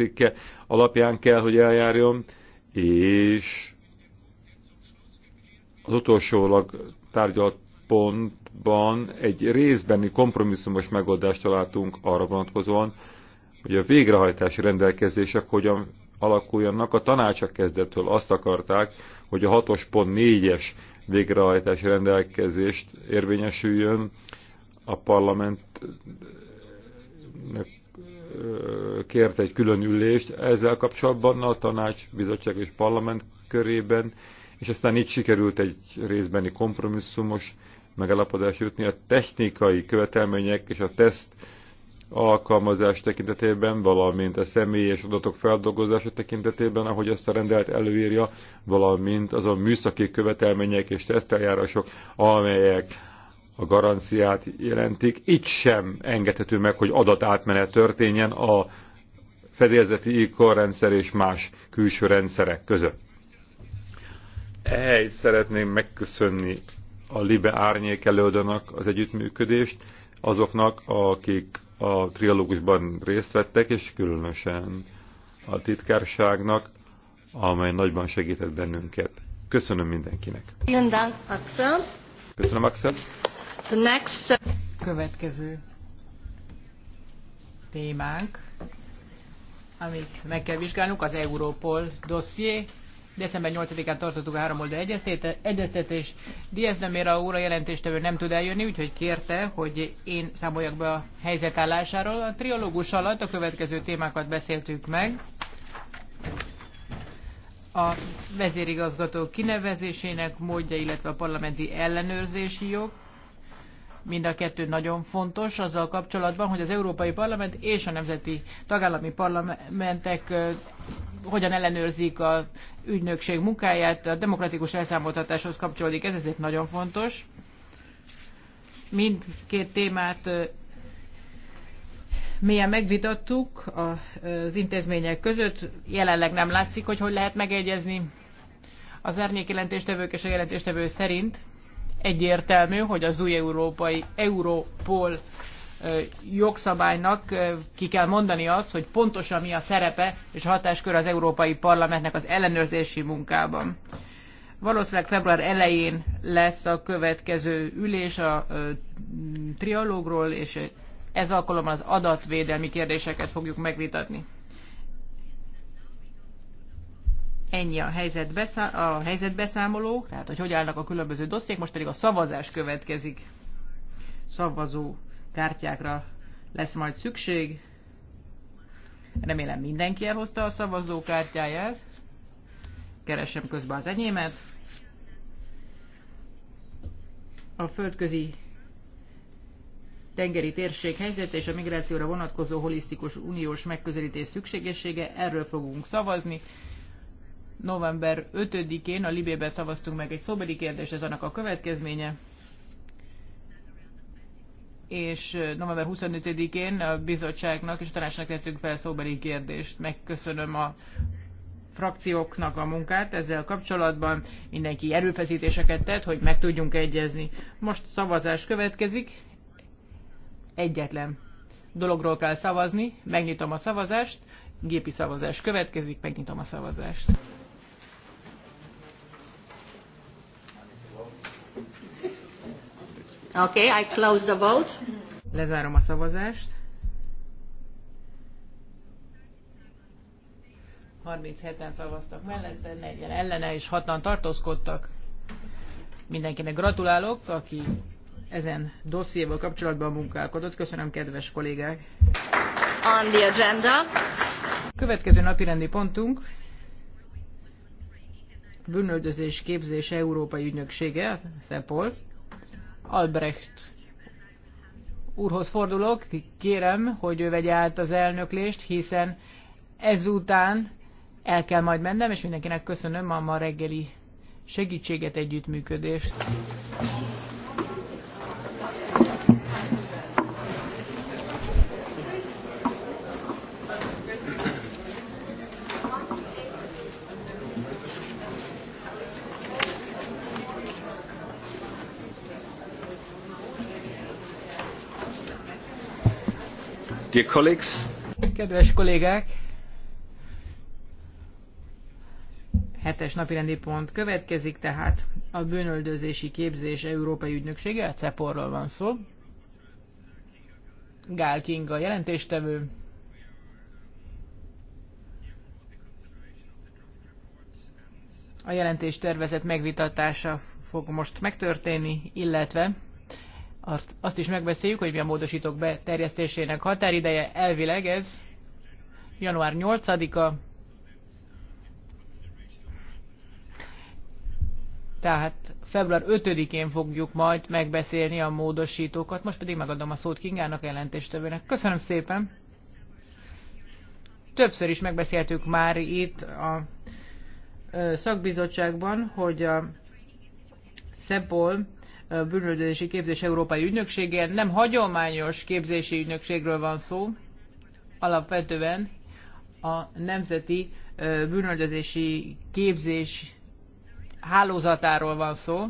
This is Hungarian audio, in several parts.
cikke alapján kell, hogy eljárjon, és az utolsólag tárgyalt pontban egy részbeni kompromisszumos megoldást találtunk arra vonatkozóan, hogy a végrehajtási rendelkezések hogyan alakuljanak. A tanácsak kezdettől azt akarták, hogy a 6.4-es végrehajtási rendelkezést érvényesüljön. A parlament kért egy külön ülést ezzel kapcsolatban a tanács, bizottság és parlament körében, és aztán így sikerült egy részbeni kompromisszumos megállapodás jutni a technikai követelmények és a teszt alkalmazás tekintetében, valamint a személyes adatok feldolgozása tekintetében, ahogy ezt a rendelet előírja, valamint azon műszaki követelmények és teszteljárások, amelyek a garanciát jelentik. Itt sem engedhető meg, hogy adatátmenet történjen a fedélzeti ikorrendszer és más külső rendszerek között. Ehhez szeretném megköszönni a Libe árnyék elődönak az együttműködést, azoknak, akik a trialógusban részt vettek, és különösen a titkárságnak, amely nagyban segített bennünket. Köszönöm mindenkinek. Köszönöm, Axel. The next... Következő témánk, amit meg kell vizsgálnunk, az Europol dosszié. December 8-án tartottuk a három oldal egyeztetést. Diaz nem ér a óra jelentéstevő nem tud eljönni, úgyhogy kérte, hogy én számoljak be a helyzet állásáról. A triológus alatt a következő témákat beszéltük meg. A vezérigazgató kinevezésének módja, illetve a parlamenti ellenőrzési jog mind a kettő nagyon fontos azzal kapcsolatban, hogy az Európai Parlament és a nemzeti tagállami parlamentek hogyan ellenőrzik a ügynökség munkáját. A demokratikus elszámoltatáshoz kapcsolódik ez, ezért nagyon fontos. Mindkét témát mélyen megvitattuk az intézmények között. Jelenleg nem látszik, hogy hogy lehet megegyezni. Az árnyék jelentéstevők és a jelentéstevő szerint egyértelmű, hogy az új európai Európol jogszabálynak ki kell mondani azt, hogy pontosan mi a szerepe és hatáskör az Európai Parlamentnek az ellenőrzési munkában. Valószínűleg február elején lesz a következő ülés a trialógról, és ez alkalommal az adatvédelmi kérdéseket fogjuk megvitatni. Ennyi a, helyzetbeszá- a helyzetbeszámoló, tehát hogy hogy állnak a különböző dossziék, most pedig a szavazás következik. Szavazó kártyákra lesz majd szükség. Remélem mindenki elhozta a szavazókártyáját. Keresem közben az enyémet. A földközi tengeri térség helyzete és a migrációra vonatkozó holisztikus uniós megközelítés szükségessége. Erről fogunk szavazni november 5-én a Libében szavaztunk meg egy szóbeli kérdés, ez annak a következménye. És november 25-én a bizottságnak és a tanácsnak tettünk fel szóbeli kérdést. Megköszönöm a frakcióknak a munkát ezzel kapcsolatban. Mindenki erőfeszítéseket tett, hogy meg tudjunk egyezni. Most szavazás következik. Egyetlen dologról kell szavazni. Megnyitom a szavazást. Gépi szavazás következik. Megnyitom a szavazást. Okay, I close the vote. Lezárom a szavazást. 37-en szavaztak mellette, 4 ellene és 6-an tartózkodtak. Mindenkinek gratulálok, aki ezen dossziéval kapcsolatban munkálkodott. Köszönöm, kedves kollégák! On the agenda. Következő napi rendi pontunk bűnöldözés képzés Európai Ügynöksége, Szepol. Albrecht úrhoz fordulok, kérem, hogy ő vegye át az elnöklést, hiszen ezután el kell majd mennem, és mindenkinek köszönöm a ma reggeli segítséget, együttműködést. Dear colleagues. Kedves kollégák! Hetes napirendi pont következik, tehát a bűnöldözési képzés Európai Ügynöksége, a CEPOR-ról van szó. Gál Kinga jelentéstevő. A jelentés tervezett megvitatása fog most megtörténni, illetve azt, azt is megbeszéljük, hogy mi a módosítók beterjesztésének határideje. Elvileg ez január 8-a. Tehát február 5-én fogjuk majd megbeszélni a módosítókat. Most pedig megadom a szót Kingának jelentéstevőnek. Köszönöm szépen! Többször is megbeszéltük már itt a szakbizottságban, hogy a SZEPOL bűnöldözési képzés Európai ügynökségén. Nem hagyományos képzési ügynökségről van szó, alapvetően a nemzeti bűnöldözési képzés hálózatáról van szó.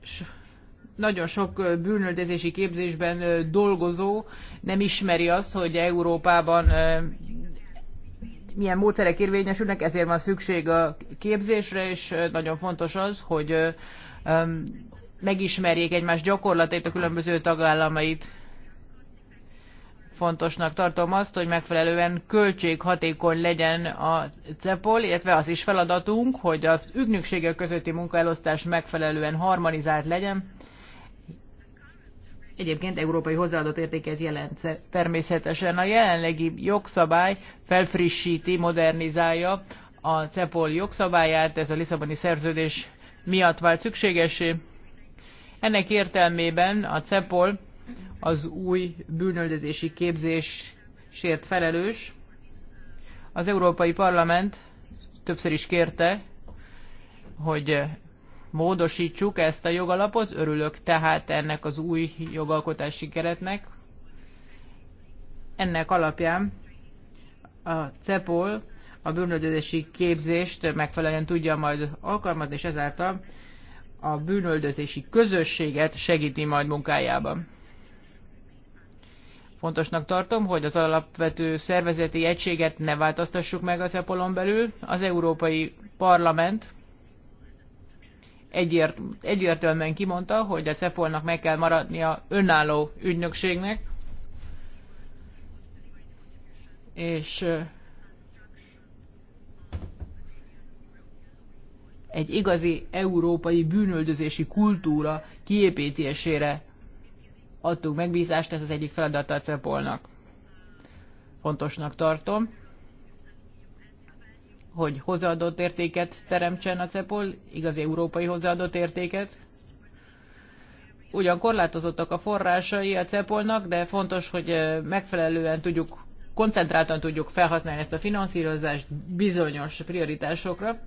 S nagyon sok bűnöldözési képzésben dolgozó nem ismeri azt, hogy Európában milyen módszerek érvényesülnek, ezért van szükség a képzésre, és nagyon fontos az, hogy megismerjék egymás gyakorlatait, a különböző tagállamait. Fontosnak tartom azt, hogy megfelelően költséghatékony legyen a CEPOL, illetve az is feladatunk, hogy az ügynökségek közötti munkaelosztás megfelelően harmonizált legyen Egyébként európai hozzáadott értéket jelent természetesen. A jelenlegi jogszabály felfrissíti, modernizálja a CEPOL jogszabályát, ez a Lisszaboni szerződés miatt vált szükségesé. Ennek értelmében a CEPOL az új bűnöldözési képzésért felelős. Az Európai Parlament többször is kérte, hogy módosítsuk ezt a jogalapot. Örülök tehát ennek az új jogalkotási keretnek. Ennek alapján a CEPOL a bűnöldözési képzést megfelelően tudja majd alkalmazni, és ezáltal a bűnöldözési közösséget segíti majd munkájában. Fontosnak tartom, hogy az alapvető szervezeti egységet ne változtassuk meg az EPOLON belül. Az Európai Parlament egyért, egyértelműen kimondta, hogy a cefol nak meg kell maradnia önálló ügynökségnek, és egy igazi európai bűnöldözési kultúra kiépítésére adtuk megbízást, ez az egyik feladata a CEPOL-nak. Fontosnak tartom, hogy hozzáadott értéket teremtsen a CEPOL, igaz európai hozzáadott értéket. Ugyan korlátozottak a forrásai a CEPOL-nak, de fontos, hogy eh, megfelelően tudjuk, koncentráltan tudjuk felhasználni ezt a finanszírozást bizonyos prioritásokra,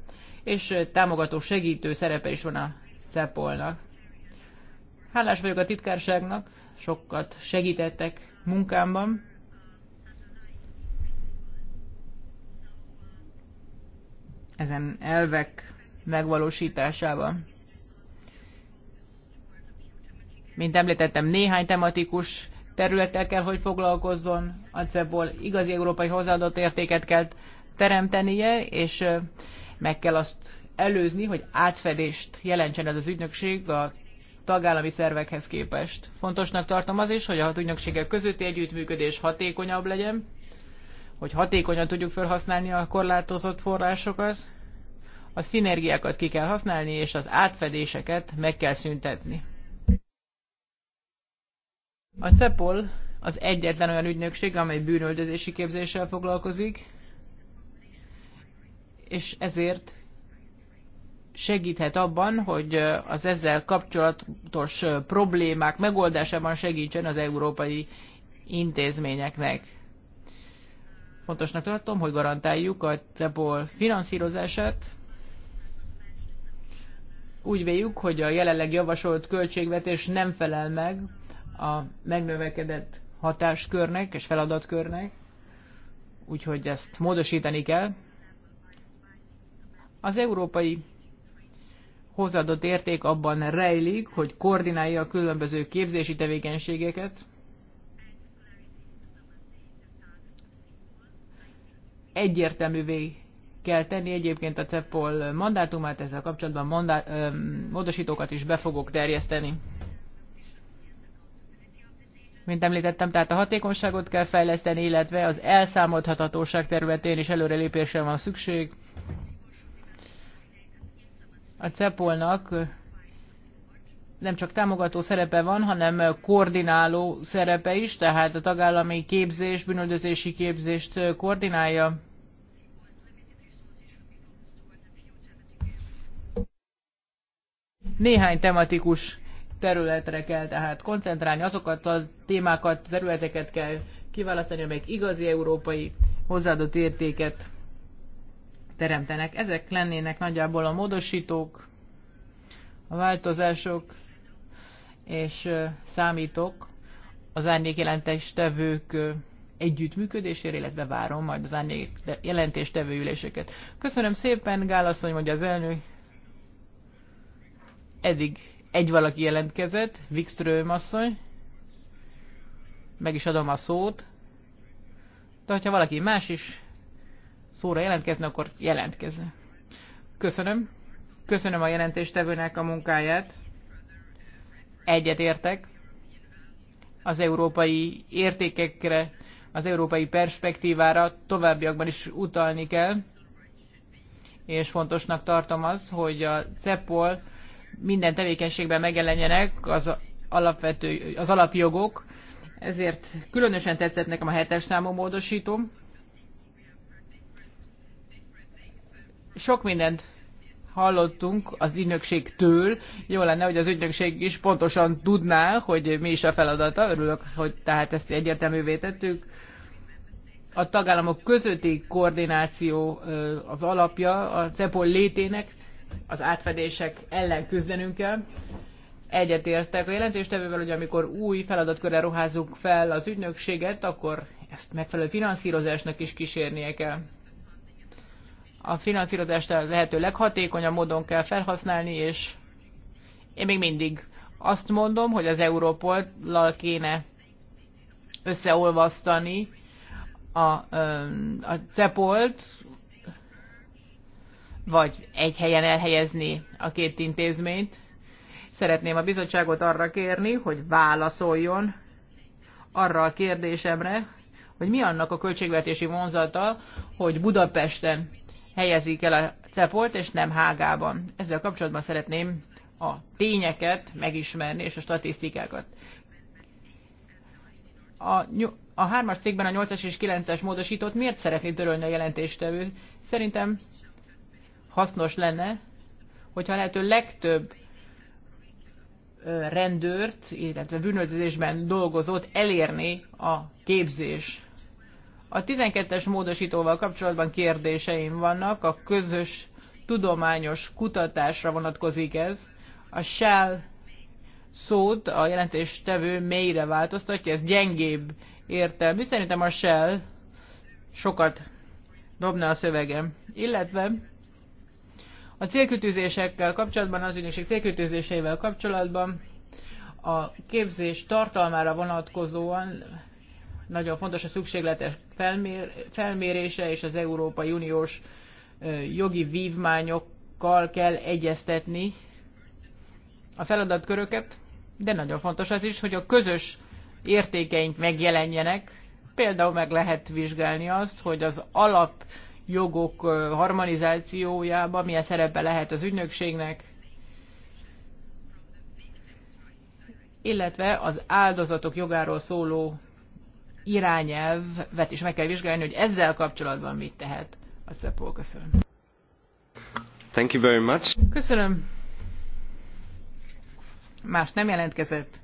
és eh, támogató segítő szerepe is van a CEPOL-nak. Hálás vagyok a titkárságnak, sokat segítettek munkámban ezen elvek megvalósításában. Mint említettem, néhány tematikus területtel kell, hogy foglalkozzon, acebból igazi európai hozzáadott értéket kell teremtenie, és meg kell azt előzni, hogy átfedést jelentsen ez az ügynökség a tagállami szervekhez képest. Fontosnak tartom az is, hogy a hat ügynökségek közötti együttműködés hatékonyabb legyen, hogy hatékonyan tudjuk felhasználni a korlátozott forrásokat, a szinergiákat ki kell használni, és az átfedéseket meg kell szüntetni. A CEPOL az egyetlen olyan ügynökség, amely bűnöldözési képzéssel foglalkozik, és ezért segíthet abban, hogy az ezzel kapcsolatos problémák megoldásában segítsen az európai intézményeknek. Fontosnak tartom, hogy garantáljuk a CEPOL finanszírozását, úgy véljük, hogy a jelenleg javasolt költségvetés nem felel meg a megnövekedett hatáskörnek és feladatkörnek, úgyhogy ezt módosítani kell. Az európai hozzáadott érték abban rejlik, hogy koordinálja a különböző képzési tevékenységeket, egyértelművé kell tenni egyébként a CEPOL mandátumát, ezzel kapcsolatban mandá- ö, módosítókat is be fogok terjeszteni. Mint említettem, tehát a hatékonyságot kell fejleszteni, illetve az elszámolthatatóság területén is előrelépésre van szükség. A CEPOL-nak nem csak támogató szerepe van, hanem koordináló szerepe is, tehát a tagállami képzés, bűnöldözési képzést koordinálja. Néhány tematikus területre kell tehát koncentrálni, azokat a témákat, területeket kell kiválasztani, amelyek igazi európai hozzáadott értéket teremtenek. Ezek lennének nagyjából a módosítók, a változások, és számítok az árnyék jelentéstevők együttműködésére, illetve várom majd az árnyék jelentéstevő üléseket. Köszönöm szépen, Gálasszony, hogy az elnök Eddig egy valaki jelentkezett, Wikström asszony. Meg is adom a szót. De hogyha valaki más is szóra jelentkezne, akkor jelentkezze. Köszönöm. Köszönöm a jelentéstevőnek a munkáját. Egyet értek. Az európai értékekre, az európai perspektívára továbbiakban is utalni kell, és fontosnak tartom azt, hogy a CEPOL minden tevékenységben megjelenjenek az alapvető, az alapjogok, ezért különösen tetszett nekem a hetes számú módosító. Sok mindent hallottunk az ügynökségtől. Jó lenne, hogy az ügynökség is pontosan tudná, hogy mi is a feladata. Örülök, hogy tehát ezt egyértelművé tettük. A tagállamok közötti koordináció az alapja a CEPOL létének, az átfedések ellen küzdenünk kell. Egyetértek a jelentéstevővel, hogy amikor új feladatkörre ruházunk fel az ügynökséget, akkor ezt megfelelő finanszírozásnak is kísérnie kell. A finanszírozást a lehető leghatékonyabb módon kell felhasználni, és én még mindig azt mondom, hogy az Európollal kéne összeolvasztani a, a cepolt, vagy egy helyen elhelyezni a két intézményt. Szeretném a bizottságot arra kérni, hogy válaszoljon arra a kérdésemre, hogy mi annak a költségvetési vonzata, hogy Budapesten helyezik el a cepolt, és nem Hágában. Ezzel kapcsolatban szeretném a tényeket megismerni, és a statisztikákat. A, a hármas cégben a 8-as és 9-es módosított miért szeretné törölni a jelentéstevő? Szerintem hasznos lenne, hogyha lehető legtöbb rendőrt, illetve bűnözésben dolgozót elérni a képzés. A 12-es módosítóval kapcsolatban kérdéseim vannak, a közös tudományos kutatásra vonatkozik ez. A shell szót a jelentéstevő mélyre változtatja, ez gyengébb értelmű. Szerintem a shell sokat dobna a szövegem. Illetve a célkötőzésekkel kapcsolatban, az ügynökség célkötőzéseivel kapcsolatban a képzés tartalmára vonatkozóan nagyon fontos a szükségletes felmér, felmérése és az Európai Uniós jogi vívmányokkal kell egyeztetni a feladatköröket, de nagyon fontos az is, hogy a közös értékeink megjelenjenek. Például meg lehet vizsgálni azt, hogy az alap jogok harmonizációjába, milyen szerepe lehet az ügynökségnek, illetve az áldozatok jogáról szóló irányelvet is meg kell vizsgálni, hogy ezzel kapcsolatban mit tehet a CEPOL. Köszönöm. Thank you very much. Köszönöm. Más nem jelentkezett.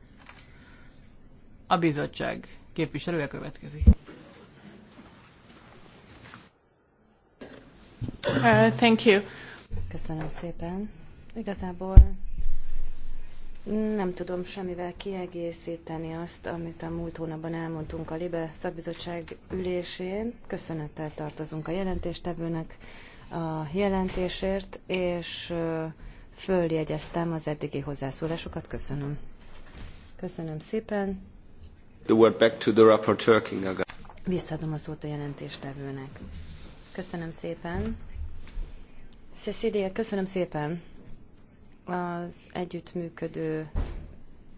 A bizottság képviselője következik. Uh, thank you. Köszönöm szépen. Igazából nem tudom semmivel kiegészíteni azt, amit a múlt hónapban elmondtunk a Libe szakbizottság ülésén. Köszönettel tartozunk a jelentéstevőnek a jelentésért, és uh, följegyeztem az eddigi hozzászólásokat. Köszönöm. Köszönöm szépen. The word back to the rapporteur, King Visszadom a szót a jelentéstevőnek. Köszönöm szépen. Cecilia, köszönöm szépen az együttműködő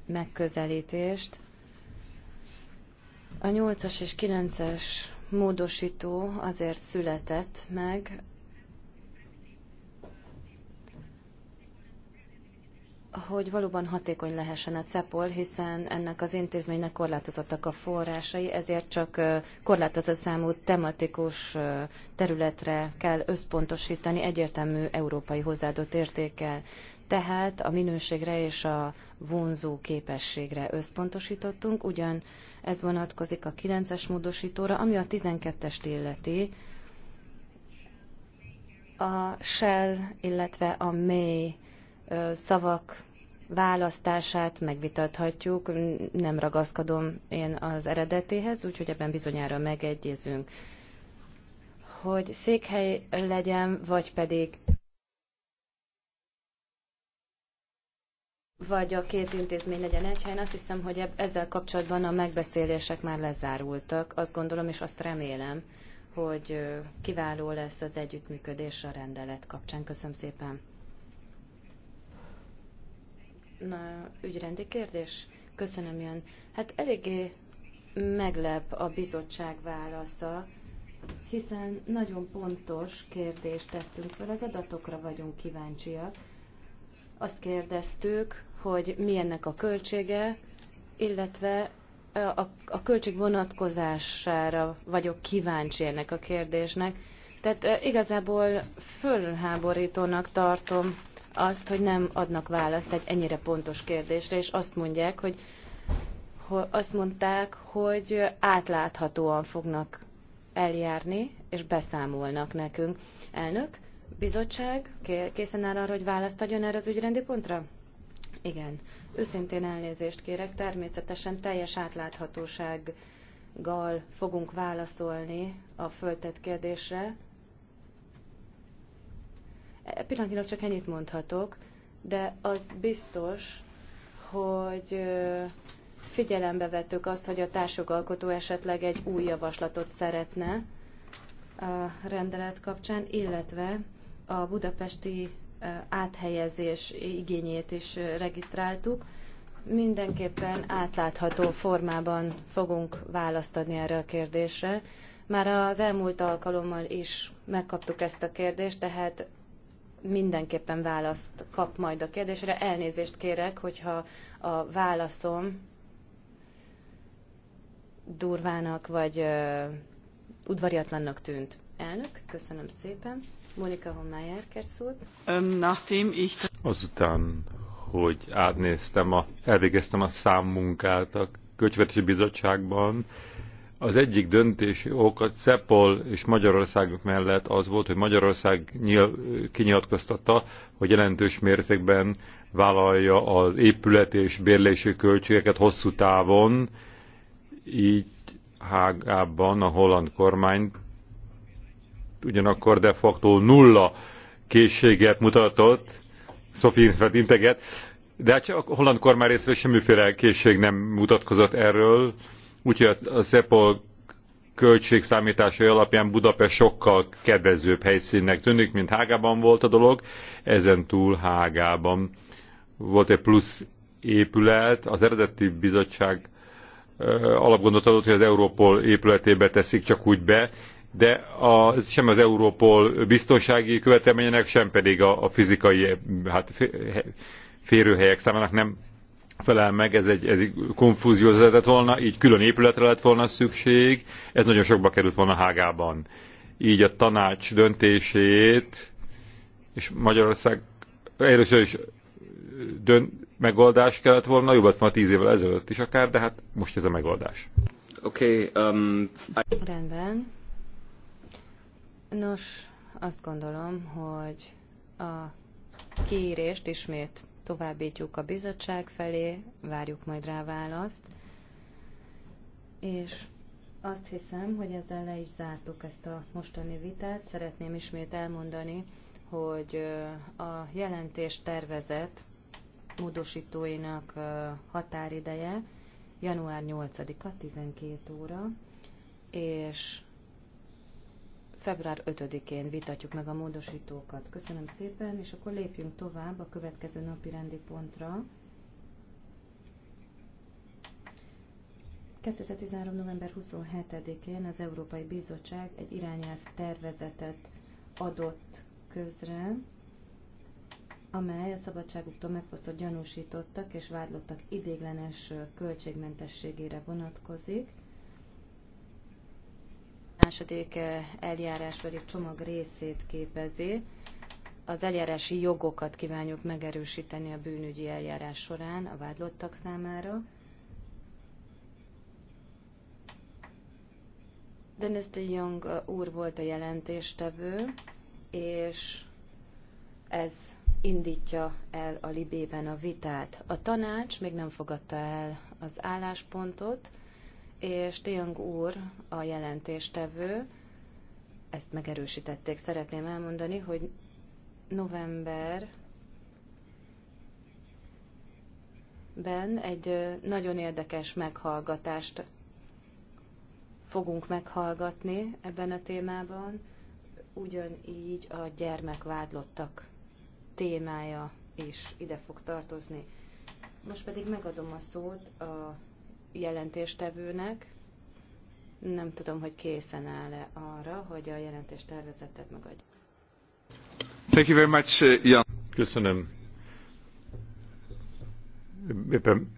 megközelítést. A 8-as és 9-es módosító azért született meg, hogy valóban hatékony lehessen a CEPOL, hiszen ennek az intézménynek korlátozottak a forrásai, ezért csak korlátozott számú tematikus területre kell összpontosítani egyértelmű európai hozzáadott értékkel. Tehát a minőségre és a vonzó képességre összpontosítottunk, ugyan ez vonatkozik a 9-es módosítóra, ami a 12-est illeti, a shell, illetve a May szavak választását megvitathatjuk, nem ragaszkodom én az eredetéhez, úgyhogy ebben bizonyára megegyezünk. Hogy székhely legyen, vagy pedig vagy a két intézmény legyen egy helyen, azt hiszem, hogy ezzel kapcsolatban a megbeszélések már lezárultak. Azt gondolom, és azt remélem, hogy kiváló lesz az együttműködés a rendelet kapcsán. Köszönöm szépen! na, ügyrendi kérdés? Köszönöm, Jön. Hát eléggé meglep a bizottság válasza, hiszen nagyon pontos kérdést tettünk fel, az adatokra vagyunk kíváncsiak. Azt kérdeztük, hogy mi ennek a költsége, illetve a, a, a költség vonatkozására vagyok kíváncsi ennek a kérdésnek. Tehát igazából fölháborítónak tartom azt, hogy nem adnak választ egy ennyire pontos kérdésre, és azt mondják, hogy azt mondták, hogy átláthatóan fognak eljárni, és beszámolnak nekünk. Elnök, bizottság készen áll arra, hogy választ adjon erre az ügyrendi pontra? Igen. Őszintén elnézést kérek, természetesen teljes átláthatósággal fogunk válaszolni a föltett kérdésre, Pillanatilag csak ennyit mondhatok, de az biztos, hogy figyelembe vettük azt, hogy a társjogalkotó esetleg egy új javaslatot szeretne a rendelet kapcsán, illetve a budapesti áthelyezés igényét is regisztráltuk. Mindenképpen átlátható formában fogunk választ adni erre a kérdésre. Már az elmúlt alkalommal is megkaptuk ezt a kérdést, tehát mindenképpen választ kap majd a kérdésre. Elnézést kérek, hogyha a válaszom durvának vagy ö, udvariatlannak tűnt. Elnök, köszönöm szépen. Monika Hommájár kerszót. Nachdem ich... Azután, hogy átnéztem, a, elvégeztem a számmunkát a Kötyvetési Bizottságban, az egyik döntési ok a CEPOL és Magyarország mellett az volt, hogy Magyarország nyil, kinyilatkoztatta, hogy jelentős mértékben vállalja az épület és bérlési költségeket hosszú távon, így Hágában a holland kormány ugyanakkor de facto nulla készséget mutatott, Sophie integet, de hát a holland kormány részéről semmiféle készség nem mutatkozott erről, úgyhogy a CEPOL költségszámításai alapján Budapest sokkal kedvezőbb helyszínnek tűnik, mint Hágában volt a dolog. Ezen túl Hágában volt egy plusz épület, az eredeti bizottság alapgondot adott, hogy az Európol épületébe teszik csak úgy be, de a, sem az Európol biztonsági követelményének, sem pedig a, a fizikai hát férőhelyek számának nem felel meg, ez egy, egy konfúzióz lett volna, így külön épületre lett volna szükség, ez nagyon sokba került volna Hágában. Így a tanács döntését, és Magyarország először is dönt, megoldás kellett volna, jobbat van tíz évvel ezelőtt is akár, de hát most ez a megoldás. Oké, okay, um, I... Rendben. Nos, azt gondolom, hogy a kiírést ismét továbbítjuk a bizottság felé, várjuk majd rá választ. És azt hiszem, hogy ezzel le is zártuk ezt a mostani vitát. Szeretném ismét elmondani, hogy a jelentés tervezett módosítóinak határideje január 8-a 12 óra, és Február 5-én vitatjuk meg a módosítókat. Köszönöm szépen, és akkor lépjünk tovább a következő napi rendi pontra. 2013. november 27-én az Európai Bizottság egy irányelv tervezetet adott közre, amely a szabadságuktól megfosztott gyanúsítottak és vádlottak idéglenes költségmentességére vonatkozik második eh, eljárásbeli csomag részét képezi. Az eljárási jogokat kívánjuk megerősíteni a bűnügyi eljárás során a vádlottak számára. Dennis de Jong eh, úr volt a jelentéstevő, és ez indítja el a Libében a vitát. A tanács még nem fogadta el az álláspontot, és Tiang úr a jelentéstevő, ezt megerősítették. Szeretném elmondani, hogy november ben egy nagyon érdekes meghallgatást fogunk meghallgatni ebben a témában, ugyanígy a gyermekvádlottak témája is ide fog tartozni. Most pedig megadom a szót a jelentéstevőnek. Nem tudom, hogy készen áll-e arra, hogy a jelentést tervezettet megadja. Thank you very much, uh, Jan. Köszönöm. Éppen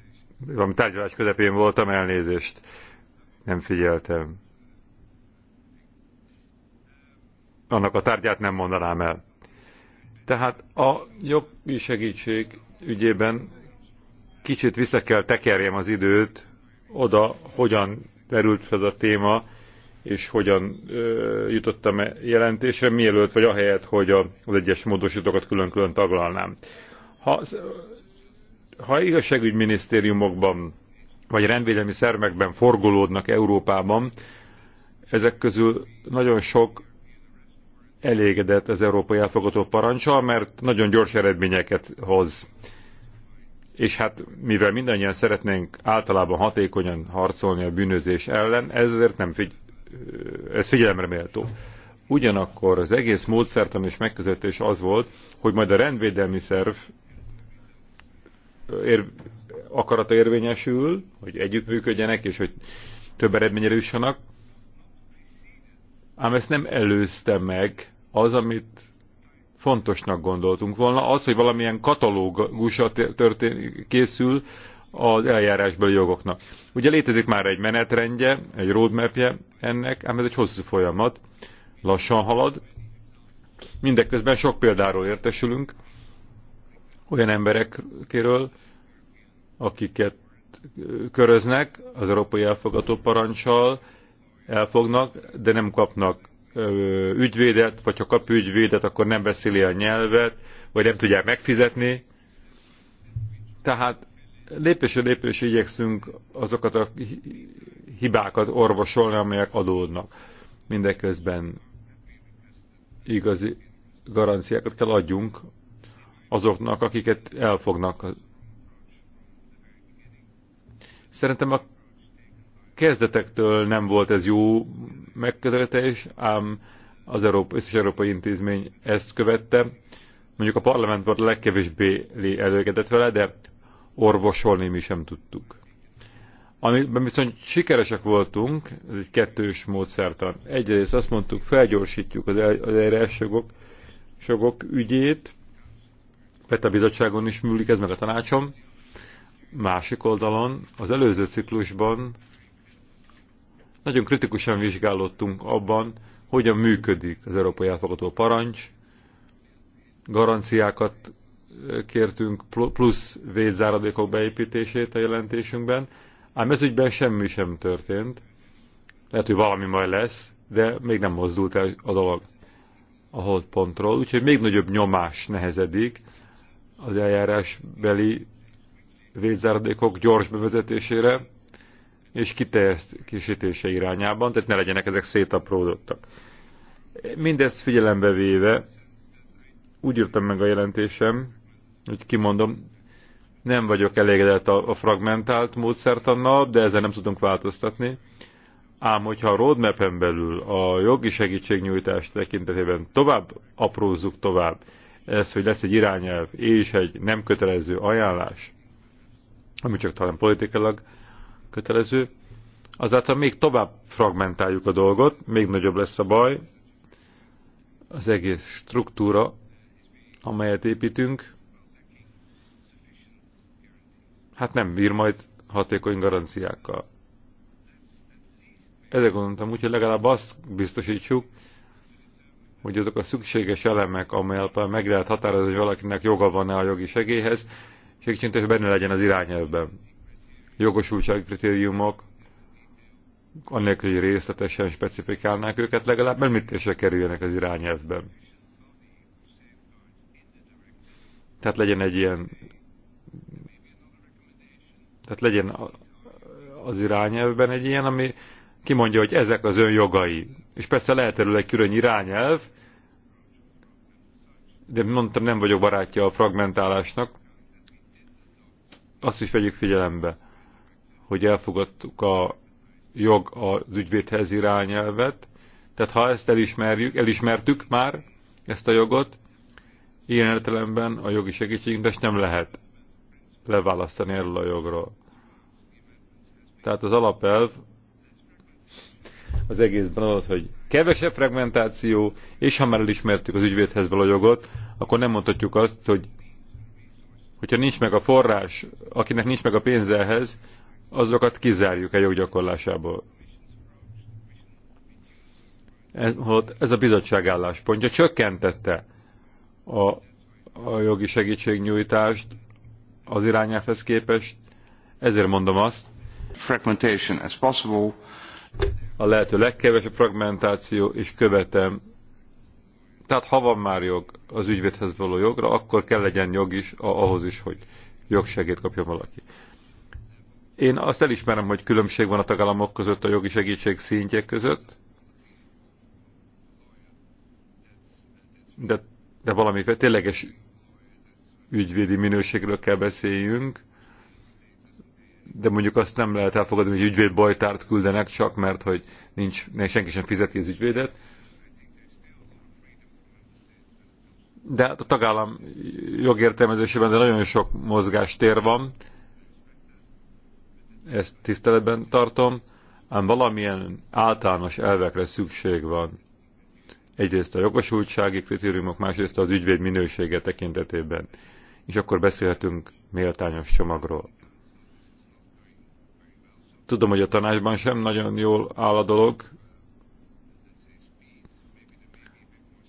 valami tárgyalás közepén voltam, elnézést. Nem figyeltem. Annak a tárgyát nem mondanám el. Tehát a jogi segítség ügyében kicsit vissza kell tekerjem az időt, oda hogyan merült fel a téma, és hogyan ö, jutottam -e jelentésre, mielőtt vagy ahelyett, hogy a, az egyes módosítókat külön-külön taglalnám. Ha, ha igazságügyminisztériumokban vagy rendvédelmi szermekben forgolódnak Európában, ezek közül nagyon sok elégedett az európai elfogadó parancsal, mert nagyon gyors eredményeket hoz és hát mivel mindannyian szeretnénk általában hatékonyan harcolni a bűnözés ellen, ezért nem figy ez figyelemre méltó. Ugyanakkor az egész módszertan és megközelítés az volt, hogy majd a rendvédelmi szerv ér, akarata érvényesül, hogy együttműködjenek, és hogy több eredményre jussanak. Ám ezt nem előzte meg az, amit fontosnak gondoltunk volna. Az, hogy valamilyen katalógusa történ- készül az eljárásbeli jogoknak. Ugye létezik már egy menetrendje, egy roadmapje ennek, ám ez egy hosszú folyamat, lassan halad. Mindeközben sok példáról értesülünk, olyan emberekről, akiket köröznek az európai elfogató parancsal, elfognak, de nem kapnak ügyvédet, vagy ha kap ügyvédet, akkor nem beszéli a nyelvet, vagy nem tudják megfizetni. Tehát lépésről lépésre igyekszünk azokat a hibákat orvosolni, amelyek adódnak. Mindeközben igazi garanciákat kell adjunk azoknak, akiket elfognak. Szerintem a kezdetektől nem volt ez jó megközelítés, ám az Európa, összes európai intézmény ezt követte. Mondjuk a parlament volt a legkevésbé előkedett vele, de orvosolni mi sem tudtuk. Amiben viszont sikeresek voltunk, ez egy kettős módszertan. Egyrészt azt mondtuk, felgyorsítjuk az eljárások sogok ügyét, Peta bizottságon is műlik ez meg a tanácsom. Másik oldalon, az előző ciklusban nagyon kritikusan vizsgálódtunk abban, hogyan működik az Európai Átfogató Parancs, garanciákat kértünk, plusz védzáradékok beépítését a jelentésünkben, ám ez ügyben semmi sem történt. Lehet, hogy valami majd lesz, de még nem mozdult el a dolog a holdpontról, úgyhogy még nagyobb nyomás nehezedik az eljárásbeli védzáradékok gyors bevezetésére, és kitejesztésítése irányában, tehát ne legyenek ezek szétapródottak. Mindezt figyelembe véve úgy írtam meg a jelentésem, hogy kimondom, nem vagyok elégedett a fragmentált módszertannal, de ezzel nem tudunk változtatni. Ám hogyha a roadmap belül a jogi segítségnyújtás tekintetében tovább aprózzuk tovább, ez, hogy lesz egy irányelv és egy nem kötelező ajánlás, ami csak talán politikailag kötelező, azáltal még tovább fragmentáljuk a dolgot, még nagyobb lesz a baj, az egész struktúra, amelyet építünk, hát nem bír majd hatékony garanciákkal. Ezzel gondoltam, úgyhogy legalább azt biztosítsuk, hogy azok a szükséges elemek, amelyel meg lehet határozni, hogy valakinek joga van-e a jogi segélyhez, és egy kicsit benne legyen az irányelvben jogosultsági kritériumok, annélkül, hogy részletesen specifikálnák őket, legalább említésre kerüljenek az irányelvben. Tehát legyen egy ilyen, tehát legyen az irányelvben egy ilyen, ami kimondja, hogy ezek az ön jogai. És persze lehet erről egy külön irányelv, de mondtam, nem vagyok barátja a fragmentálásnak. Azt is vegyük figyelembe hogy elfogadtuk a jog az ügyvédhez irányelvet, tehát ha ezt elismerjük, elismertük már ezt a jogot, ilyen értelemben a jogi de nem lehet leválasztani erről a jogról. Tehát az alapelv az egészben az, hogy kevesebb fragmentáció, és ha már elismertük az ügyvédhez való jogot, akkor nem mondhatjuk azt, hogy hogyha nincs meg a forrás, akinek nincs meg a pénz ehhez, azokat kizárjuk a gyakorlásából. Ez, ez a bizottság álláspontja csökkentette a, a jogi segítségnyújtást az irányelvhez képest, ezért mondom azt, fragmentation as possible. a lehető legkevesebb fragmentáció, és követem tehát ha van már jog az ügyvédhez való jogra, akkor kell legyen jog is ahhoz is, hogy jogsegét kapjon valaki. Én azt elismerem, hogy különbség van a tagállamok között, a jogi segítség szintje között, de, de valami tényleges ügyvédi minőségről kell beszéljünk, de mondjuk azt nem lehet elfogadni, hogy ügyvéd bajtárt küldenek csak, mert hogy nincs, senki sem fizeti az ügyvédet. De hát a tagállam jogértelmezésében de nagyon sok mozgástér van, ezt tiszteletben tartom, ám valamilyen általános elvekre szükség van. Egyrészt a jogosultsági kritériumok, másrészt az ügyvéd minősége tekintetében. És akkor beszélhetünk méltányos csomagról. Tudom, hogy a tanácsban sem nagyon jól áll a dolog.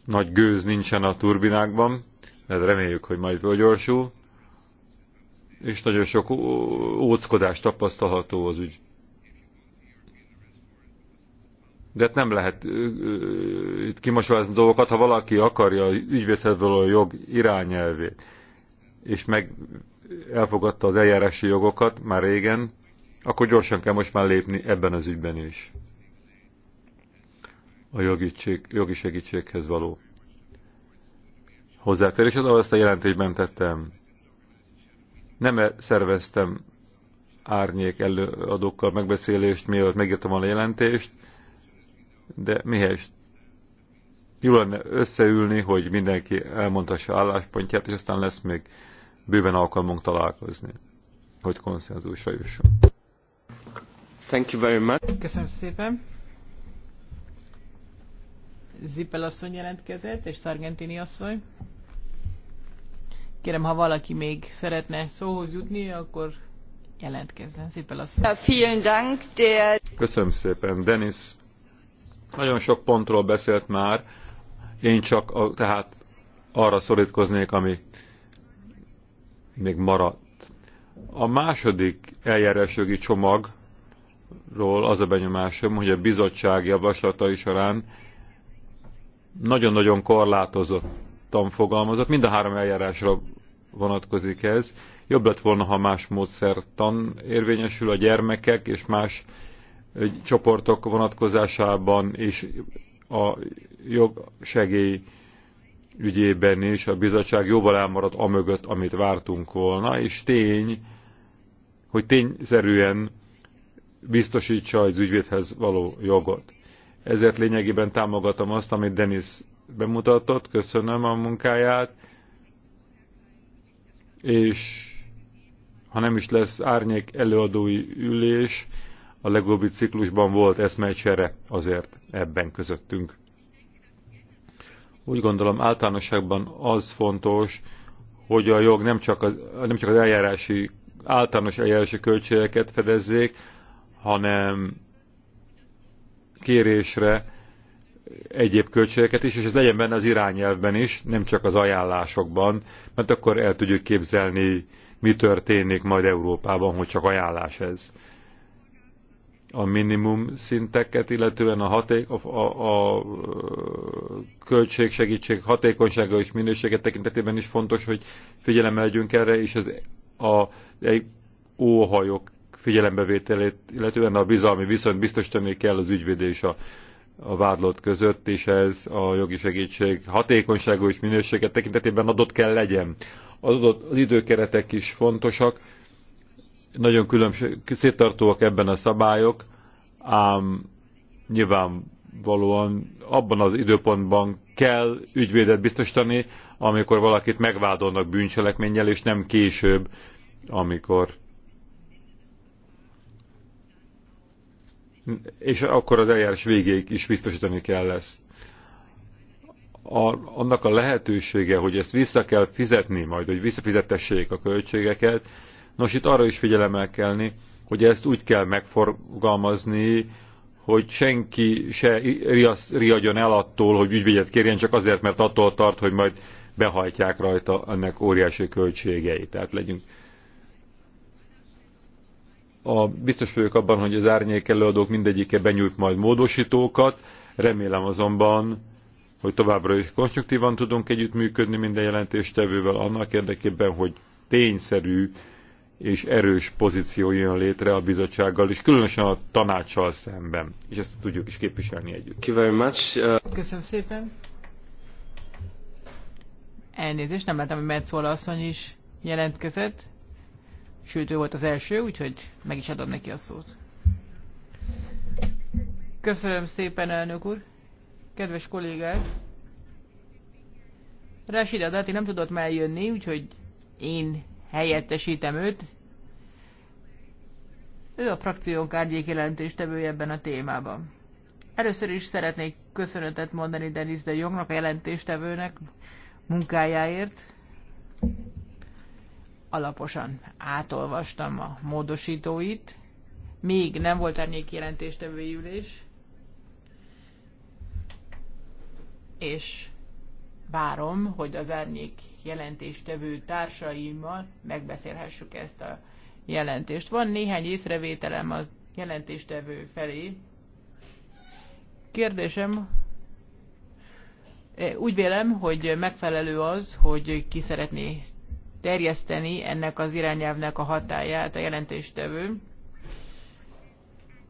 Nagy gőz nincsen a turbinákban, de reméljük, hogy majd fölgyorsul és nagyon sok óckodás tapasztalható az ügy. De hát nem lehet itt kimosolázni dolgokat, ha valaki akarja az a jog irányelvét, és meg elfogadta az eljárási jogokat már régen, akkor gyorsan kell most már lépni ebben az ügyben is. A cség, jogi segítséghez való hozzáférés, az azt a jelentésben tettem nem -e szerveztem árnyék előadókkal megbeszélést, mielőtt megértem a jelentést, de mihez jó lenne összeülni, hogy mindenki elmondhassa álláspontját, és aztán lesz még bőven alkalmunk találkozni, hogy konszenzusra jusson. Thank you very much. Köszönöm szépen. Zippel asszony jelentkezett, és Sargentini asszony. Kérem, ha valaki még szeretne szóhoz jutni, akkor jelentkezzen. Szépen azt. Köszönöm szépen, Denis. Nagyon sok pontról beszélt már. Én csak a, tehát arra szorítkoznék, ami még maradt. A második eljárásjogi csomagról az a benyomásom, hogy a bizottság javaslatai is során nagyon-nagyon korlátozott nyitottan fogalmazott, mind a három eljárásra vonatkozik ez. Jobb lett volna, ha más módszertan érvényesül a gyermekek és más csoportok vonatkozásában és a jogsegély ügyében is a bizottság jóval elmaradt amögött, amit vártunk volna, és tény, hogy tényszerűen biztosítsa az ügyvédhez való jogot. Ezért lényegében támogatom azt, amit Denis bemutatott, köszönöm a munkáját, és ha nem is lesz árnyék előadói ülés, a legóbbi ciklusban volt eszmecsere azért ebben közöttünk. Úgy gondolom általánosságban az fontos, hogy a jog nem csak az, nem csak az eljárási, általános eljárási költségeket fedezzék, hanem kérésre egyéb költségeket is, és ez legyen benne az irányelvben is, nem csak az ajánlásokban, mert akkor el tudjuk képzelni, mi történik majd Európában, hogy csak ajánlás ez. A minimum szinteket, illetően a, haték, a, a, a költségsegítség hatékonysága és minőséget tekintetében is fontos, hogy figyelemmel legyünk erre, és az a, a óhajok figyelembevételét, illetően a bizalmi viszonyt biztosítani kell az ügyvéd és a a vádlott között, és ez a jogi segítség hatékonyságú és minőséget tekintetében adott kell legyen. Az, adott, az időkeretek is fontosak, nagyon különbség, széttartóak ebben a szabályok, ám nyilvánvalóan abban az időpontban kell ügyvédet biztosítani, amikor valakit megvádolnak bűncselekménnyel, és nem később, amikor és akkor az eljárás végéig is biztosítani kell ezt. A, annak a lehetősége, hogy ezt vissza kell fizetni majd, hogy visszafizetessék a költségeket, nos itt arra is figyelemmel kellni, hogy ezt úgy kell megforgalmazni, hogy senki se riasz, riadjon el attól, hogy ügyvédet kérjen, csak azért, mert attól tart, hogy majd behajtják rajta ennek óriási költségeit. Tehát legyünk a, biztos vagyok abban, hogy az árnyék előadók mindegyike benyújt majd módosítókat, remélem azonban, hogy továbbra is konstruktívan tudunk együttműködni minden jelentéstevővel annak érdekében, hogy tényszerű és erős pozíció jön létre a bizottsággal, és különösen a tanácssal szemben. És ezt tudjuk is képviselni együtt. Köszönöm szépen. Elnézést, nem láttam, hogy Metzola asszony is jelentkezett sőt ő volt az első, úgyhogy meg is adom neki a szót. Köszönöm szépen, elnök úr! Kedves kollégák! Rásida Adati nem tudott már jönni, úgyhogy én helyettesítem őt. Ő a frakciónk árnyék jelentéstevője ebben a témában. Először is szeretnék köszönetet mondani Denis de Jongnak, a jelentéstevőnek munkájáért alaposan átolvastam a módosítóit. Még nem volt árnyék jelentéstevői ülés. És várom, hogy az árnyék jelentéstevő társaimmal megbeszélhessük ezt a jelentést. Van néhány észrevételem a jelentéstevő felé. Kérdésem, eh, úgy vélem, hogy megfelelő az, hogy ki szeretné terjeszteni ennek az irányelvnek a hatáját a jelentéstevő.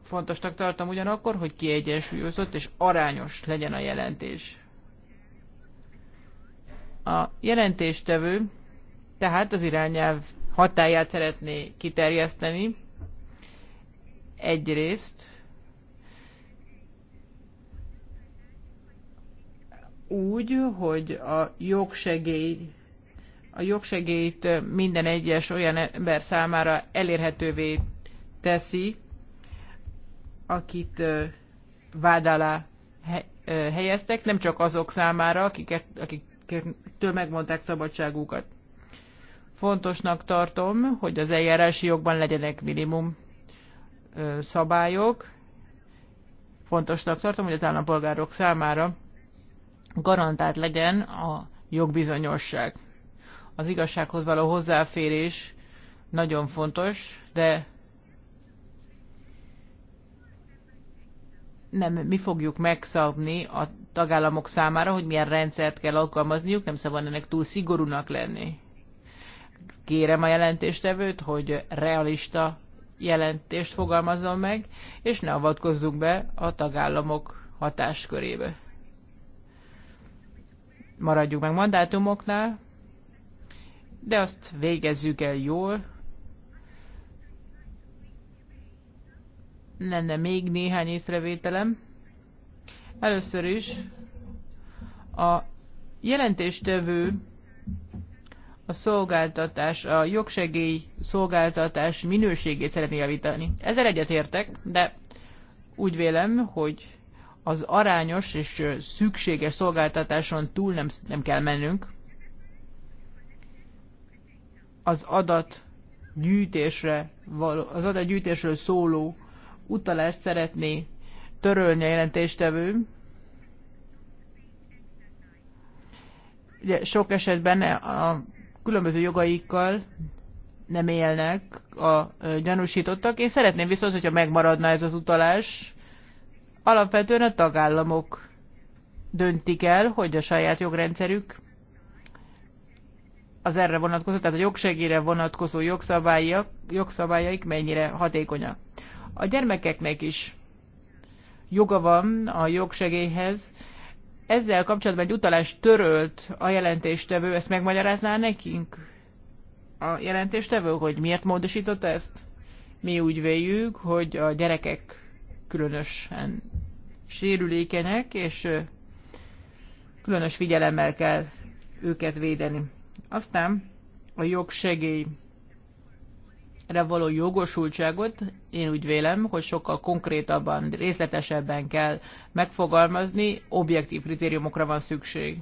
Fontosnak tartom ugyanakkor, hogy kiegyensúlyozott és arányos legyen a jelentés. A jelentéstevő tehát az irányelv hatáját szeretné kiterjeszteni. Egyrészt úgy, hogy a jogsegély a jogsegélyt minden egyes olyan ember számára elérhetővé teszi, akit vád alá helyeztek, nem csak azok számára, akiket, akiktől megmondták szabadságukat. Fontosnak tartom, hogy az eljárási jogban legyenek minimum szabályok. Fontosnak tartom, hogy az állampolgárok számára garantált legyen a jogbizonyosság az igazsághoz való hozzáférés nagyon fontos, de nem mi fogjuk megszabni a tagállamok számára, hogy milyen rendszert kell alkalmazniuk, nem szabad ennek túl szigorúnak lenni. Kérem a jelentéstevőt, hogy realista jelentést fogalmazzon meg, és ne avatkozzunk be a tagállamok hatáskörébe. Maradjuk meg mandátumoknál, de azt végezzük el jól. Lenne még néhány észrevételem. Először is a jelentéstevő a szolgáltatás, a jogsegély szolgáltatás minőségét szeretné javítani. Ezzel egyetértek, de úgy vélem, hogy az arányos és szükséges szolgáltatáson túl nem, nem kell mennünk az adat gyűjtésre, az adatgyűjtésről szóló utalást szeretné törölni a jelentéstevő. Ugye sok esetben a különböző jogaikkal nem élnek a gyanúsítottak. Én szeretném viszont, hogyha megmaradna ez az utalás. Alapvetően a tagállamok döntik el, hogy a saját jogrendszerük az erre vonatkozó, tehát a jogsegélyre vonatkozó jogszabályok, jogszabályaik mennyire hatékonyak. A gyermekeknek is joga van a jogsegélyhez. Ezzel kapcsolatban egy utalást törölt a jelentéstevő, ezt megmagyarázná nekünk a jelentéstevő, hogy miért módosított ezt? Mi úgy véljük, hogy a gyerekek különösen sérülékenyek, és különös figyelemmel kell őket védeni. Aztán a jogsegélyre való jogosultságot én úgy vélem, hogy sokkal konkrétabban, részletesebben kell megfogalmazni, objektív kritériumokra van szükség.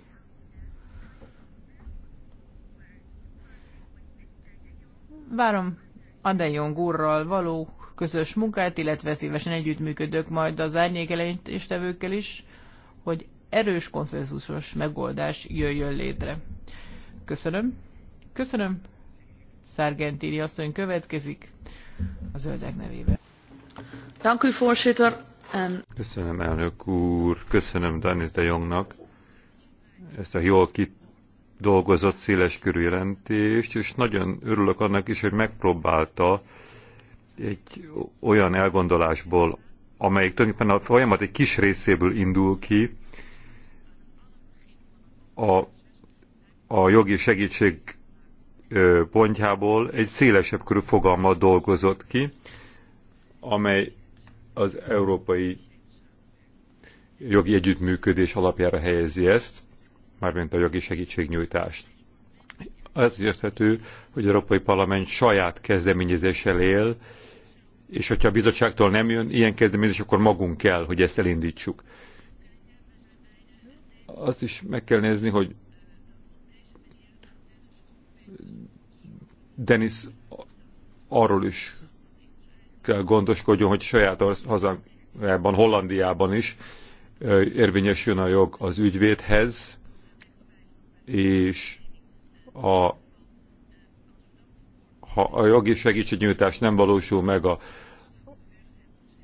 Várom Ade Jong úrral való közös munkát, illetve szívesen együttműködök majd az tevőkkel is, hogy erős konszenzusos megoldás jöjjön létre. Köszönöm. Köszönöm. Szargentini asszony következik a zöldek nevében. Dank u, ehm, Köszönöm, elnök úr. Köszönöm Danis de Jongnak ezt a jól kidolgozott széleskörű jelentést, és nagyon örülök annak is, hogy megpróbálta egy olyan elgondolásból, amelyik tulajdonképpen a folyamat egy kis részéből indul ki, a a jogi segítség pontjából egy szélesebb körű fogalmat dolgozott ki, amely az európai jogi együttműködés alapjára helyezi ezt, mármint a jogi segítségnyújtást. Az érthető, hogy az Európai Parlament saját kezdeményezéssel él, és hogyha a bizottságtól nem jön ilyen kezdeményezés, akkor magunk kell, hogy ezt elindítsuk. Azt is meg kell nézni, hogy Denis arról is kell gondoskodjon, hogy saját hazában, Hollandiában is érvényesüljön a jog az ügyvédhez, és a, ha a jogi segítségnyújtás nem valósul meg a,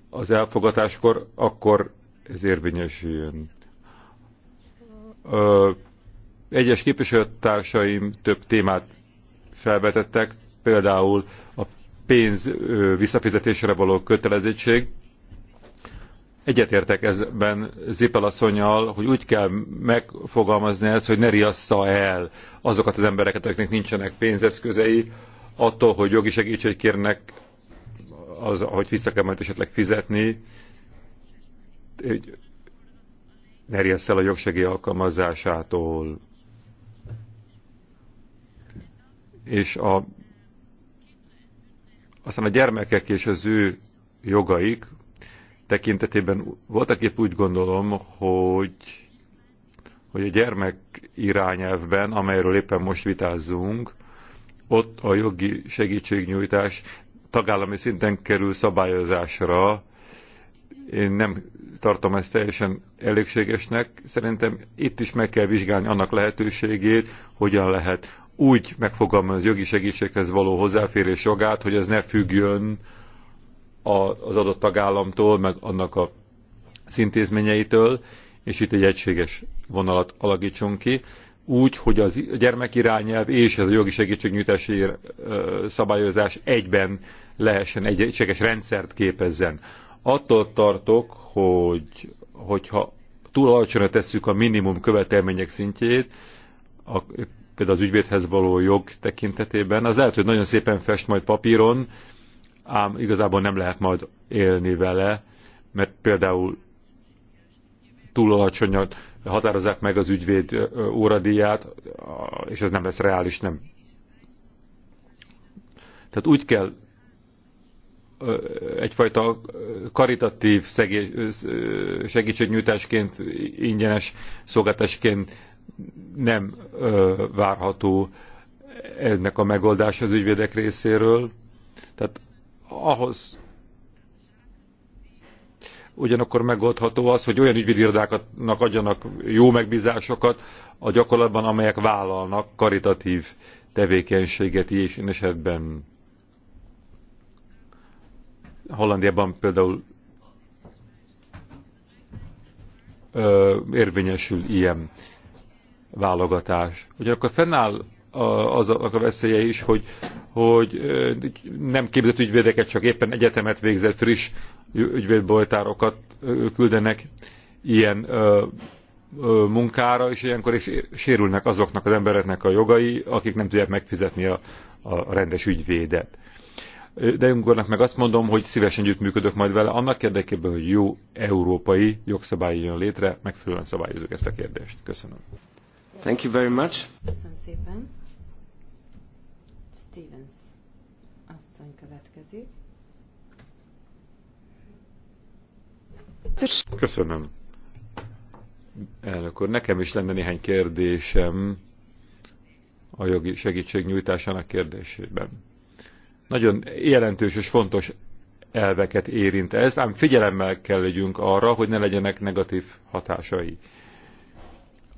az elfogatáskor, akkor ez érvényesüljön. egyes képviselőtársaim több témát felvetettek, például a pénz visszafizetésre való kötelezettség. Egyetértek ezben Zipel asszonyjal, hogy úgy kell megfogalmazni ezt, hogy ne riassza el azokat az embereket, akiknek nincsenek pénzeszközei, attól, hogy jogi segítséget kérnek, az, hogy vissza kell majd esetleg fizetni, hogy ne riassza el a jogsegély alkalmazásától. és a, aztán a gyermekek és az ő jogaik tekintetében voltak épp úgy gondolom, hogy, hogy a gyermek irányelvben, amelyről éppen most vitázzunk, ott a jogi segítségnyújtás tagállami szinten kerül szabályozásra. Én nem tartom ezt teljesen elégségesnek. Szerintem itt is meg kell vizsgálni annak lehetőségét, hogyan lehet úgy megfogalmaz jogi segítséghez való hozzáférés jogát, hogy ez ne függjön az adott tagállamtól, meg annak a szintézményeitől, és itt egy egységes vonalat alakítsunk ki, úgy, hogy az gyermekirányelv és ez a jogi segítségnyújtási szabályozás egyben lehessen, egy egységes rendszert képezzen. Attól tartok, hogy, hogyha túl alacsonyra tesszük a minimum követelmények szintjét, a például az ügyvédhez való jog tekintetében, az lehet, hogy nagyon szépen fest majd papíron, ám igazából nem lehet majd élni vele, mert például túl alacsonyan határozzák meg az ügyvéd óradíját, és ez nem lesz reális, nem. Tehát úgy kell egyfajta karitatív segítségnyújtásként, ingyenes szolgáltásként nem ö, várható ennek a megoldás az ügyvédek részéről. Tehát ahhoz ugyanakkor megoldható az, hogy olyan ügyvédirodáknak adjanak jó megbízásokat a gyakorlatban, amelyek vállalnak karitatív tevékenységet én esetben. Hollandiában például ö, érvényesül ilyen válogatás. Ugyanakkor fennáll az a, a veszélye is, hogy, hogy nem képzett ügyvédeket, csak éppen egyetemet végzett friss ügyvédboltárokat küldenek ilyen munkára, és ilyenkor is sérülnek azoknak az embereknek a jogai, akik nem tudják megfizetni a, a rendes ügyvédet. De Jungornak meg azt mondom, hogy szívesen együttműködök majd vele, annak érdekében, hogy jó európai jogszabály jön létre, megfelelően szabályozunk ezt a kérdést. Köszönöm. Thank you very much. Köszönöm szépen. Stevens asszony következik. Köszönöm. Elnök úr, nekem is lenne néhány kérdésem a jogi segítség nyújtásának kérdésében. Nagyon jelentős és fontos elveket érint ez, ám figyelemmel kell legyünk arra, hogy ne legyenek negatív hatásai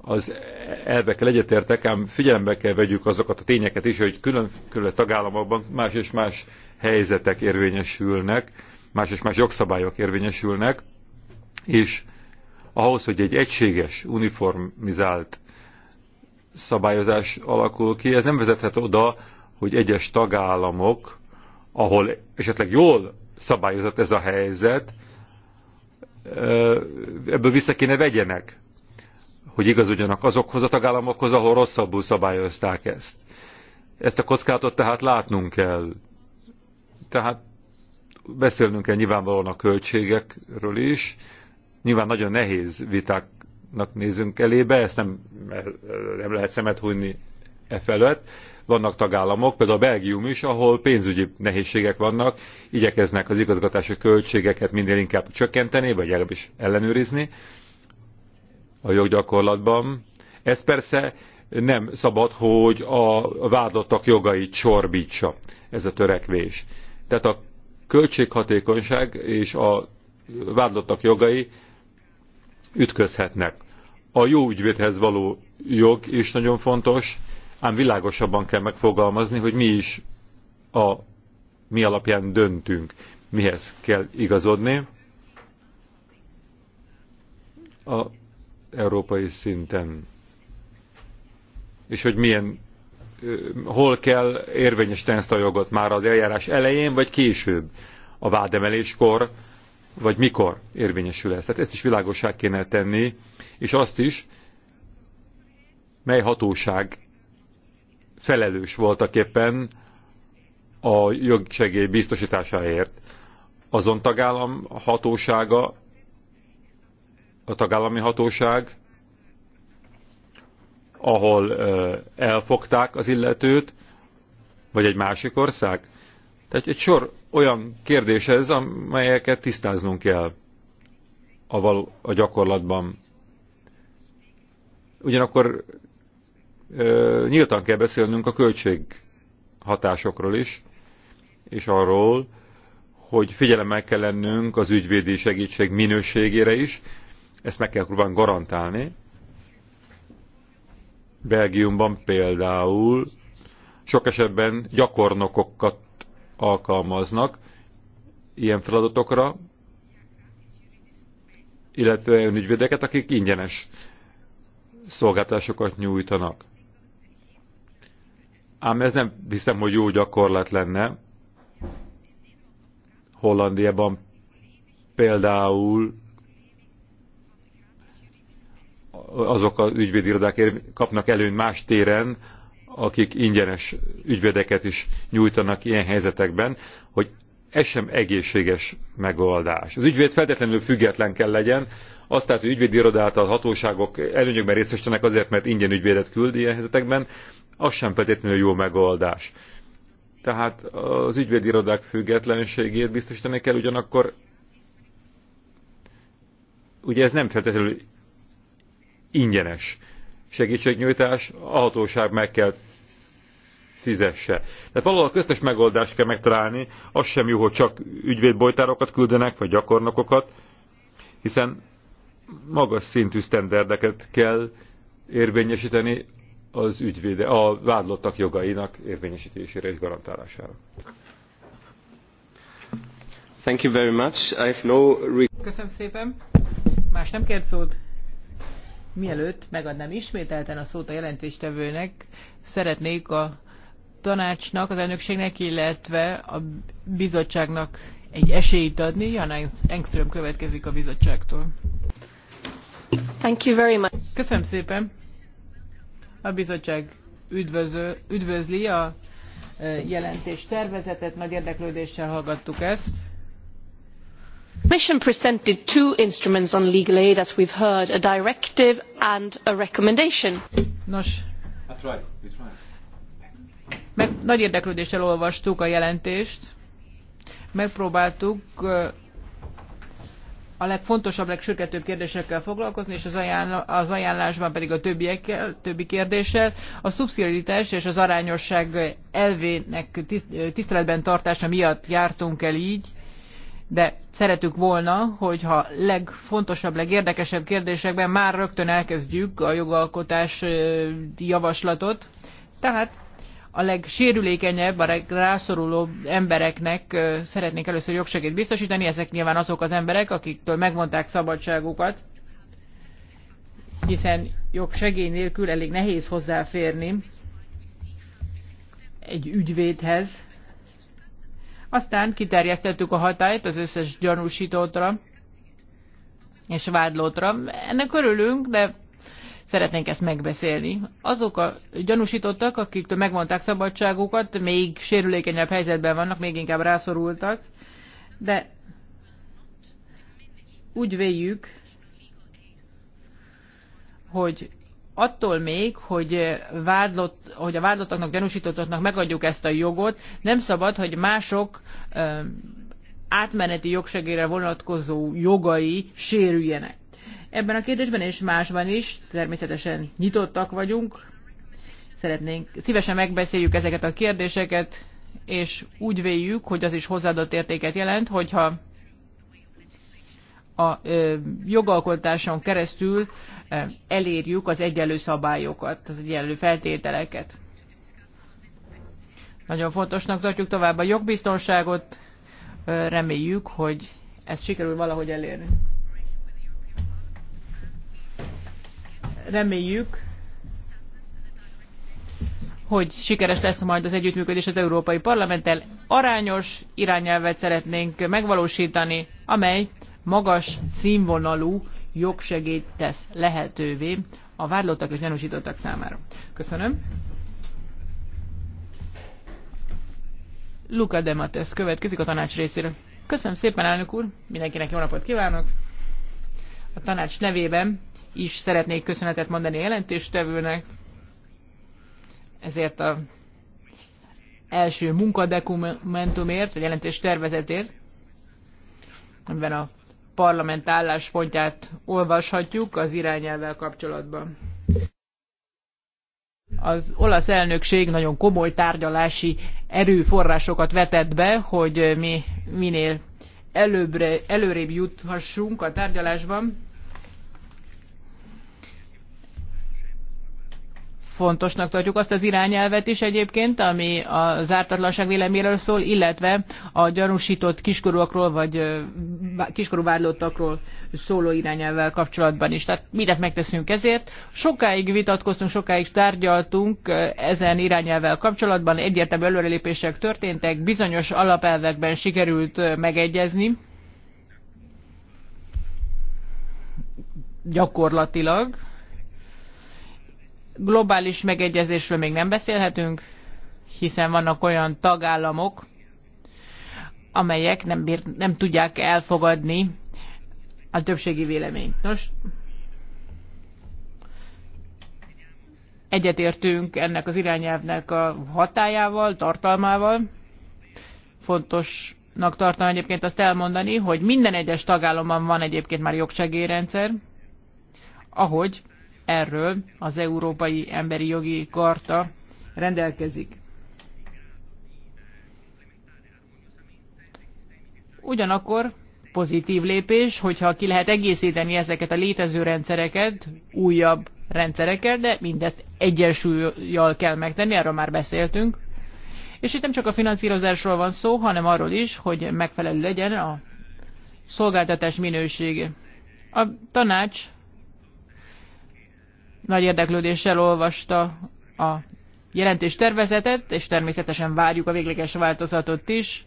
az elvekkel egyetértek, ám figyelembe kell vegyük azokat a tényeket is, hogy különféle tagállamokban más és más helyzetek érvényesülnek, más és más jogszabályok érvényesülnek, és ahhoz, hogy egy egységes, uniformizált szabályozás alakul ki, ez nem vezethet oda, hogy egyes tagállamok, ahol esetleg jól szabályozott ez a helyzet, ebből vissza kéne vegyenek hogy igazodjanak azokhoz a tagállamokhoz, ahol rosszabbul szabályozták ezt. Ezt a kockátot tehát látnunk kell. Tehát beszélnünk kell nyilvánvalóan a költségekről is. Nyilván nagyon nehéz vitáknak nézünk elébe, ezt nem, nem lehet szemet hunyni e felett. Vannak tagállamok, például a Belgium is, ahol pénzügyi nehézségek vannak, igyekeznek az igazgatási költségeket minél inkább csökkenteni, vagy legalábbis ellenőrizni a joggyakorlatban. Ez persze nem szabad, hogy a vádlottak jogait csorbítsa ez a törekvés. Tehát a költséghatékonyság és a vádlottak jogai ütközhetnek. A jó ügyvédhez való jog is nagyon fontos, ám világosabban kell megfogalmazni, hogy mi is a mi alapján döntünk, mihez kell igazodni. A európai szinten. És hogy milyen, hol kell érvényesíteni ezt a jogot, már az eljárás elején, vagy később, a vádemeléskor, vagy mikor érvényesül ez. Tehát ezt is világosság kéne tenni, és azt is, mely hatóság felelős voltak éppen a jogsegély biztosításáért. Azon tagállam hatósága, a tagállami hatóság, ahol elfogták az illetőt, vagy egy másik ország. Tehát egy sor olyan kérdés ez, amelyeket tisztáznunk kell a, való, a gyakorlatban. Ugyanakkor ö, nyíltan kell beszélnünk a költség hatásokról is, és arról, hogy figyelemmel kell lennünk az ügyvédi segítség minőségére is, ezt meg kell próbálni garantálni. Belgiumban például sok esetben gyakornokokat alkalmaznak ilyen feladatokra, illetve olyan ügyvédeket, akik ingyenes szolgáltásokat nyújtanak. Ám ez nem hiszem, hogy jó gyakorlat lenne. Hollandiában például azok a ügyvédirodák kapnak előny más téren, akik ingyenes ügyvédeket is nyújtanak ilyen helyzetekben, hogy ez sem egészséges megoldás. Az ügyvéd feltétlenül független kell legyen, azt tehát, hogy ügyvédirodát a hatóságok előnyökben részesítenek azért, mert ingyen ügyvédet küld ilyen helyzetekben, az sem feltétlenül jó megoldás. Tehát az ügyvédirodák függetlenségét biztosítani kell, ugyanakkor ugye ez nem feltétlenül ingyenes segítségnyújtás, a hatóság meg kell fizesse. Tehát valahol a köztes megoldást kell megtalálni, az sem jó, hogy csak ügyvédbojtárokat küldenek, vagy gyakornokokat, hiszen magas szintű sztenderdeket kell érvényesíteni az ügyvéde, a vádlottak jogainak érvényesítésére és garantálására. Thank you very much. I have no... Köszönöm szépen. Más nem kért szót? Mielőtt megadnám ismételten a szót a jelentéstevőnek, szeretnék a tanácsnak, az elnökségnek, illetve a bizottságnak egy esélyt adni. Jan Engström következik a bizottságtól. Thank you very much. Köszönöm szépen. A bizottság üdvözö, üdvözli a e, jelentés tervezetet, nagy érdeklődéssel hallgattuk ezt the commission presented two instruments on legal aid as we have heard a directive and a recommendation. nos nagy érdeklődéssel olvastuk a jelentést megpróbáltuk a legfontosabb, legsürgetőbb kérdésekkel foglalkozni, és az, ajánl- az ajánlásban pedig a többiekkel, többi kérdéssel. A szubszidiaritás és az arányosság elvének tiszteletben tartása miatt jártunk el így, de szeretük volna, hogyha legfontosabb, legérdekesebb kérdésekben már rögtön elkezdjük a jogalkotás javaslatot. Tehát a legsérülékenyebb, a rászoruló embereknek szeretnék először jogsegét biztosítani, ezek nyilván azok az emberek, akiktől megmondták szabadságukat, hiszen jogsegély nélkül elég nehéz hozzáférni egy ügyvédhez, aztán kiterjesztettük a hatályt az összes gyanúsítótra és vádlótra. Ennek örülünk, de szeretnénk ezt megbeszélni. Azok a gyanúsítottak, akiktől megmondták szabadságukat, még sérülékenyebb helyzetben vannak, még inkább rászorultak, de úgy véljük, hogy attól még, hogy, vádlott, hogy a vádlottaknak, gyanúsítottaknak megadjuk ezt a jogot, nem szabad, hogy mások átmeneti jogsegére vonatkozó jogai sérüljenek. Ebben a kérdésben és másban is természetesen nyitottak vagyunk. Szeretnénk, szívesen megbeszéljük ezeket a kérdéseket, és úgy véljük, hogy az is hozzáadott értéket jelent, hogyha a jogalkotáson keresztül elérjük az egyenlő szabályokat, az egyenlő feltételeket. Nagyon fontosnak tartjuk tovább a jogbiztonságot, reméljük, hogy ezt sikerül valahogy elérni. Reméljük, hogy sikeres lesz majd az együttműködés az Európai Parlamenttel. Arányos irányelvet szeretnénk megvalósítani, amely magas színvonalú jogsegélyt tesz lehetővé a vádlottak és gyanúsítottak számára. Köszönöm. Luca Demates következik a tanács részéről. Köszönöm szépen, elnök úr, mindenkinek jó napot kívánok. A tanács nevében is szeretnék köszönetet mondani a jelentéstevőnek, ezért a első munkadokumentumért, a jelentés tervezetért, amiben a Parlament álláspontját olvashatjuk az irányelvvel kapcsolatban. Az olasz elnökség nagyon komoly tárgyalási erőforrásokat vetett be, hogy mi minél előbbre, előrébb juthassunk a tárgyalásban fontosnak tartjuk azt az irányelvet is egyébként, ami az ártatlanság véleményéről szól, illetve a gyanúsított kiskorúakról vagy kiskorú vádlottakról szóló irányelvvel kapcsolatban is. Tehát mindent megteszünk ezért. Sokáig vitatkoztunk, sokáig tárgyaltunk ezen irányelvvel kapcsolatban, egyértelmű előrelépések történtek, bizonyos alapelvekben sikerült megegyezni. Gyakorlatilag Globális megegyezésről még nem beszélhetünk, hiszen vannak olyan tagállamok, amelyek nem, bír, nem tudják elfogadni a többségi véleményt. Nos, egyetértünk ennek az irányelvnek a hatájával, tartalmával. Fontosnak tartom egyébként azt elmondani, hogy minden egyes tagállamban van egyébként már jogsegélyrendszer, ahogy erről az Európai Emberi Jogi Karta rendelkezik. Ugyanakkor pozitív lépés, hogyha ki lehet egészíteni ezeket a létező rendszereket, újabb rendszerekkel, de mindezt egyensúlyjal kell megtenni, erről már beszéltünk. És itt nem csak a finanszírozásról van szó, hanem arról is, hogy megfelelő legyen a szolgáltatás minősége. A tanács nagy érdeklődéssel olvasta a jelentés tervezetet, és természetesen várjuk a végleges változatot is,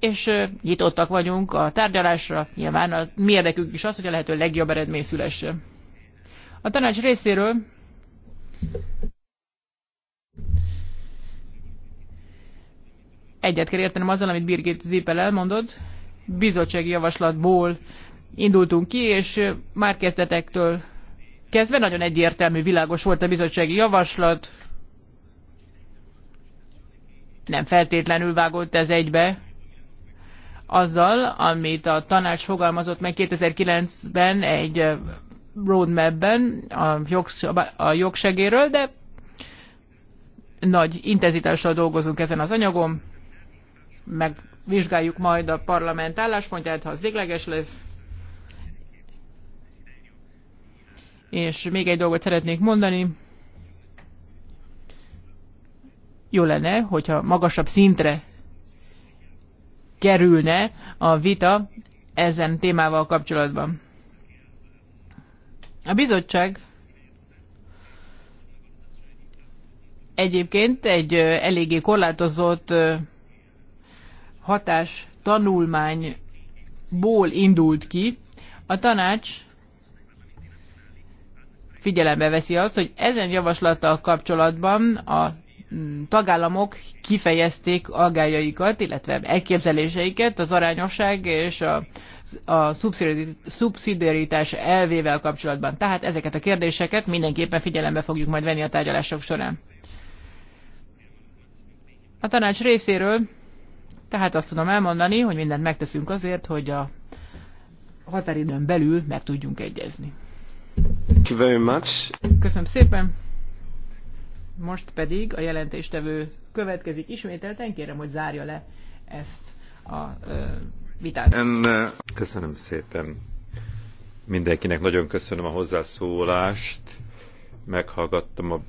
és nyitottak vagyunk a tárgyalásra, nyilván a mi érdekünk is az, hogy a lehető legjobb eredmény szülesse. A tanács részéről egyet kell értenem azzal, amit Birgit Zippel elmondott, bizottsági javaslatból indultunk ki, és már kezdetektől kezdve nagyon egyértelmű, világos volt a bizottsági javaslat, nem feltétlenül vágott ez egybe azzal, amit a tanács fogalmazott meg 2009-ben egy roadmap-ben a, jogs, a jogsegéről, de nagy intenzitással dolgozunk ezen az anyagon, megvizsgáljuk majd a parlament álláspontját, ha az végleges lesz, És még egy dolgot szeretnék mondani. Jó lenne, hogyha magasabb szintre kerülne a vita ezen témával kapcsolatban. A bizottság egyébként egy eléggé korlátozott hatás tanulmányból indult ki. A tanács figyelembe veszi azt, hogy ezen javaslattal kapcsolatban a mm, tagállamok kifejezték aggájaikat, illetve elképzeléseiket az arányosság és a, a szubszidiaritás elvével kapcsolatban. Tehát ezeket a kérdéseket mindenképpen figyelembe fogjuk majd venni a tárgyalások során. A tanács részéről tehát azt tudom elmondani, hogy mindent megteszünk azért, hogy a határidőn belül meg tudjunk egyezni. Thank you very much. Köszönöm szépen. Most pedig a jelentéstevő következik. Ismételten kérem, hogy zárja le ezt a uh, vitát. And, uh... Köszönöm szépen. Mindenkinek nagyon köszönöm a hozzászólást. Meghallgattam a,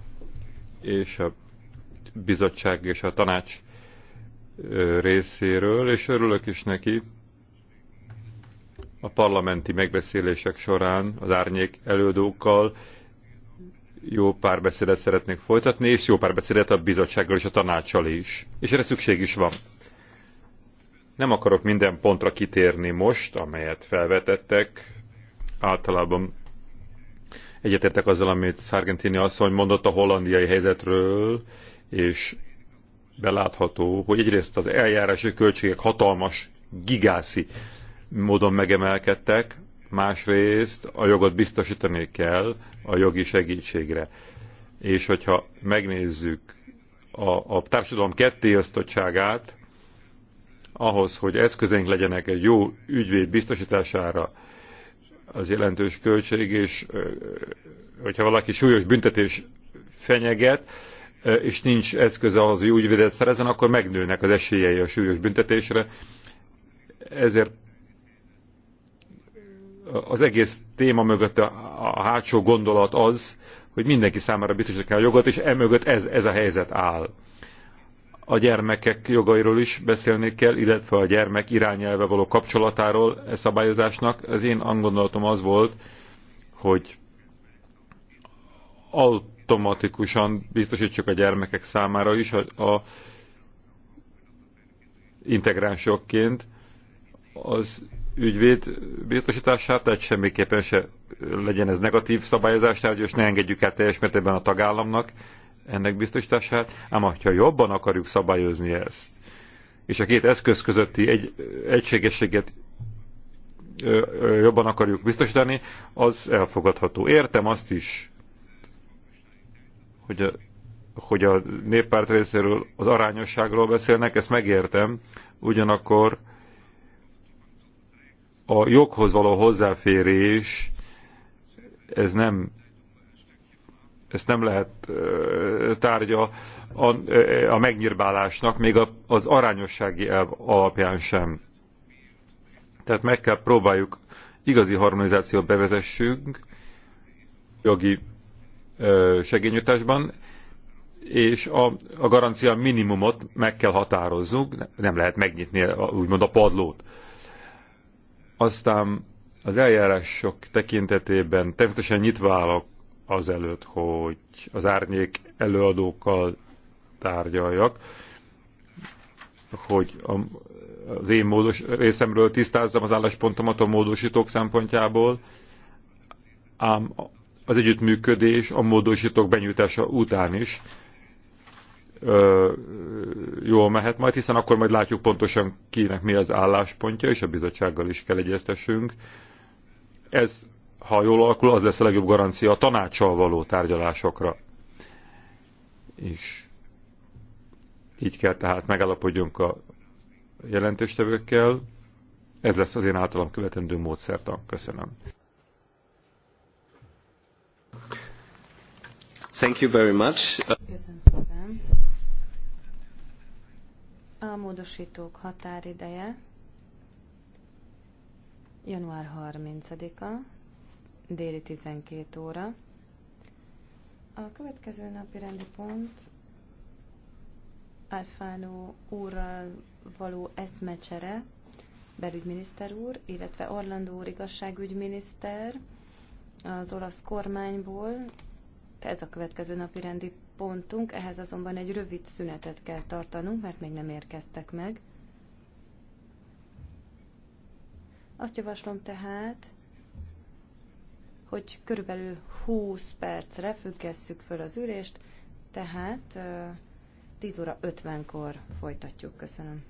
és a bizottság és a tanács részéről, és örülök is neki, a parlamenti megbeszélések során az árnyék előadókkal jó párbeszédet szeretnék folytatni, és jó párbeszédet a bizottsággal és a tanácssal is. És erre szükség is van. Nem akarok minden pontra kitérni most, amelyet felvetettek. Általában egyetértek azzal, amit Szargentini asszony mondott a hollandiai helyzetről, és belátható, hogy egyrészt az eljárási költségek hatalmas, gigászi módon megemelkedtek, másrészt a jogot biztosítani kell a jogi segítségre. És hogyha megnézzük a, a társadalom kettéosztottságát, ahhoz, hogy eszközénk legyenek egy jó ügyvéd biztosítására, az jelentős költség, és hogyha valaki súlyos büntetés fenyeget, és nincs eszköze ahhoz, hogy úgy védett szerezen, akkor megnőnek az esélyei a súlyos büntetésre. Ezért az egész téma mögött a, a hátsó gondolat az, hogy mindenki számára biztosítani kell a jogot, és emögött ez, ez a helyzet áll. A gyermekek jogairól is beszélni kell, illetve a gyermek irányelve való kapcsolatáról e szabályozásnak. Az én angondolatom az volt, hogy automatikusan biztosítsuk a gyermekek számára is a, a integránsokként az ügyvéd biztosítását, tehát semmiképpen se legyen ez negatív szabályozás most ne engedjük el teljes mértékben a tagállamnak ennek biztosítását, ám ha jobban akarjuk szabályozni ezt, és a két eszköz közötti egy, egységességet jobban akarjuk biztosítani, az elfogadható. Értem azt is, hogy a, hogy a néppárt részéről az arányosságról beszélnek, ezt megértem, ugyanakkor a joghoz való hozzáférés, ez nem, ez nem lehet tárgya a, a megnyírbálásnak, még az arányossági elv alapján sem. Tehát meg kell próbáljuk igazi harmonizációt bevezessünk jogi segényütásban, és a, a garancia minimumot meg kell határozzuk, nem lehet megnyitni úgymond a padlót aztán az eljárások tekintetében természetesen nyitva állok azelőtt, hogy az árnyék előadókkal tárgyaljak, hogy a, az én módos, részemről tisztázzam az álláspontomat a módosítók szempontjából, ám az együttműködés a módosítók benyújtása után is ö, jól mehet majd, hiszen akkor majd látjuk pontosan kinek mi az álláspontja, és a bizottsággal is kell egyeztessünk. Ez, ha jól alakul, az lesz a legjobb garancia a tanácssal való tárgyalásokra. És így kell tehát megállapodjunk a jelentéstevőkkel. Ez lesz az én általam követendő módszertan. Köszönöm. Thank you very much. Köszönöm. A módosítók határideje január 30-a, déli 12 óra. A következő napi rendi pont Alfánó úrral való eszmecsere, belügyminiszter úr, illetve Orlandó úr igazságügyminiszter az olasz kormányból. Ez a következő napi rendi pontunk, ehhez azonban egy rövid szünetet kell tartanunk, mert még nem érkeztek meg. Azt javaslom tehát, hogy körülbelül 20 percre függesszük föl az ülést, tehát 10 óra 50-kor folytatjuk. Köszönöm.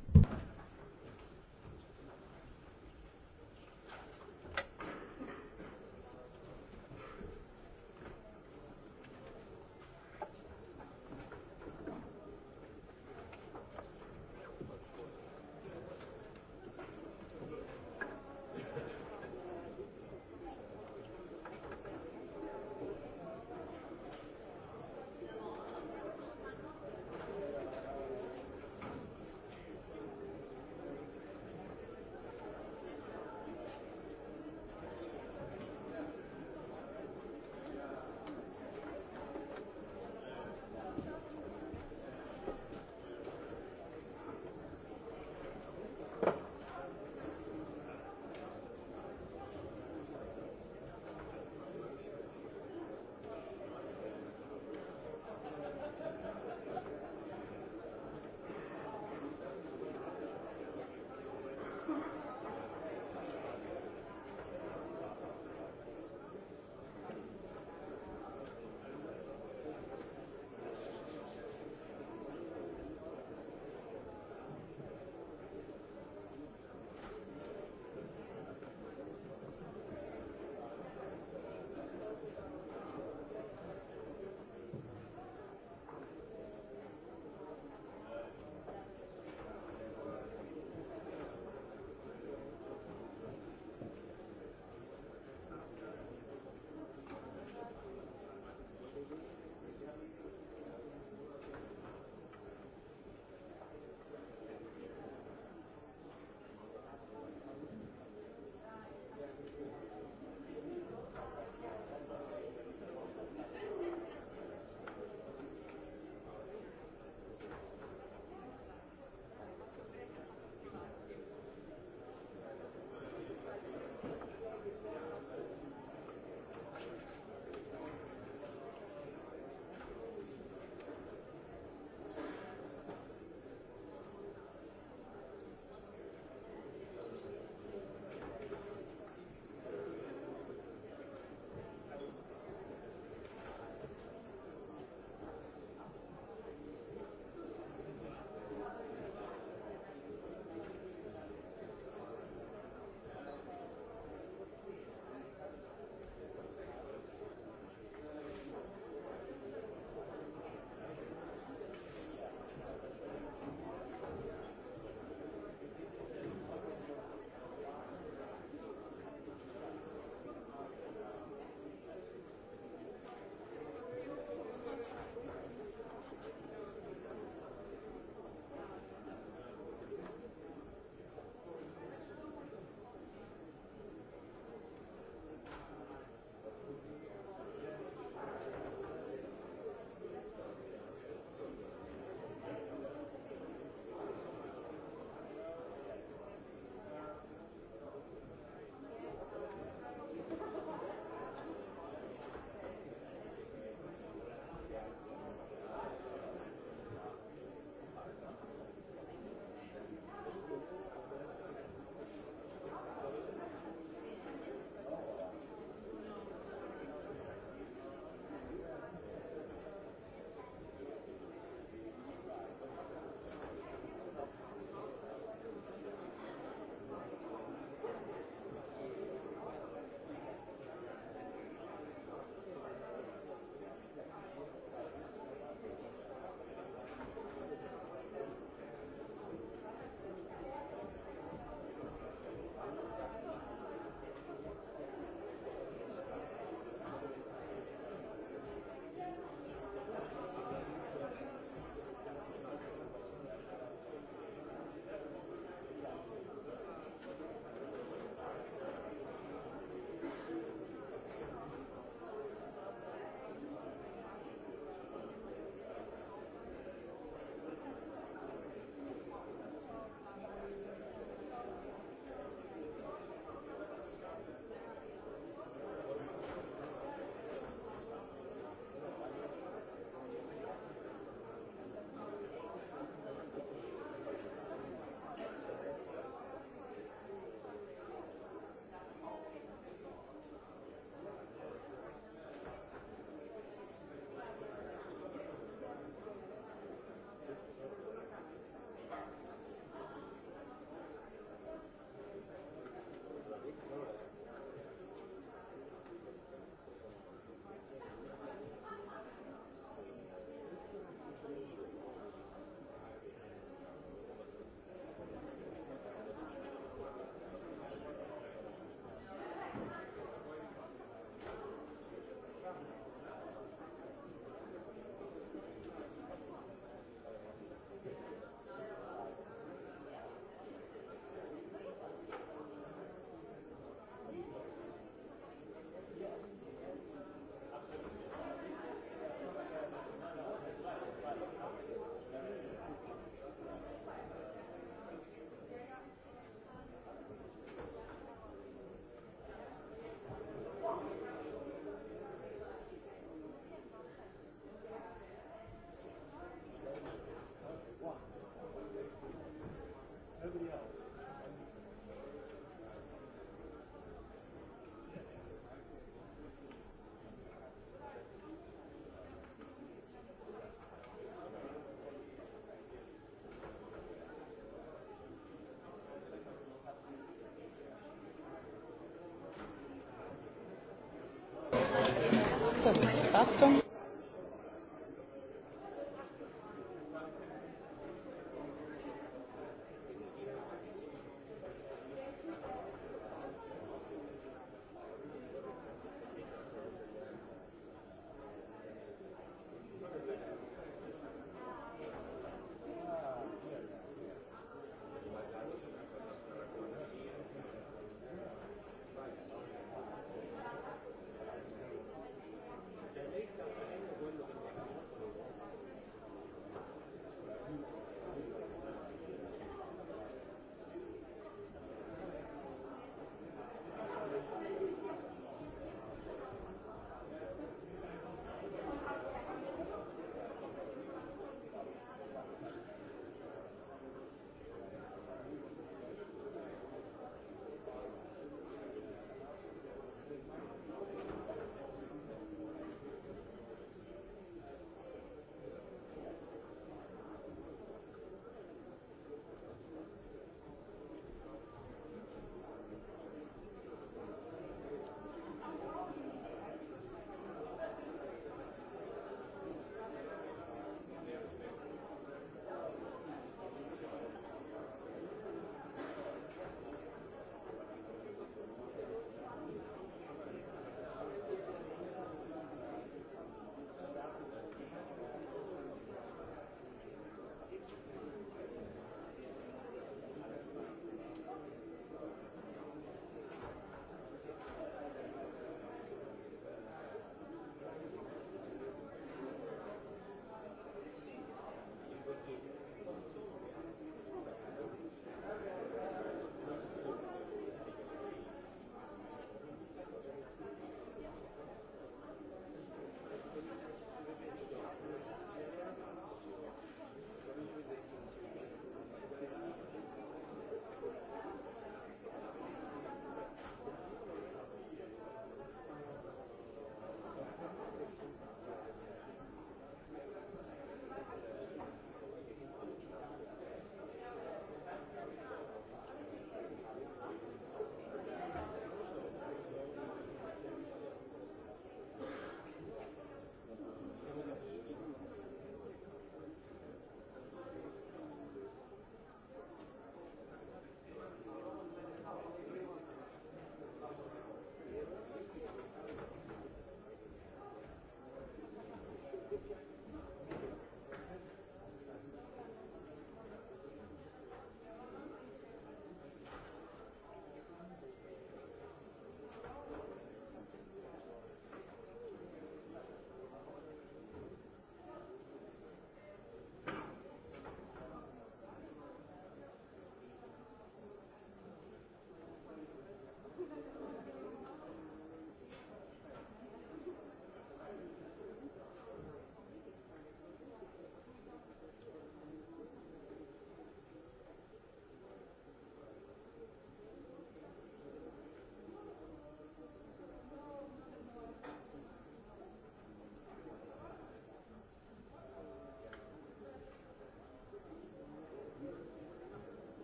fatto.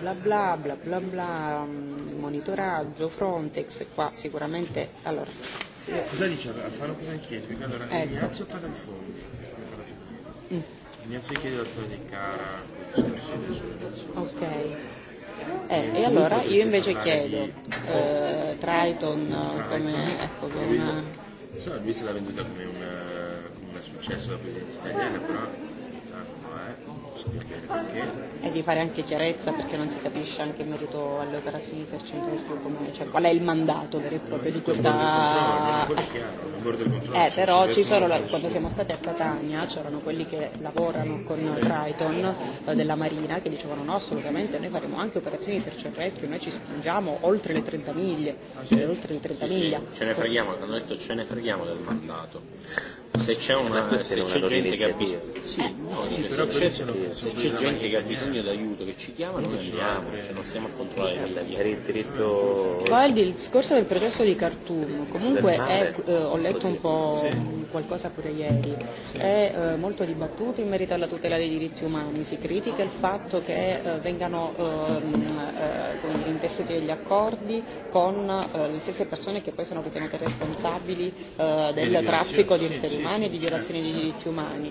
bla bla bla bla bla mm, monitoraggio Frontex qua sicuramente allora cosa dice Alfano cosa chiede allora ecco. Ignazio parla di fondi mm. Ignazio chiede la storia di Cara ok eh, e allora io invece chiedo di... eh, Triton, Triton come ecco come lui se l'ha venduta come un eh, successo della presenza italiana però e di fare anche chiarezza perché non si capisce anche in merito alle operazioni di esercito comune, cioè qual è il mandato vero e proprio di questa... Eh, però ci sono, quando siamo stati a Catania c'erano quelli che lavorano con Triton eh, della Marina che dicevano no assolutamente noi faremo anche operazioni di search and rescue, noi ci spingiamo oltre le 30 miglia, ah, sì. oltre le 30 sì, miglia. Sì. Ce ne freghiamo, hanno detto ce ne freghiamo del mandato. Se c'è, una, se c'è gente che ha bisogno... Sì, no, eh, però se c'è se c'è gente che ha bisogno aiuto che ci chiama noi andiamo cioè non siamo a controllare il diritto poi il discorso del processo di Khartoum comunque è, eh, ho letto un po' qualcosa pure ieri è eh, molto dibattuto in merito alla tutela dei diritti umani si critica il fatto che eh, vengano ehm, eh, eh, intessuti degli accordi con eh, le stesse persone che poi sono ritenute responsabili eh, del traffico di esseri umani e di violazioni dei diritti umani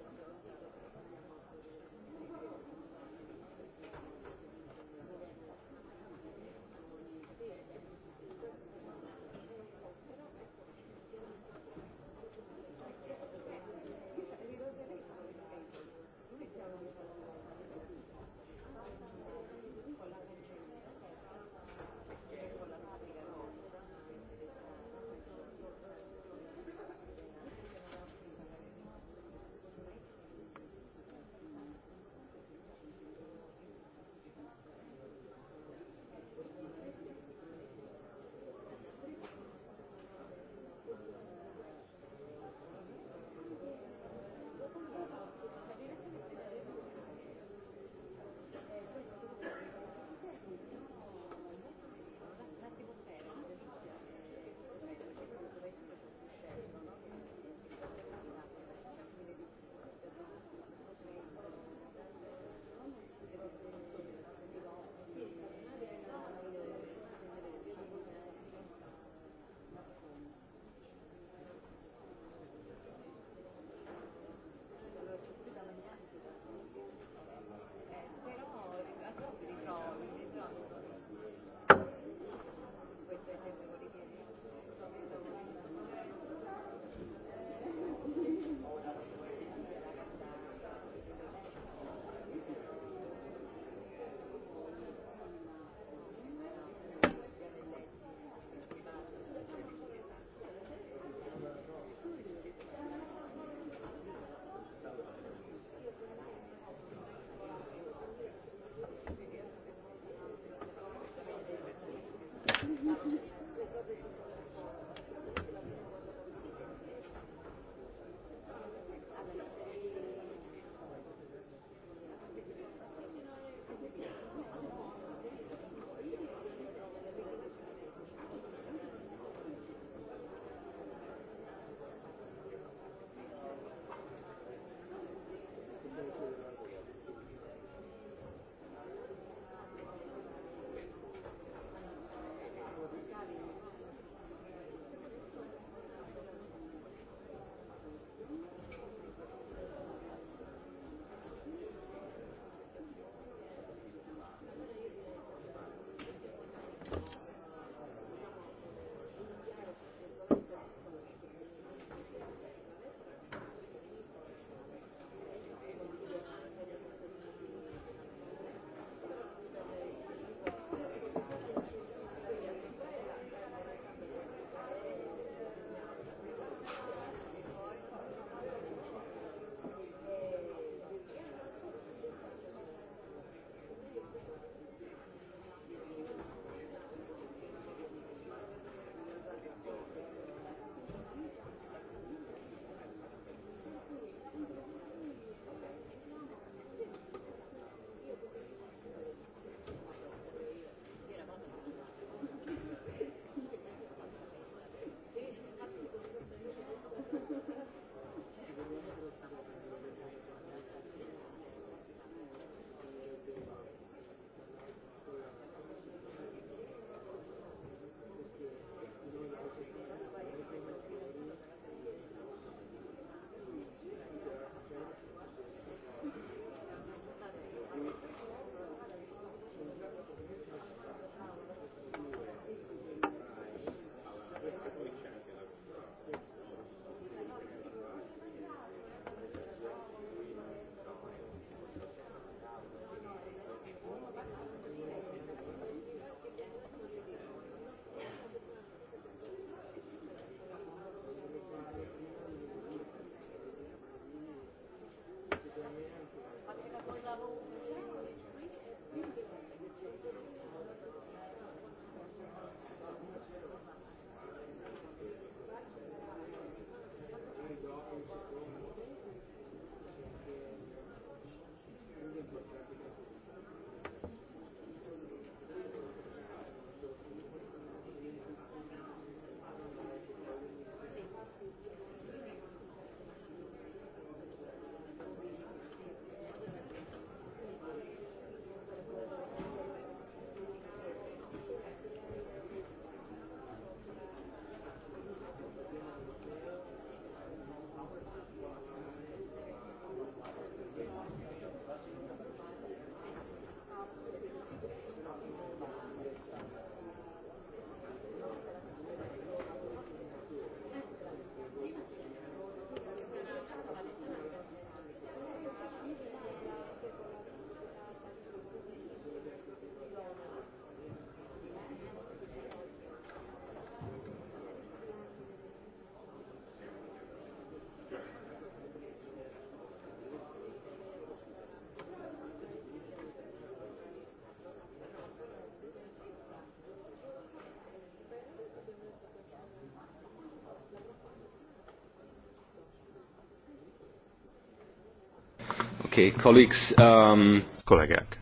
Okay, colleagues, um... Kollégák,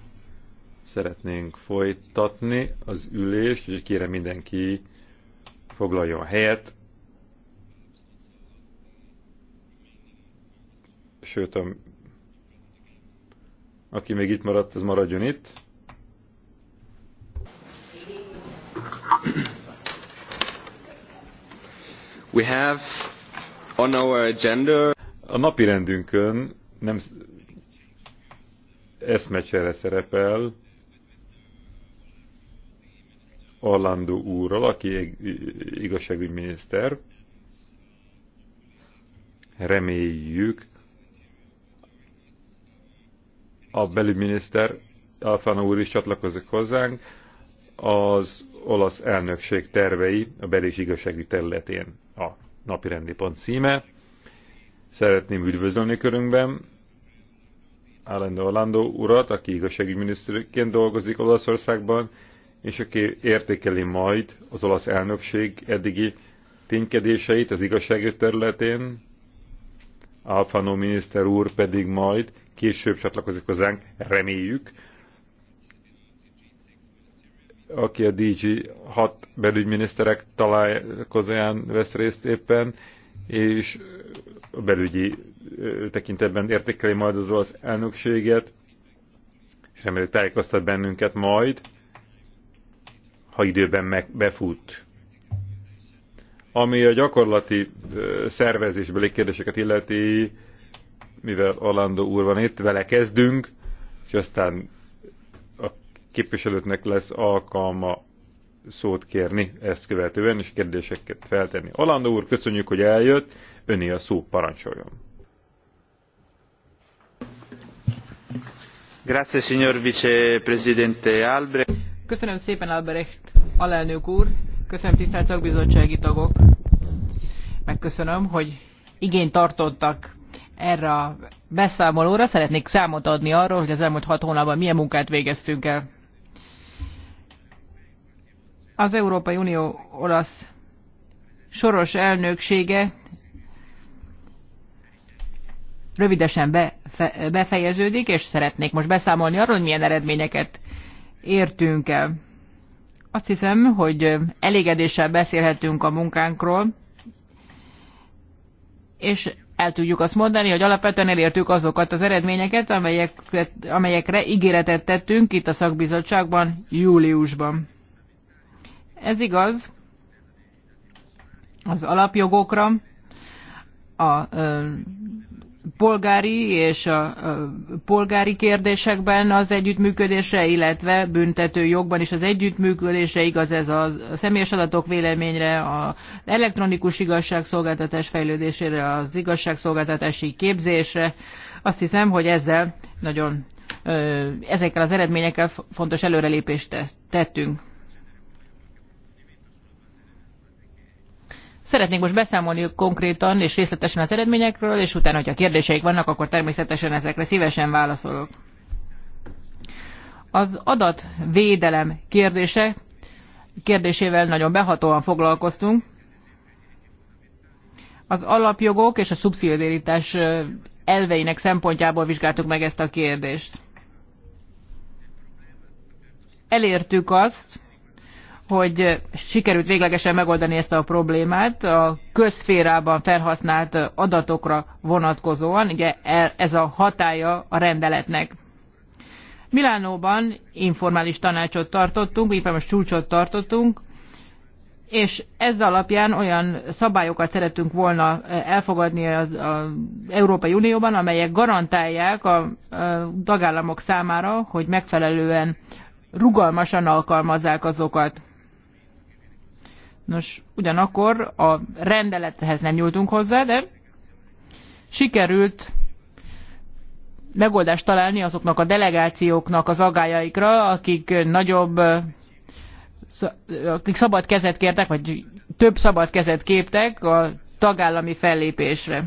szeretnénk folytatni az ülést, úgyhogy kérem mindenki foglaljon helyet. Sőt, a, aki még itt maradt, az maradjon itt. We have on our agenda a napirendünkön nem eszmecsere szerepel Orlando úrral, aki igazságügyminiszter. Reméljük, a belügyminiszter Alfano úr is csatlakozik hozzánk, az olasz elnökség tervei a bel- és igazságügy területén a napirendi pont címe. Szeretném üdvözölni körünkben Állandó Orlando urat, aki igazságügyminiszterként dolgozik Olaszországban, és aki értékeli majd az olasz elnökség eddigi ténykedéseit az igazságügy területén. Alfano miniszter úr pedig majd később csatlakozik hozzánk, reméljük, aki a DG hat belügyminiszterek találkozóján vesz részt éppen, és a belügyi tekintetben értékeli majd az olasz elnökséget, és reméljük tájékoztat bennünket majd, ha időben meg, befut. Ami a gyakorlati szervezésbeli kérdéseket illeti, mivel Alando úr van itt, vele kezdünk, és aztán a képviselőtnek lesz alkalma szót kérni ezt követően, és kérdéseket feltenni. Alando úr, köszönjük, hogy eljött, öné a szó, parancsoljon. Köszönöm szépen, Albrecht alelnök úr. Köszönöm, tisztelt szakbizottsági tagok. Megköszönöm, hogy igényt tartottak erre a beszámolóra. Szeretnék számot adni arról, hogy az elmúlt hat hónapban milyen munkát végeztünk el. Az Európai Unió olasz soros elnöksége rövidesen be befejeződik, és szeretnék most beszámolni arról, hogy milyen eredményeket értünk el. Azt hiszem, hogy elégedéssel beszélhetünk a munkánkról, és el tudjuk azt mondani, hogy alapvetően elértük azokat az eredményeket, amelyek, amelyekre ígéretet tettünk itt a szakbizottságban júliusban. Ez igaz az alapjogokra, a polgári és a polgári kérdésekben az együttműködésre, illetve büntető jogban is az együttműködésre igaz ez a személyes adatok véleményre, az elektronikus igazságszolgáltatás fejlődésére, az igazságszolgáltatási képzésre. Azt hiszem, hogy ezzel nagyon ezekkel az eredményekkel fontos előrelépést tettünk. Szeretnék most beszámolni konkrétan és részletesen az eredményekről, és utána, hogyha kérdéseik vannak, akkor természetesen ezekre szívesen válaszolok. Az adatvédelem kérdése, kérdésével nagyon behatóan foglalkoztunk. Az alapjogok és a szubszidiaritás elveinek szempontjából vizsgáltuk meg ezt a kérdést. Elértük azt, hogy sikerült véglegesen megoldani ezt a problémát a közférában felhasznált adatokra vonatkozóan, ugye e- ez a hatája a rendeletnek. Milánóban informális tanácsot tartottunk, informális csúcsot tartottunk, és ez alapján olyan szabályokat szerettünk volna elfogadni az, az Európai Unióban, amelyek garantálják a, a tagállamok számára, hogy megfelelően rugalmasan alkalmazzák azokat. Nos, ugyanakkor a rendelethez nem nyúltunk hozzá, de sikerült megoldást találni azoknak a delegációknak az agájaikra, akik nagyobb akik szabad kezet kértek, vagy több szabad kezet képtek a tagállami fellépésre.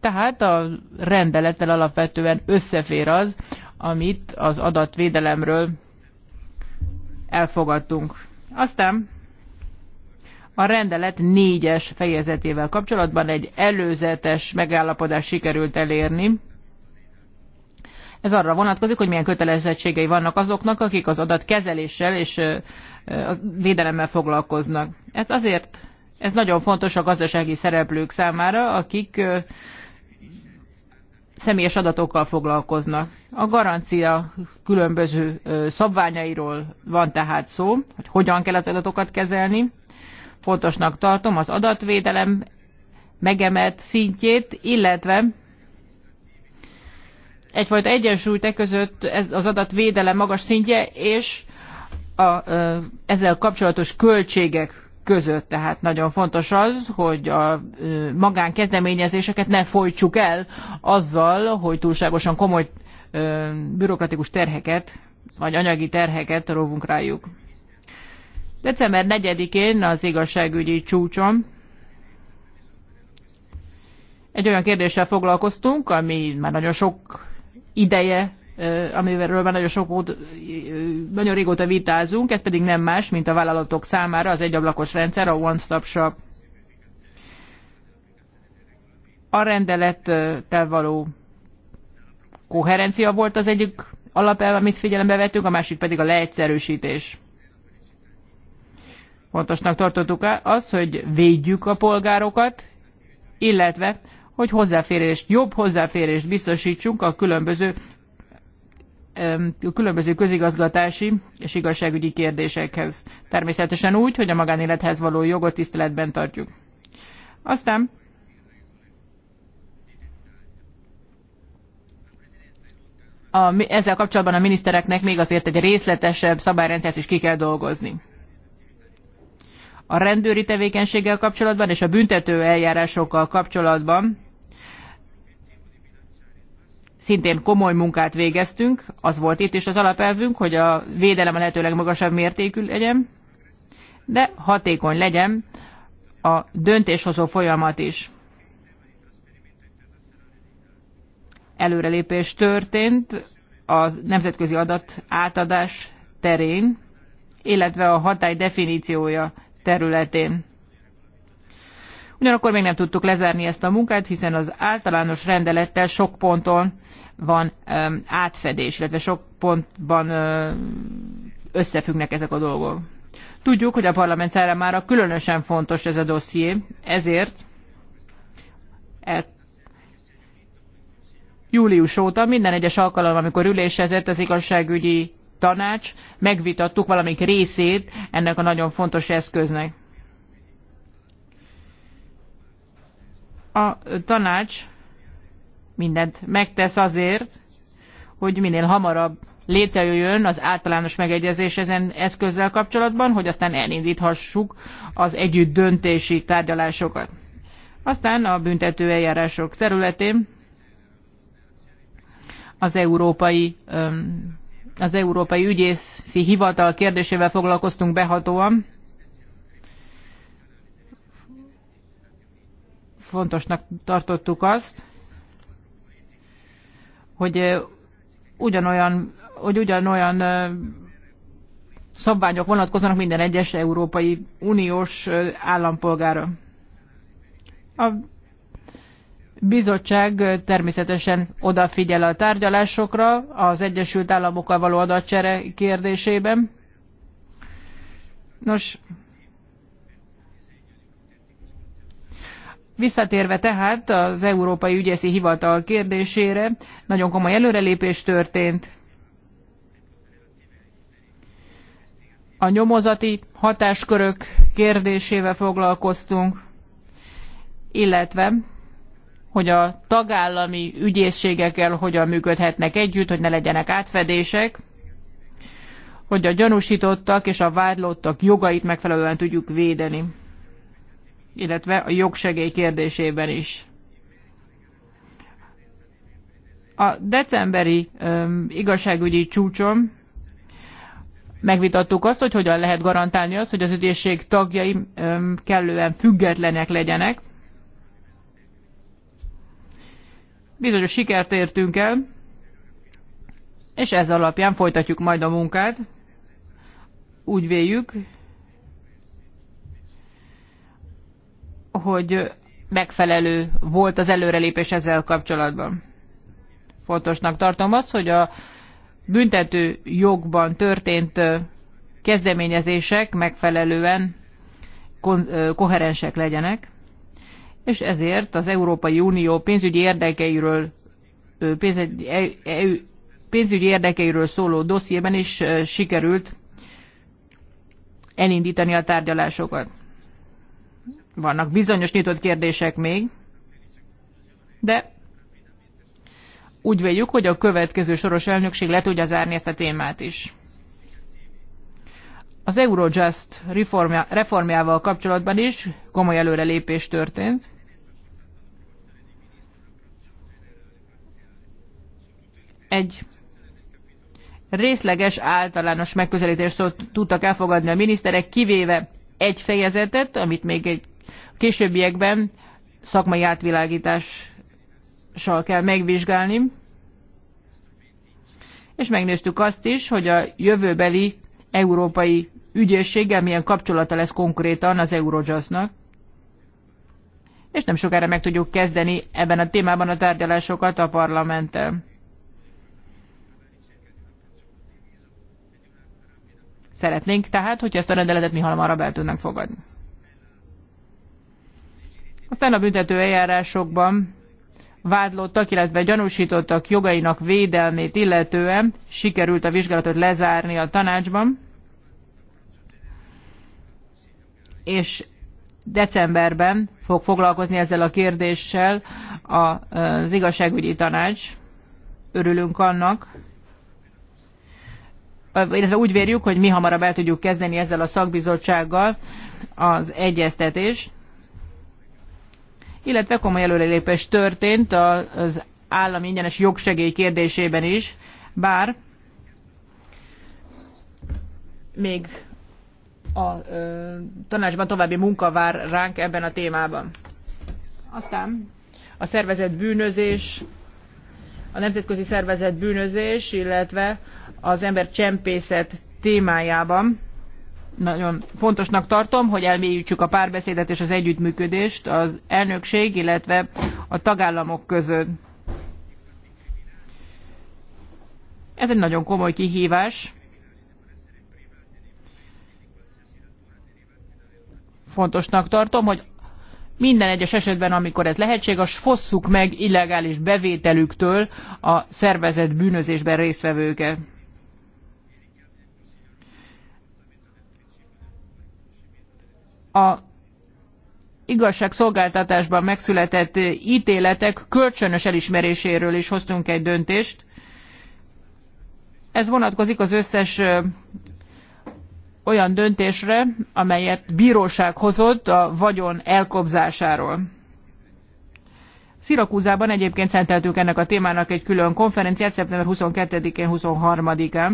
Tehát a rendelettel alapvetően összefér az, amit az adatvédelemről elfogadtunk. Aztán a rendelet négyes fejezetével kapcsolatban egy előzetes megállapodás sikerült elérni. Ez arra vonatkozik, hogy milyen kötelezettségei vannak azoknak, akik az adatkezeléssel és a védelemmel foglalkoznak. Ez azért, ez nagyon fontos a gazdasági szereplők számára, akik személyes adatokkal foglalkoznak. A garancia különböző szabványairól van tehát szó, hogy hogyan kell az adatokat kezelni. Fontosnak tartom az adatvédelem megemelt szintjét, illetve egyfajta egyensúly te között ez az adatvédelem magas szintje és a, ezzel kapcsolatos költségek között. Tehát nagyon fontos az, hogy a magánkezdeményezéseket ne folytsuk el azzal, hogy túlságosan komoly bürokratikus terheket, vagy anyagi terheket róvunk rájuk. December 4-én az igazságügyi csúcson egy olyan kérdéssel foglalkoztunk, ami már nagyon sok ideje amiről már nagyon, sok óta, nagyon régóta vitázunk, ez pedig nem más, mint a vállalatok számára az egyablakos rendszer, a One Stop Shop. A rendelettel való koherencia volt az egyik alapelv, amit figyelembe vettünk, a másik pedig a leegyszerűsítés. Fontosnak tartottuk azt, hogy védjük a polgárokat, illetve hogy hozzáférést, jobb hozzáférést biztosítsunk a különböző különböző közigazgatási és igazságügyi kérdésekhez. Természetesen úgy, hogy a magánélethez való jogot tiszteletben tartjuk. Aztán a, ezzel kapcsolatban a minisztereknek még azért egy részletesebb szabályrendszert is ki kell dolgozni. A rendőri tevékenységgel kapcsolatban és a büntető eljárásokkal kapcsolatban szintén komoly munkát végeztünk, az volt itt is az alapelvünk, hogy a védelem a lehető legmagasabb mértékű legyen, de hatékony legyen a döntéshozó folyamat is. Előrelépés történt a nemzetközi adat átadás terén, illetve a hatály definíciója területén. Ugyanakkor még nem tudtuk lezárni ezt a munkát, hiszen az általános rendelettel sok ponton van átfedés, illetve sok pontban összefüggnek ezek a dolgok. Tudjuk, hogy a parlament számára különösen fontos ez a dosszié, ezért e- július óta minden egyes alkalom, amikor ülésezett az igazságügyi tanács, megvitattuk valamik részét ennek a nagyon fontos eszköznek. A tanács mindent megtesz azért, hogy minél hamarabb létrejöjjön az általános megegyezés ezen eszközzel kapcsolatban, hogy aztán elindíthassuk az együtt döntési tárgyalásokat. Aztán a büntető eljárások területén az európai, az európai ügyészi hivatal kérdésével foglalkoztunk behatóan. Fontosnak tartottuk azt, hogy ugyanolyan, hogy ugyanolyan szabványok vonatkoznak minden egyes Európai Uniós állampolgára. A bizottság természetesen odafigyel a tárgyalásokra az Egyesült Államokkal való adatcsere kérdésében. Nos, Visszatérve tehát az Európai Ügyészi Hivatal kérdésére, nagyon komoly előrelépés történt. A nyomozati hatáskörök kérdésével foglalkoztunk, illetve hogy a tagállami ügyészségekkel hogyan működhetnek együtt, hogy ne legyenek átfedések, hogy a gyanúsítottak és a vádlottak jogait megfelelően tudjuk védeni illetve a jogsegély kérdésében is. A decemberi um, igazságügyi csúcson megvitattuk azt, hogy hogyan lehet garantálni azt, hogy az ügyészség tagjai um, kellően függetlenek legyenek. Bizonyos sikert értünk el, és ez alapján folytatjuk majd a munkát. Úgy véljük, hogy megfelelő volt az előrelépés ezzel kapcsolatban. Fontosnak tartom azt, hogy a büntető jogban történt kezdeményezések megfelelően koherensek legyenek, és ezért az Európai Unió pénzügyi érdekeiről e, e, pénzügyi érdekeiről szóló dossziében is sikerült elindítani a tárgyalásokat vannak bizonyos nyitott kérdések még, de úgy véljük, hogy a következő soros elnökség le tudja zárni ezt a témát is. Az Eurojust reformjá, reformjával kapcsolatban is komoly előrelépés történt. Egy részleges általános megközelítést tudtak elfogadni a miniszterek, kivéve egy fejezetet, amit még egy későbbiekben szakmai átvilágítással kell megvizsgálni, és megnéztük azt is, hogy a jövőbeli európai ügyészséggel milyen kapcsolata lesz konkrétan az Eurojustnak. És nem sokára meg tudjuk kezdeni ebben a témában a tárgyalásokat a parlamenttel. Szeretnénk tehát, hogy ezt a rendeletet mi hamarabb el tudnánk fogadni. Aztán a büntető eljárásokban vádlottak, illetve gyanúsítottak jogainak védelmét illetően sikerült a vizsgálatot lezárni a tanácsban, és decemberben fog foglalkozni ezzel a kérdéssel az igazságügyi tanács. Örülünk annak, illetve úgy vérjük, hogy mi hamarabb el tudjuk kezdeni ezzel a szakbizottsággal az egyeztetést illetve komoly előrelépés történt az állami ingyenes jogsegély kérdésében is, bár még a ö, tanácsban további munka vár ránk ebben a témában. Aztán a szervezett bűnözés, a nemzetközi szervezett bűnözés, illetve az ember csempészet témájában nagyon fontosnak tartom, hogy elmélyítsük a párbeszédet és az együttműködést az elnökség, illetve a tagállamok között. Ez egy nagyon komoly kihívás. Fontosnak tartom, hogy minden egyes esetben, amikor ez lehetséges, fosszuk meg illegális bevételüktől a szervezett bűnözésben résztvevőket. a igazságszolgáltatásban megszületett ítéletek kölcsönös elismeréséről is hoztunk egy döntést. Ez vonatkozik az összes olyan döntésre, amelyet bíróság hozott a vagyon elkobzásáról. Szirakúzában egyébként szenteltük ennek a témának egy külön konferenciát szeptember 22-én, 23-án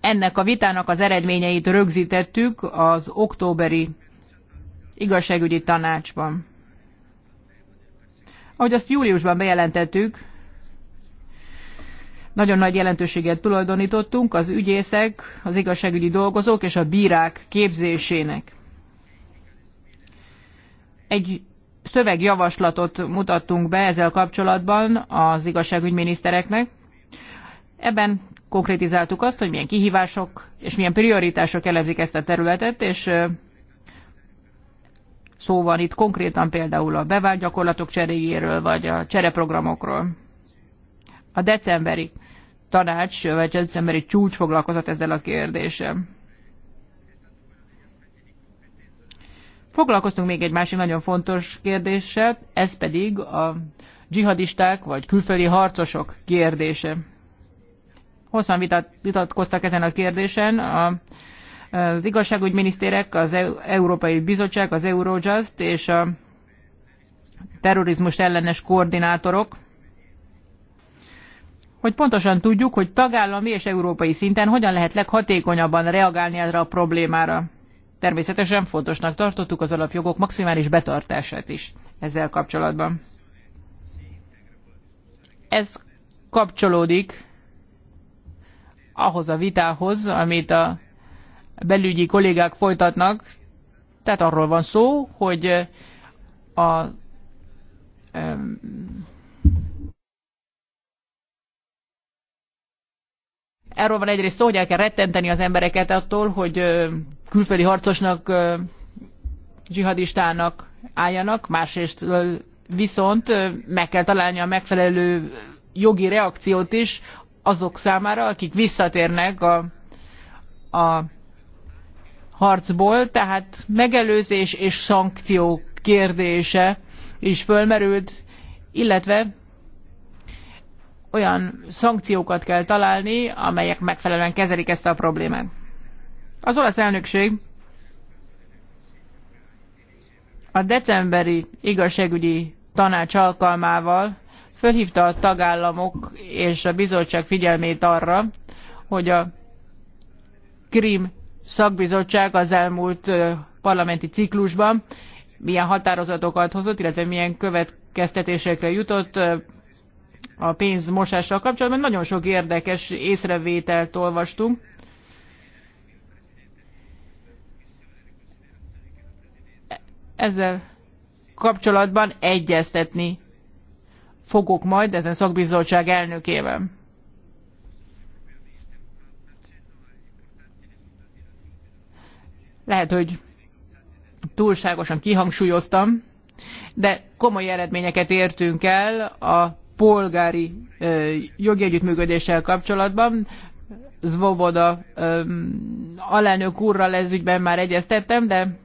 ennek a vitának az eredményeit rögzítettük az októberi igazságügyi tanácsban. Ahogy azt júliusban bejelentettük, nagyon nagy jelentőséget tulajdonítottunk az ügyészek, az igazságügyi dolgozók és a bírák képzésének. Egy szövegjavaslatot mutattunk be ezzel kapcsolatban az igazságügyminisztereknek. Ebben konkrétizáltuk azt, hogy milyen kihívások és milyen prioritások elezik ezt a területet, és szó van itt konkrétan például a bevált gyakorlatok cseréjéről, vagy a csereprogramokról. A decemberi tanács, vagy a decemberi csúcs foglalkozott ezzel a kérdéssel. Foglalkoztunk még egy másik nagyon fontos kérdéssel, ez pedig a dzsihadisták vagy külföldi harcosok kérdése hosszan vitat, vitatkoztak ezen a kérdésen. A, az miniszterek, az e-, Európai Bizottság, az Eurojust és a terrorizmus ellenes koordinátorok, hogy pontosan tudjuk, hogy tagállami és európai szinten hogyan lehet leghatékonyabban reagálni erre a problémára. Természetesen fontosnak tartottuk az alapjogok maximális betartását is ezzel kapcsolatban. Ez kapcsolódik ahhoz a vitához, amit a belügyi kollégák folytatnak. Tehát arról van szó, hogy a Erről van egyrészt szó, hogy el kell rettenteni az embereket attól, hogy külföldi harcosnak, dzsihadistának álljanak, másrészt viszont meg kell találni a megfelelő jogi reakciót is azok számára, akik visszatérnek a, a harcból, tehát megelőzés és szankció kérdése is fölmerült, illetve olyan szankciókat kell találni, amelyek megfelelően kezelik ezt a problémát. Az olasz elnökség a decemberi igazságügyi tanács alkalmával fölhívta a tagállamok és a bizottság figyelmét arra, hogy a Krim szakbizottság az elmúlt parlamenti ciklusban milyen határozatokat hozott, illetve milyen következtetésekre jutott a pénz mosással kapcsolatban. Nagyon sok érdekes észrevételt olvastunk. Ezzel kapcsolatban egyeztetni fogok majd ezen szakbizottság elnökével. Lehet, hogy túlságosan kihangsúlyoztam, de komoly eredményeket értünk el a polgári ö, jogi együttműködéssel kapcsolatban. Zvoboda ö, alelnök úrral ezügyben már egyeztettem, de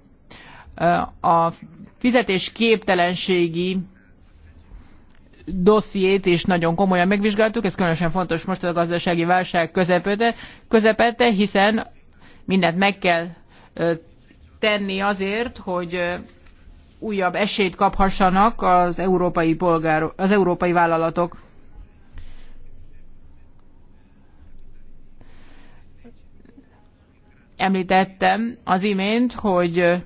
ö, a fizetés képtelenségi dossziét is nagyon komolyan megvizsgáltuk, ez különösen fontos most a gazdasági válság közepete, közepete hiszen mindent meg kell tenni azért, hogy újabb esélyt kaphassanak az európai, polgár, az európai vállalatok. Említettem az imént, hogy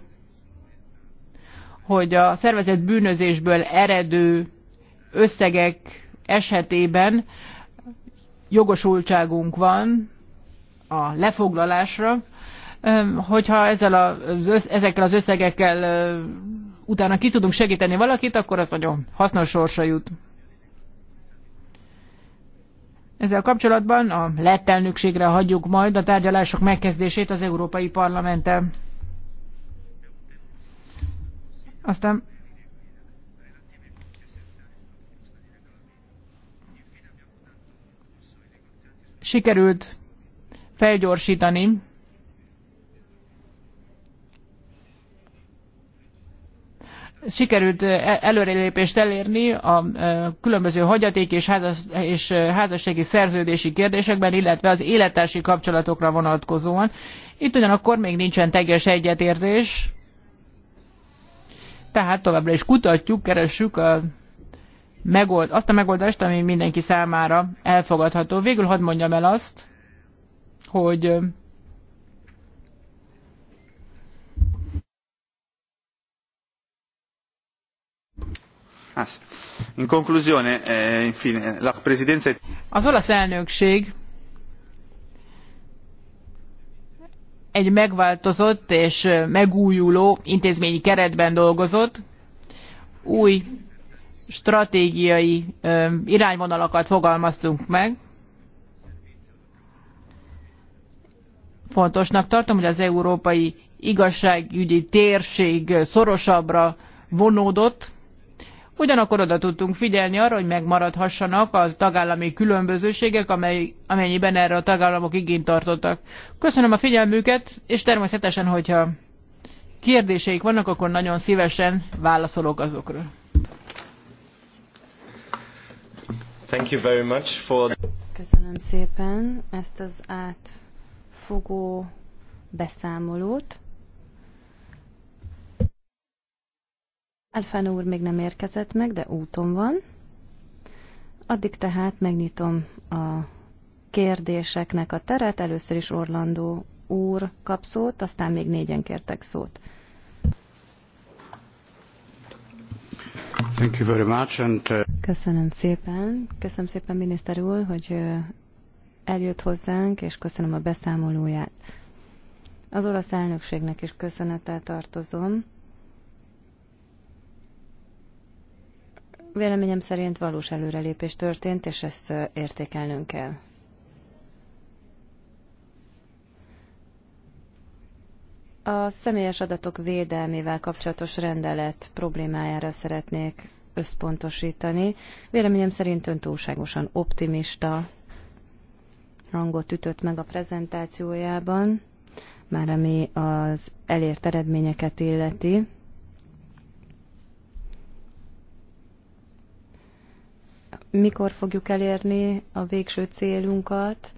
hogy a szervezett bűnözésből eredő összegek esetében jogosultságunk van a lefoglalásra, hogyha ezzel az, ezekkel az összegekkel utána ki tudunk segíteni valakit, akkor az nagyon hasznos sorsa jut. Ezzel kapcsolatban a lettelnökségre hagyjuk majd a tárgyalások megkezdését az Európai Parlamenttel. Aztán sikerült felgyorsítani sikerült e- előrelépést elérni a különböző hagyaték és, házas, és házassági szerződési kérdésekben, illetve az élettársi kapcsolatokra vonatkozóan. Itt ugyanakkor még nincsen teljes egyetértés, tehát továbbra is kutatjuk, keressük a megold, azt a megoldást, ami mindenki számára elfogadható. Végül hadd mondjam el azt, hogy ah, In conclusione, eh, infine, la presidenza... Az olasz elnökség egy megváltozott és megújuló intézményi keretben dolgozott, új stratégiai irányvonalakat fogalmaztunk meg. Fontosnak tartom, hogy az európai igazságügyi térség szorosabbra vonódott, Ugyanakkor oda tudtunk figyelni arra, hogy megmaradhassanak a tagállami különbözőségek, amely, amennyiben erre a tagállamok igényt tartottak. Köszönöm a figyelmüket, és természetesen, hogyha kérdéseik vannak, akkor nagyon szívesen válaszolok azokra. Thank you very much for... Köszönöm szépen ezt az átfogó beszámolót. Alfán úr még nem érkezett meg, de úton van. Addig tehát megnyitom a kérdéseknek a teret. Először is Orlandó úr kap szót, aztán még négyen kértek szót. Thank you very much and, uh... Köszönöm szépen. Köszönöm szépen, miniszter úr, hogy eljött hozzánk, és köszönöm a beszámolóját. Az olasz elnökségnek is köszönettel tartozom. Véleményem szerint valós előrelépés történt, és ezt értékelnünk kell. A személyes adatok védelmével kapcsolatos rendelet problémájára szeretnék összpontosítani. Véleményem szerint ön túlságosan optimista hangot ütött meg a prezentációjában, már ami az elért eredményeket illeti. Mikor fogjuk elérni a végső célunkat?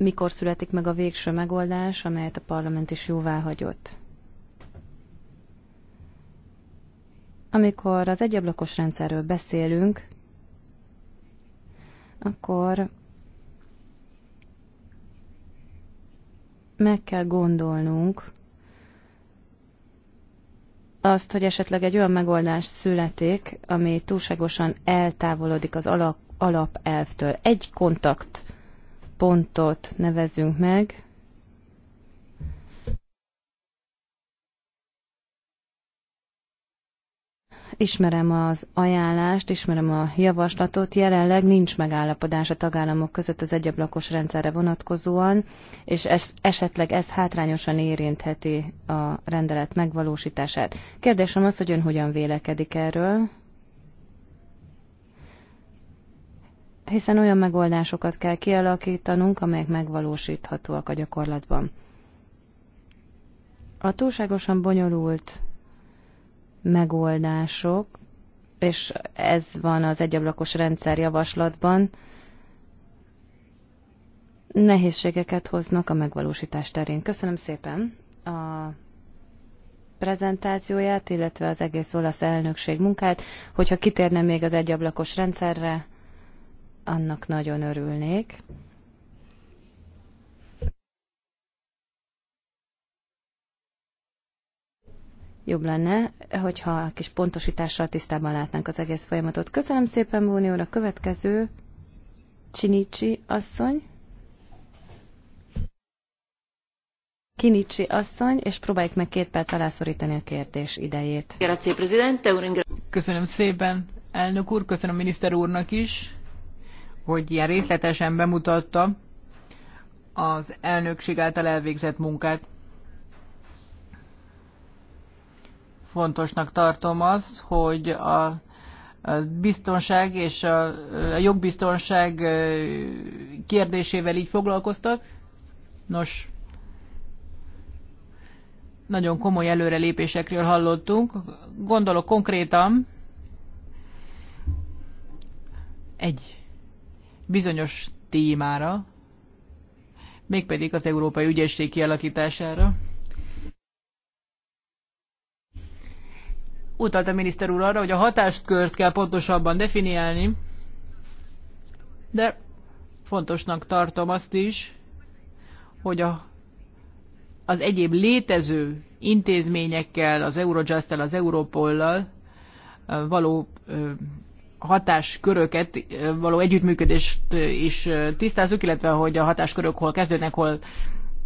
mikor születik meg a végső megoldás, amelyet a parlament is jóvá hagyott. Amikor az egyablakos rendszerről beszélünk, akkor meg kell gondolnunk azt, hogy esetleg egy olyan megoldás születik, ami túlságosan eltávolodik az alap, alapelvtől. Egy kontakt pontot nevezünk meg. Ismerem az ajánlást, ismerem a javaslatot, jelenleg nincs megállapodás a tagállamok között az egyablakos rendszerre vonatkozóan, és ez, esetleg ez hátrányosan érintheti a rendelet megvalósítását. Kérdésem az, hogy ön hogyan vélekedik erről? hiszen olyan megoldásokat kell kialakítanunk, amelyek megvalósíthatóak a gyakorlatban. A túlságosan bonyolult megoldások, és ez van az egyablakos rendszer javaslatban, nehézségeket hoznak a megvalósítás terén. Köszönöm szépen a prezentációját, illetve az egész olasz elnökség munkát. Hogyha kitérne még az egyablakos rendszerre, annak nagyon örülnék. jobb lenne, hogyha kis pontosítással tisztában látnánk az egész folyamatot. Köszönöm szépen, Bóni úr. A következő Csinicsi asszony. Kinicsi asszony, és próbáljuk meg két perc alá a kérdés idejét. Köszönöm szépen, elnök úr, köszönöm miniszter úrnak is hogy ilyen részletesen bemutatta az elnökség által elvégzett munkát. Fontosnak tartom azt, hogy a a biztonság és a, a jogbiztonság kérdésével így foglalkoztak. Nos, nagyon komoly előrelépésekről hallottunk. Gondolok konkrétan egy bizonyos témára, mégpedig az Európai Ügyesség kialakítására. Utalt a miniszter úr arra, hogy a hatáskört kell pontosabban definiálni, de fontosnak tartom azt is, hogy a, az egyéb létező intézményekkel, az Eurojust-tel, az Europollal való hatásköröket való együttműködést is tisztázzuk, illetve hogy a hatáskörök hol kezdődnek, hol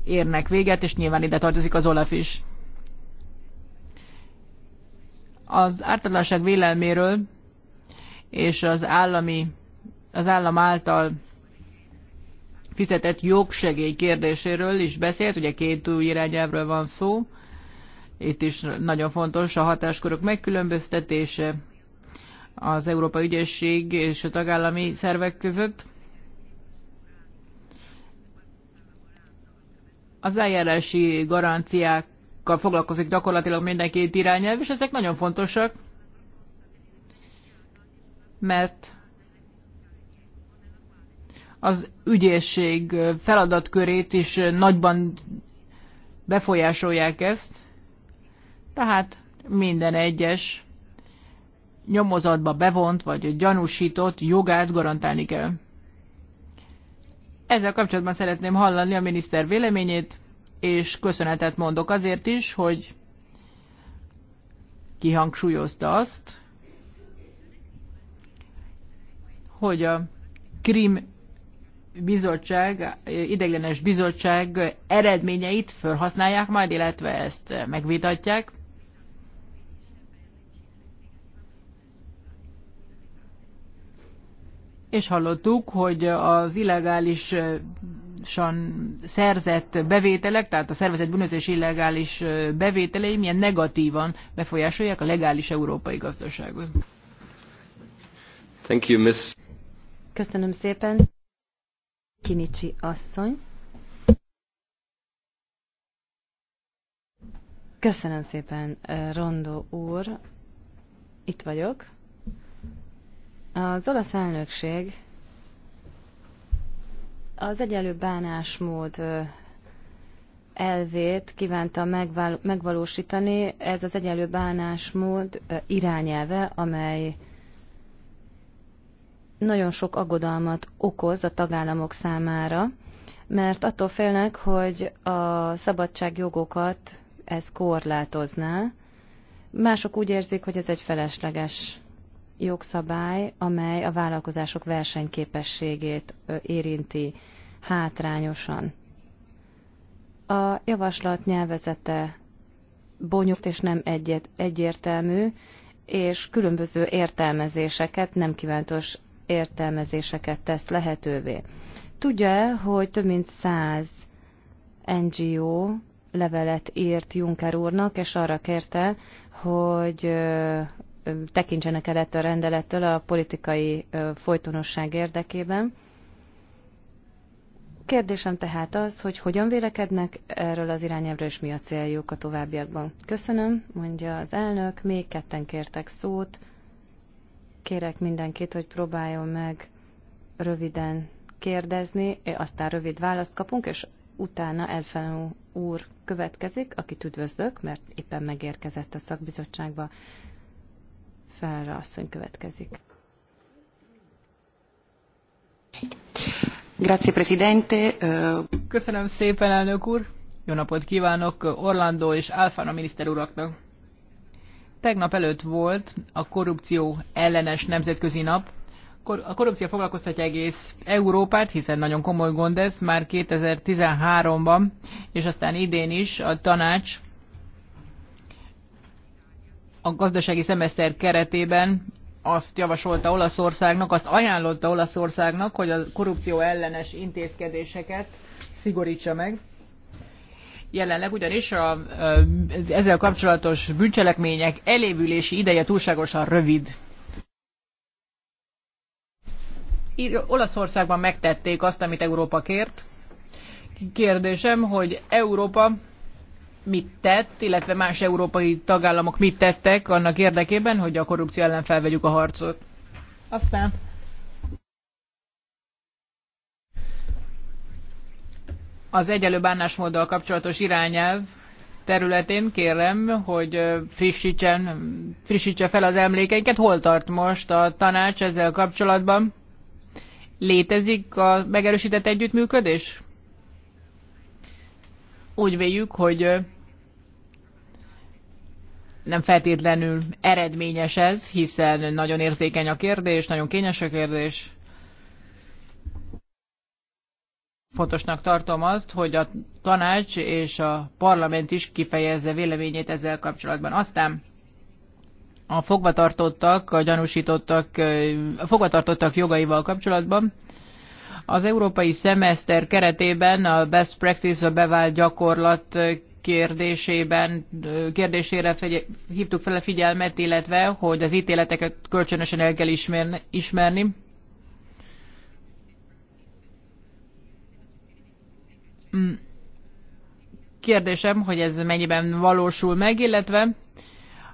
érnek véget, és nyilván ide tartozik az Olaf is. Az ártatlanság vélelméről és az állami, az állam által fizetett jogsegély kérdéséről is beszélt, ugye két új irányelvről van szó, itt is nagyon fontos a hatáskörök megkülönböztetése, az Európai ügyesség és a tagállami szervek között. Az eljárási garanciákkal foglalkozik gyakorlatilag mindenki irányelv, és ezek nagyon fontosak, mert az ügyészség feladatkörét is nagyban befolyásolják ezt, tehát minden egyes nyomozatba bevont vagy gyanúsított jogát garantálni kell. Ezzel kapcsolatban szeretném hallani a miniszter véleményét, és köszönetet mondok azért is, hogy kihangsúlyozta azt, hogy a Krim bizottság, ideglenes bizottság eredményeit felhasználják majd, illetve ezt megvitatják. és hallottuk, hogy az illegális szerzett bevételek, tehát a szervezett bűnözés illegális bevételei milyen negatívan befolyásolják a legális európai gazdaságot. Thank you, miss. Köszönöm szépen. Kinicsi asszony. Köszönöm szépen, eh, Rondó úr. Itt vagyok. Az olasz elnökség az egyenlő bánásmód elvét kívánta megvalósítani. Ez az egyenlő bánásmód irányelve, amely nagyon sok aggodalmat okoz a tagállamok számára, mert attól félnek, hogy a szabadságjogokat ez korlátozná. Mások úgy érzik, hogy ez egy felesleges jogszabály, amely a vállalkozások versenyképességét érinti hátrányosan. A javaslat nyelvezete bonyolult és nem egyet, egyértelmű, és különböző értelmezéseket, nem kívántos értelmezéseket tesz lehetővé. Tudja-e, hogy több mint száz NGO levelet írt Juncker úrnak, és arra kérte, hogy tekintsenek el ettől a rendelettől a politikai folytonosság érdekében. Kérdésem tehát az, hogy hogyan vélekednek erről az irányelvről, és mi a céljuk a továbbiakban. Köszönöm, mondja az elnök, még ketten kértek szót. Kérek mindenkit, hogy próbáljon meg röviden kérdezni, aztán rövid választ kapunk, és utána Elfenú úr következik, akit üdvözlök, mert éppen megérkezett a szakbizottságba. Ferra asszony következik. Grazie, Presidente. Köszönöm szépen, elnök úr. Jó napot kívánok Orlando és Alfano miniszter uraknak. Tegnap előtt volt a korrupció ellenes nemzetközi nap. A korrupció foglalkoztatja egész Európát, hiszen nagyon komoly gond ez már 2013-ban, és aztán idén is a tanács a gazdasági szemeszter keretében azt javasolta Olaszországnak, azt ajánlotta Olaszországnak, hogy a korrupció ellenes intézkedéseket szigorítsa meg. Jelenleg ugyanis a, az ezzel kapcsolatos bűncselekmények elévülési ideje túlságosan rövid. Olaszországban megtették azt, amit Európa kért. Kérdésem, hogy Európa mit tett, illetve más európai tagállamok mit tettek annak érdekében, hogy a korrupció ellen felvegyük a harcot. Aztán az egyelő bánásmóddal kapcsolatos irányelv területén kérem, hogy frissítsen, frissítse fel az emlékeinket. Hol tart most a tanács ezzel kapcsolatban? Létezik a megerősített együttműködés? úgy véljük, hogy nem feltétlenül eredményes ez, hiszen nagyon érzékeny a kérdés, nagyon kényes a kérdés. Fontosnak tartom azt, hogy a tanács és a parlament is kifejezze véleményét ezzel kapcsolatban. Aztán a fogvatartottak, a gyanúsítottak, a fogvatartottak jogaival kapcsolatban az európai szemeszter keretében a best practice, a bevált gyakorlat kérdésében, kérdésére hívtuk fel a figyelmet, illetve, hogy az ítéleteket kölcsönösen el kell ismerni. ismerni. Mm. Kérdésem, hogy ez mennyiben valósul meg, illetve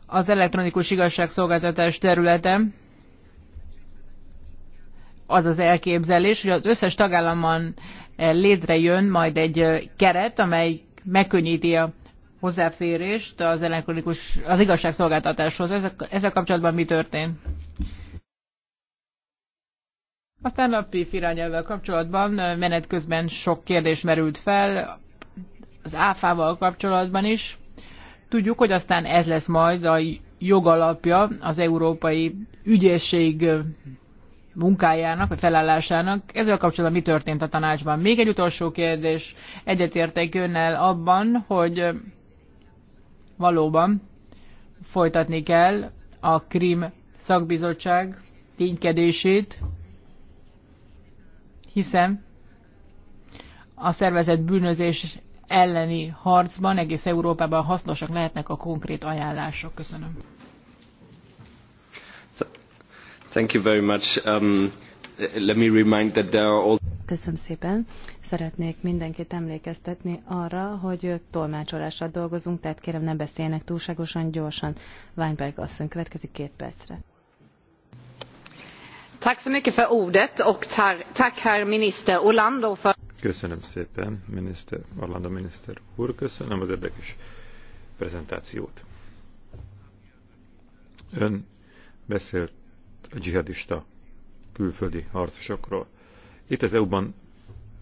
az elektronikus igazságszolgáltatás területen az az elképzelés, hogy az összes tagállamban eh, létrejön majd egy eh, keret, amely megkönnyíti a hozzáférést az elektronikus, az igazságszolgáltatáshoz. Ezzel, ezzel kapcsolatban mi történt? Aztán a PIF irányelvvel kapcsolatban eh, menet közben sok kérdés merült fel, az ÁFA-val kapcsolatban is. Tudjuk, hogy aztán ez lesz majd a jogalapja az Európai Ügyészség munkájának, vagy felállásának. Ezzel kapcsolatban mi történt a tanácsban? Még egy utolsó kérdés. Egyetértek önnel abban, hogy valóban folytatni kell a Krim szakbizottság ténykedését, hiszen a szervezet bűnözés elleni harcban egész Európában hasznosak lehetnek a konkrét ajánlások. Köszönöm. Köszönöm szépen. Szeretnék mindenkit emlékeztetni arra, hogy tolmácsolással dolgozunk, tehát kérem ne beszéljenek túlságosan gyorsan. Weinberg asszony következik két percre. Köszönöm szépen, miniszter, Orlando miniszter úr, köszönöm az érdekes prezentációt. Ön beszélt a dzsihadista külföldi harcosokról. Itt az EU-ban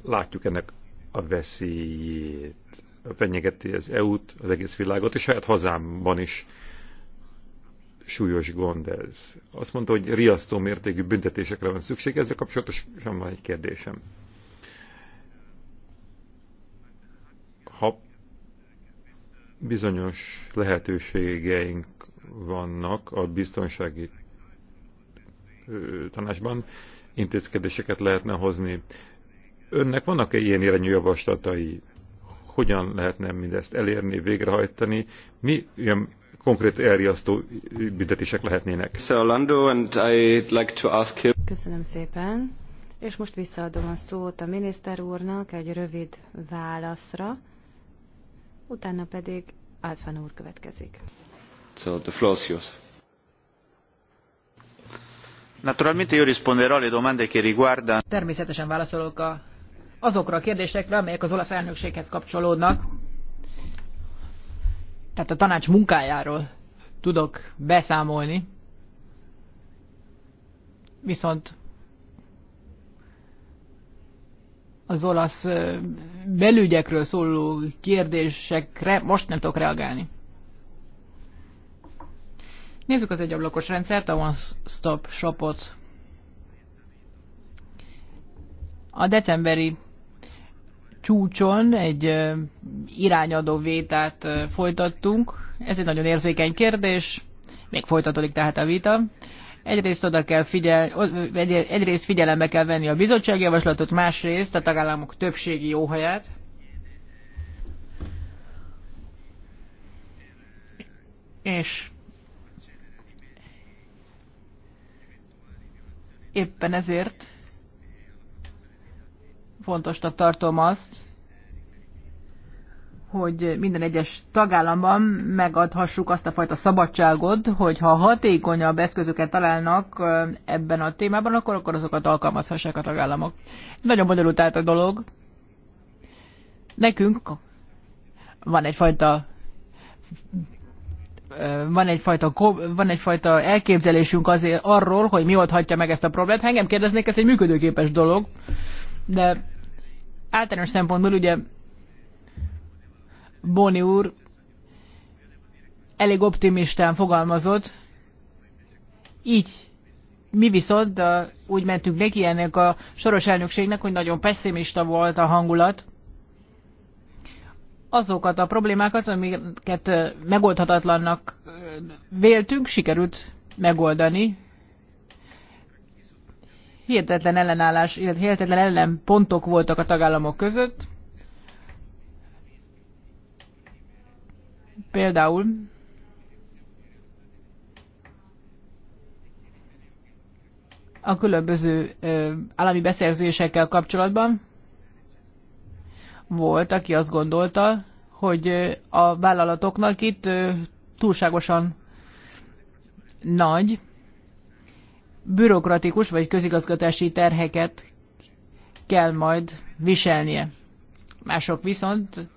látjuk ennek a veszélyét. Fenyegeti az EU-t, az egész világot, és saját hazámban is súlyos gond ez. Azt mondta, hogy riasztó mértékű büntetésekre van szükség, ezzel kapcsolatosan van egy kérdésem. Ha bizonyos lehetőségeink vannak a biztonsági tanácsban intézkedéseket lehetne hozni. Önnek vannak-e ilyen irányú javaslatai? Hogyan lehetne mindezt elérni, végrehajtani? Mi ilyen konkrét elriasztó büntetések lehetnének? Köszönöm szépen. És most visszaadom a szót a miniszter úrnak egy rövid válaszra, utána pedig Alfan úr következik. So the floor is yours. Természetesen válaszolok a, azokra a kérdésekre, amelyek az olasz elnökséghez kapcsolódnak. Tehát a tanács munkájáról tudok beszámolni. Viszont az olasz belügyekről szóló kérdésekre most nem tudok reagálni. Nézzük az egyablakos rendszert, a one-stop shopot. A decemberi csúcson egy irányadó vétát folytattunk. Ez egy nagyon érzékeny kérdés, még folytatódik tehát a vita. Egyrészt, oda kell figyel, egyrészt figyelembe kell venni a bizottsági javaslatot, másrészt a tagállamok többségi jóhaját. És Éppen ezért fontosnak tartom azt, hogy minden egyes tagállamban megadhassuk azt a fajta szabadságot, hogy ha hatékonyabb eszközöket találnak ebben a témában, akkor, akkor azokat alkalmazhassák a tagállamok. Nagyon bonyolult állt a dolog. Nekünk van egyfajta van egyfajta, van egyfajta elképzelésünk azért arról, hogy mi oldhatja meg ezt a problémát. Ha engem kérdeznék, ez egy működőképes dolog, de általános szempontból ugye Boni úr elég optimistán fogalmazott, így mi viszont úgy mentünk neki ennek a soros elnökségnek, hogy nagyon pessimista volt a hangulat, azokat a problémákat, amiket megoldhatatlannak véltünk, sikerült megoldani. Hihetetlen ellenállás, illetve hihetetlen ellenpontok voltak a tagállamok között. Például a különböző állami beszerzésekkel kapcsolatban volt, aki azt gondolta, hogy a vállalatoknak itt túlságosan nagy bürokratikus vagy közigazgatási terheket kell majd viselnie. Mások viszont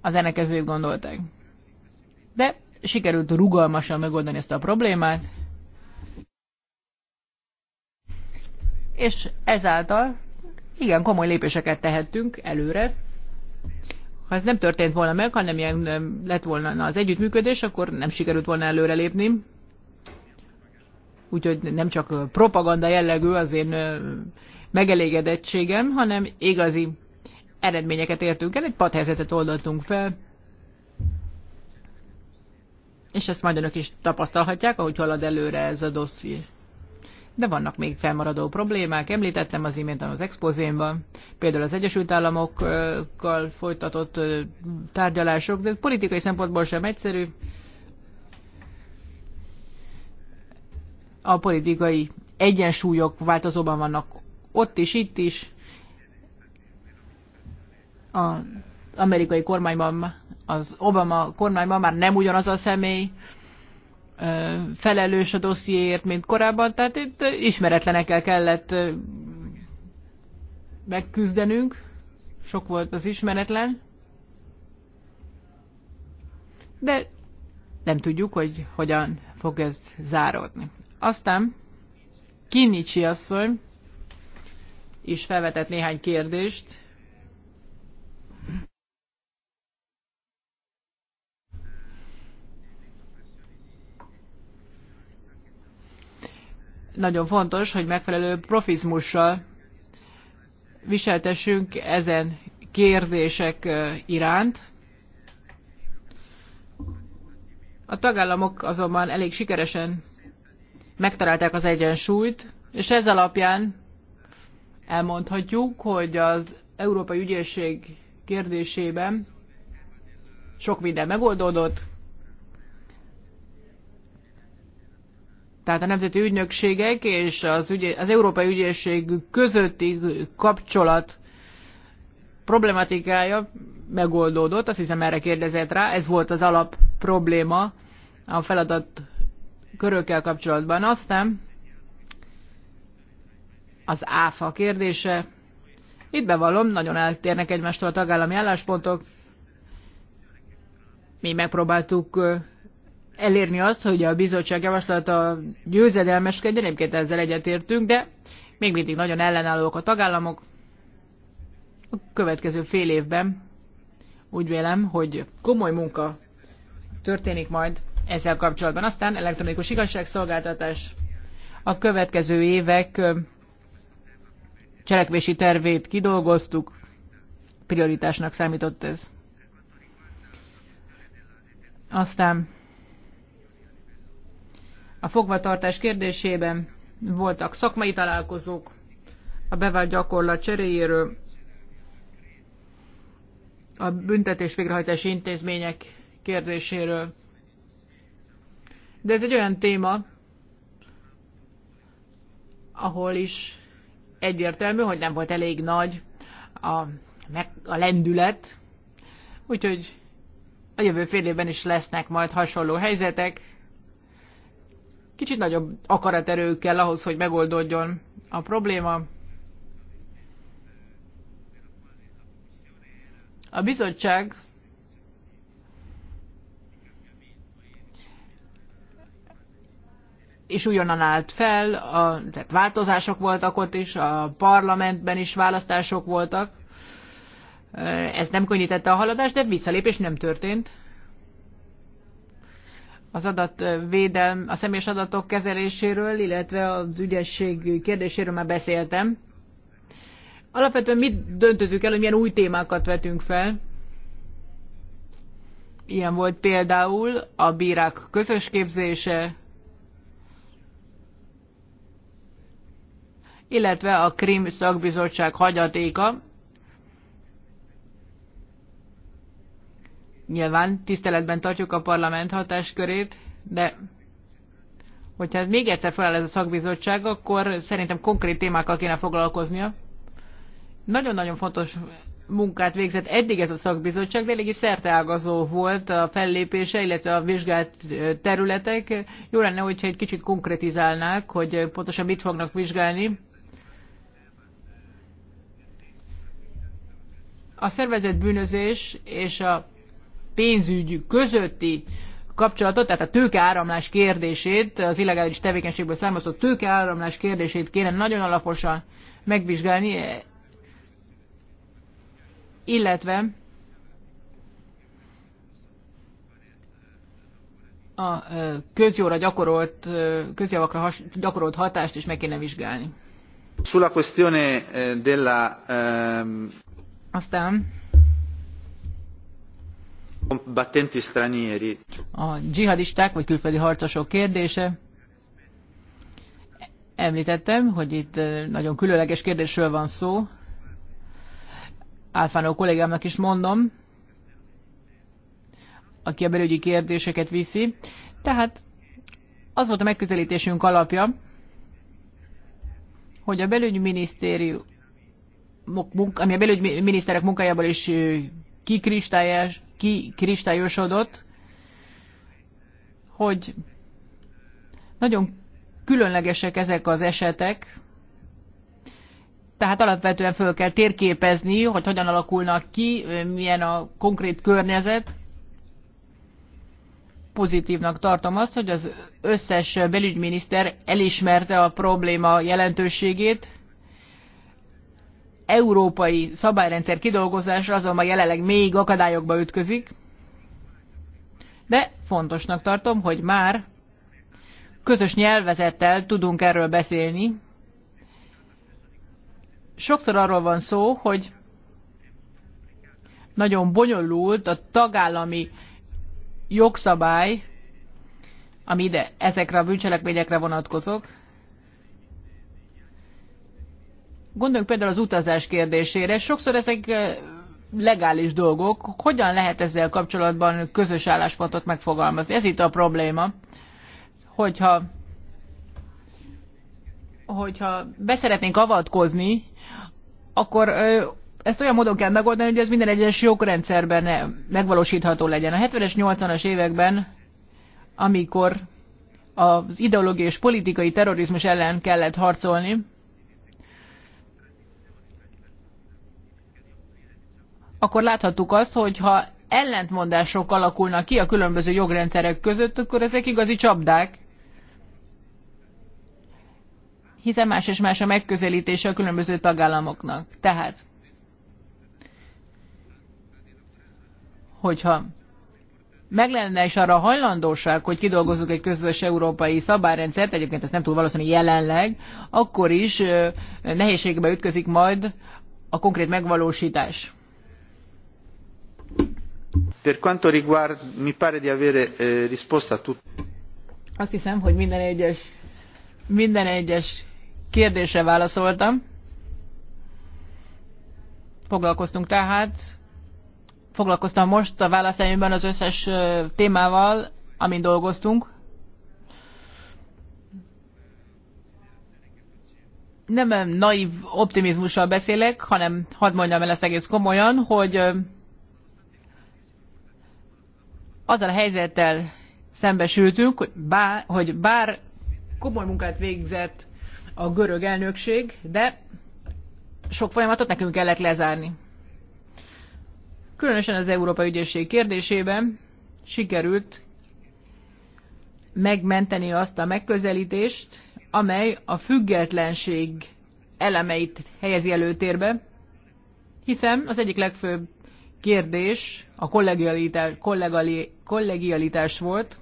az ellenkezőt gondolták. De sikerült rugalmasan megoldani ezt a problémát, és ezáltal igen komoly lépéseket tehettünk előre. Ha ez nem történt volna meg, hanem ilyen lett volna az együttműködés, akkor nem sikerült volna előrelépni. Úgyhogy nem csak propaganda jellegű az én megelégedettségem, hanem igazi eredményeket értünk el, egy padhelyzetet oldottunk fel, és ezt majd önök is tapasztalhatják, ahogy halad előre ez a dosszié de vannak még felmaradó problémák. Említettem az imént az expozémban, például az Egyesült Államokkal folytatott tárgyalások, de politikai szempontból sem egyszerű. A politikai egyensúlyok változóban vannak ott is, itt is. Az amerikai kormányban, az Obama kormányban már nem ugyanaz a személy, felelős a dossziéért, mint korábban, tehát itt ismeretlenekkel kellett megküzdenünk, sok volt az ismeretlen, de nem tudjuk, hogy hogyan fog ez záródni. Aztán Kinnicsi asszony is felvetett néhány kérdést, nagyon fontos, hogy megfelelő profizmussal viseltessünk ezen kérdések iránt. A tagállamok azonban elég sikeresen megtalálták az egyensúlyt, és ez alapján elmondhatjuk, hogy az Európai Ügyészség kérdésében sok minden megoldódott, tehát a nemzeti ügynökségek és az, ügy, az Európai Ügyészség közötti kapcsolat problematikája megoldódott, azt hiszem erre kérdezett rá, ez volt az alap probléma a feladat körökkel kapcsolatban. Aztán az áfa kérdése. Itt bevallom, nagyon eltérnek egymástól a tagállami álláspontok. Mi megpróbáltuk elérni azt, hogy a bizottság javaslata győzedelmeskedjen, egyébként ezzel egyetértünk, de még mindig nagyon ellenállóak a tagállamok. A következő fél évben úgy vélem, hogy komoly munka történik majd ezzel kapcsolatban. Aztán elektronikus igazságszolgáltatás a következő évek cselekvési tervét kidolgoztuk, prioritásnak számított ez. Aztán a fogvatartás kérdésében voltak szakmai találkozók, a bevált gyakorlat cseréjéről, a büntetés végrehajtási intézmények kérdéséről. De ez egy olyan téma, ahol is egyértelmű, hogy nem volt elég nagy a, a lendület, úgyhogy a jövő fél évben is lesznek majd hasonló helyzetek, Kicsit nagyobb akaraterő kell ahhoz, hogy megoldódjon a probléma. A bizottság és újonnan állt fel, a, tehát változások voltak ott is, a parlamentben is választások voltak. Ez nem könnyítette a haladást, de visszalépés nem történt az adatvédelm, a személyes adatok kezeléséről, illetve az ügyesség kérdéséről már beszéltem. Alapvetően mit döntöttük el, hogy milyen új témákat vetünk fel? Ilyen volt például a bírák közös képzése, illetve a Krim szakbizottság hagyatéka, Nyilván tiszteletben tartjuk a parlament hatáskörét, de hogyha még egyszer feláll ez a szakbizottság, akkor szerintem konkrét témákkal kéne foglalkoznia. Nagyon-nagyon fontos munkát végzett eddig ez a szakbizottság, de eléggé szerteágazó volt a fellépése, illetve a vizsgált területek. Jó lenne, hogyha egy kicsit konkretizálnák, hogy pontosan mit fognak vizsgálni. A szervezett bűnözés és a pénzügy közötti kapcsolatot, tehát a tőkeáramlás kérdését, az illegális tevékenységből származó tőkeáramlás kérdését kéne nagyon alaposan megvizsgálni, illetve a közjóra gyakorolt, közjavakra has, gyakorolt hatást is meg kéne vizsgálni. Sulla questione eh, della, um... Aztán a dzsihadisták vagy külföldi harcosok kérdése. Említettem, hogy itt nagyon különleges kérdésről van szó. Álfánó kollégámnak is mondom, aki a belügyi kérdéseket viszi. Tehát az volt a megközelítésünk alapja, hogy a belügyminisztérium, ami a belügyminiszterek munkájából is kikristályos, kikristályosodott, hogy nagyon különlegesek ezek az esetek, tehát alapvetően föl kell térképezni, hogy hogyan alakulnak ki, milyen a konkrét környezet. Pozitívnak tartom azt, hogy az összes belügyminiszter elismerte a probléma jelentőségét, európai szabályrendszer kidolgozása azonban jelenleg még akadályokba ütközik, de fontosnak tartom, hogy már közös nyelvezettel tudunk erről beszélni. Sokszor arról van szó, hogy nagyon bonyolult a tagállami jogszabály, ami ide ezekre a bűncselekményekre vonatkozok, Gondoljunk például az utazás kérdésére. Sokszor ezek legális dolgok. Hogyan lehet ezzel kapcsolatban közös álláspontot megfogalmazni? Ez itt a probléma, hogyha hogyha beszeretnénk avatkozni, akkor ezt olyan módon kell megoldani, hogy ez minden egyes jogrendszerben megvalósítható legyen. A 70-es, 80-as években, amikor az ideológiai és politikai terrorizmus ellen kellett harcolni, akkor láthattuk azt, hogy ha ellentmondások alakulnak ki a különböző jogrendszerek között, akkor ezek igazi csapdák, hiszen más és más a megközelítése a különböző tagállamoknak. Tehát, hogyha meg lenne is arra a hajlandóság, hogy kidolgozzuk egy közös európai szabályrendszert, egyébként ez nem túl valószínű jelenleg, akkor is nehézségbe ütközik majd a konkrét megvalósítás. Azt hiszem, hogy minden egyes, minden egyes kérdésre válaszoltam. Foglalkoztunk tehát, foglalkoztam most a válaszaimban az összes témával, amin dolgoztunk. Nem naív optimizmussal beszélek, hanem hadd mondjam el ezt egész komolyan, hogy azzal a helyzettel szembesültünk, hogy bár, hogy bár komoly munkát végzett a görög elnökség, de sok folyamatot nekünk kellett lezárni. Különösen az Európai Ügyészség kérdésében sikerült megmenteni azt a megközelítést, amely a függetlenség elemeit helyezi előtérbe, hiszen az egyik legfőbb kérdés a kollegialitás, kollegali, kollegialitás volt,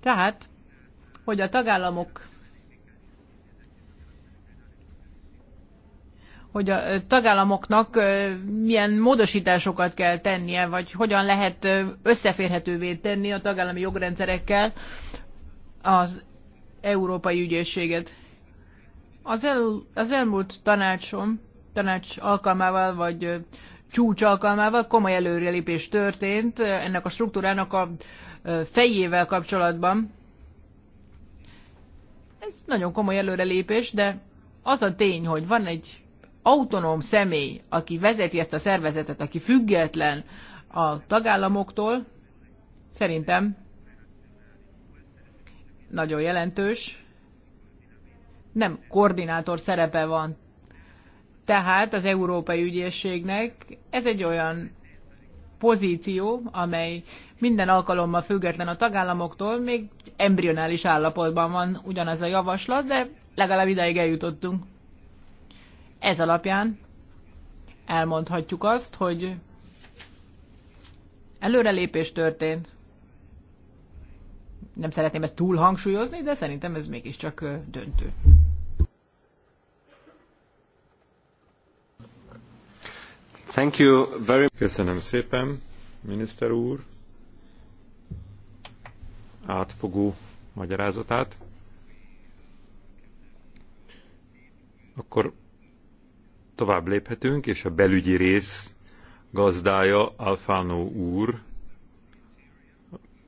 tehát, hogy a tagállamok hogy a tagállamoknak milyen módosításokat kell tennie, vagy hogyan lehet összeférhetővé tenni a tagállami jogrendszerekkel az európai ügyészséget. Az, el, az elmúlt tanácsom tanács alkalmával, vagy csúcs alkalmával komoly előrelépés történt ennek a struktúrának a fejével kapcsolatban. Ez nagyon komoly előrelépés, de az a tény, hogy van egy autonóm személy, aki vezeti ezt a szervezetet, aki független a tagállamoktól, szerintem nagyon jelentős. Nem koordinátor szerepe van tehát az Európai Ügyészségnek. Ez egy olyan pozíció, amely minden alkalommal független a tagállamoktól, még embrionális állapotban van ugyanez a javaslat, de legalább ideig eljutottunk. Ez alapján elmondhatjuk azt, hogy előrelépés történt. Nem szeretném ezt túl hangsúlyozni, de szerintem ez mégiscsak döntő. Thank you very... Köszönöm szépen, miniszter úr, átfogó magyarázatát. Akkor tovább léphetünk, és a belügyi rész gazdája Alfano úr,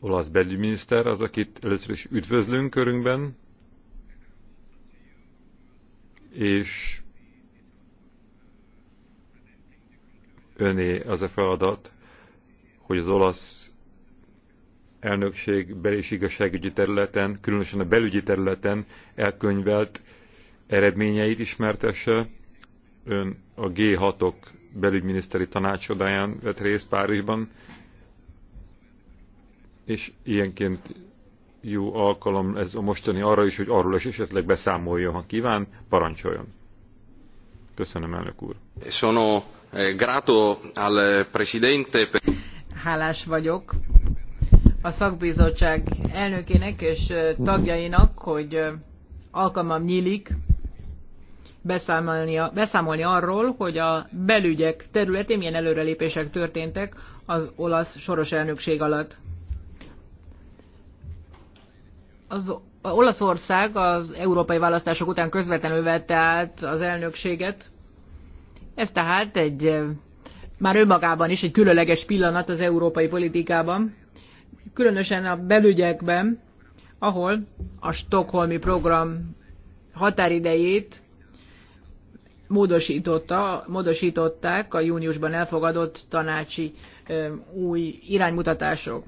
olasz belügyminiszter, az, akit először is üdvözlünk körünkben, és öné az a feladat, hogy az olasz elnökség bel- és igazságügyi területen, különösen a belügyi területen elkönyvelt eredményeit ismertesse. Ön a G6-ok belügyminiszteri tanácsodáján vett részt Párizsban, és ilyenként jó alkalom ez a mostani arra is, hogy arról is esetleg beszámoljon, ha kíván, parancsoljon. Köszönöm, elnök úr. Sono Eh, grato al presidente. Hálás vagyok a szakbizottság elnökének és eh, tagjainak, hogy eh, alkalmam nyílik beszámolni, beszámolni arról, hogy a belügyek területén milyen előrelépések történtek az olasz soros elnökség alatt. Az Olaszország az európai választások után közvetlenül vette át az elnökséget, ez tehát egy már önmagában is egy különleges pillanat az európai politikában, különösen a belügyekben, ahol a stokholmi program határidejét módosította, módosították a júniusban elfogadott tanácsi új iránymutatások.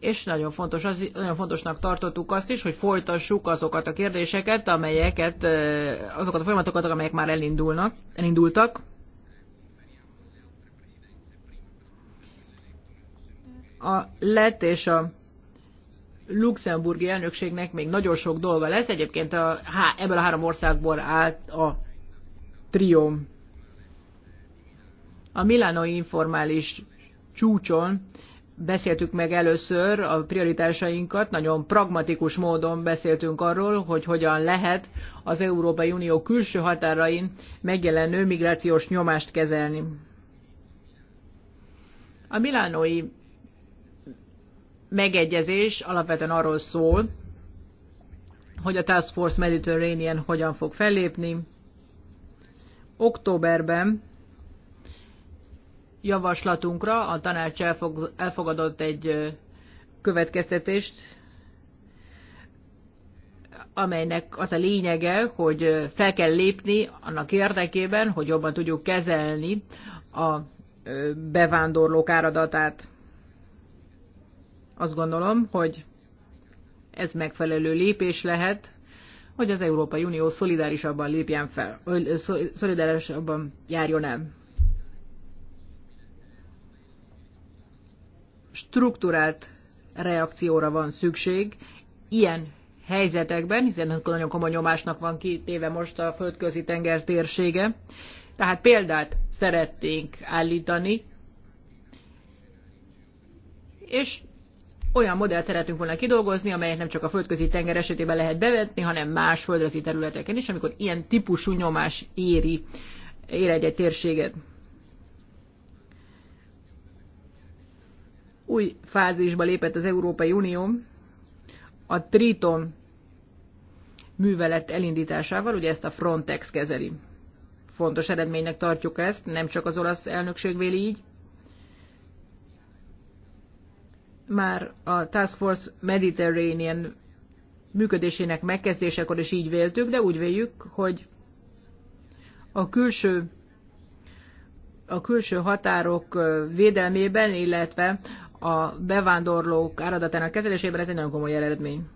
és nagyon, fontos, az, nagyon fontosnak tartottuk azt is, hogy folytassuk azokat a kérdéseket, amelyeket, azokat a folyamatokat, amelyek már elindulnak, elindultak. A lett és a luxemburgi elnökségnek még nagyon sok dolga lesz. Egyébként a, há, ebből a három országból állt a triom A Milánoi informális csúcson beszéltük meg először a prioritásainkat, nagyon pragmatikus módon beszéltünk arról, hogy hogyan lehet az Európai Unió külső határain megjelenő migrációs nyomást kezelni. A milánói megegyezés alapvetően arról szól, hogy a Task Force Mediterranean hogyan fog fellépni. Októberben javaslatunkra a tanács elfogadott egy következtetést, amelynek az a lényege, hogy fel kell lépni annak érdekében, hogy jobban tudjuk kezelni a bevándorlók áradatát. Azt gondolom, hogy ez megfelelő lépés lehet, hogy az Európai Unió szolidárisabban lépjen fel, szolidárisabban járjon el. strukturált reakcióra van szükség ilyen helyzetekben, hiszen nagyon komoly nyomásnak van kitéve most a földközi tenger térsége. Tehát példát szeretnénk állítani, és olyan modellt szeretünk volna kidolgozni, amelyet nem csak a földközi tenger esetében lehet bevetni, hanem más földrajzi területeken is, amikor ilyen típusú nyomás éri, ér egy, -egy térséget. új fázisba lépett az Európai Unió a Triton művelet elindításával, ugye ezt a Frontex kezeli. Fontos eredménynek tartjuk ezt, nem csak az olasz elnökség véli így. Már a Task Force Mediterranean működésének megkezdésekor is így véltük, de úgy véljük, hogy a külső a külső határok védelmében, illetve a bevándorlók áradatának kezelésében, ez egy nagyon komoly eredmény.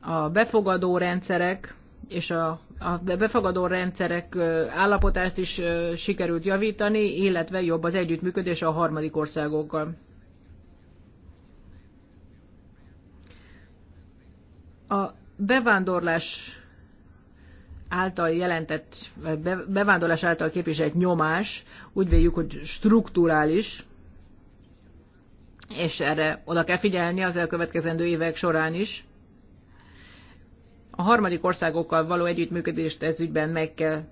A befogadó rendszerek és a, a befogadó rendszerek állapotát is sikerült javítani, illetve jobb az együttműködés a harmadik országokkal. A bevándorlás által jelentett, bevándorlás által képviselt nyomás úgy véljük, hogy strukturális, és erre oda kell figyelni az elkövetkezendő évek során is. A harmadik országokkal való együttműködést ez ügyben meg kell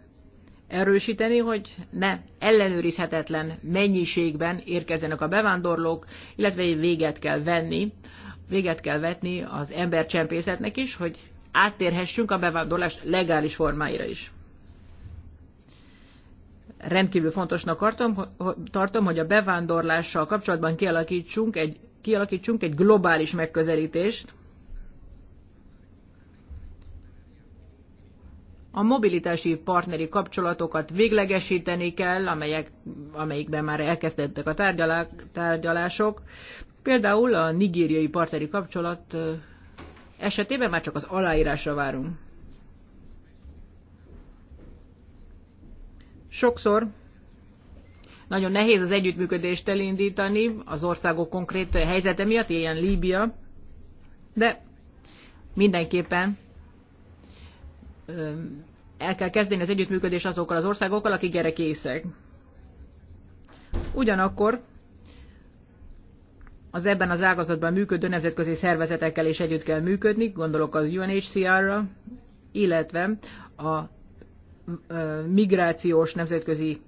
erősíteni, hogy ne ellenőrizhetetlen mennyiségben érkezzenek a bevándorlók, illetve véget kell venni, véget kell vetni az embercsempészetnek is, hogy áttérhessünk a bevándorlás legális formáira is. Rendkívül fontosnak tartom, tartom hogy a bevándorlással kapcsolatban kialakítsunk egy, kialakítsunk egy globális megközelítést, A mobilitási partneri kapcsolatokat véglegesíteni kell, amelyek, amelyikben már elkezdettek a tárgyalások. Például a nigériai partneri kapcsolat esetében már csak az aláírásra várunk. Sokszor nagyon nehéz az együttműködést elindítani az országok konkrét helyzete miatt, ilyen Líbia, de mindenképpen el kell kezdeni az együttműködés azokkal az országokkal, akik erre készek. Ugyanakkor az ebben az ágazatban működő nemzetközi szervezetekkel is együtt kell működni, gondolok az UNHCR-ra, illetve a migrációs nemzetközi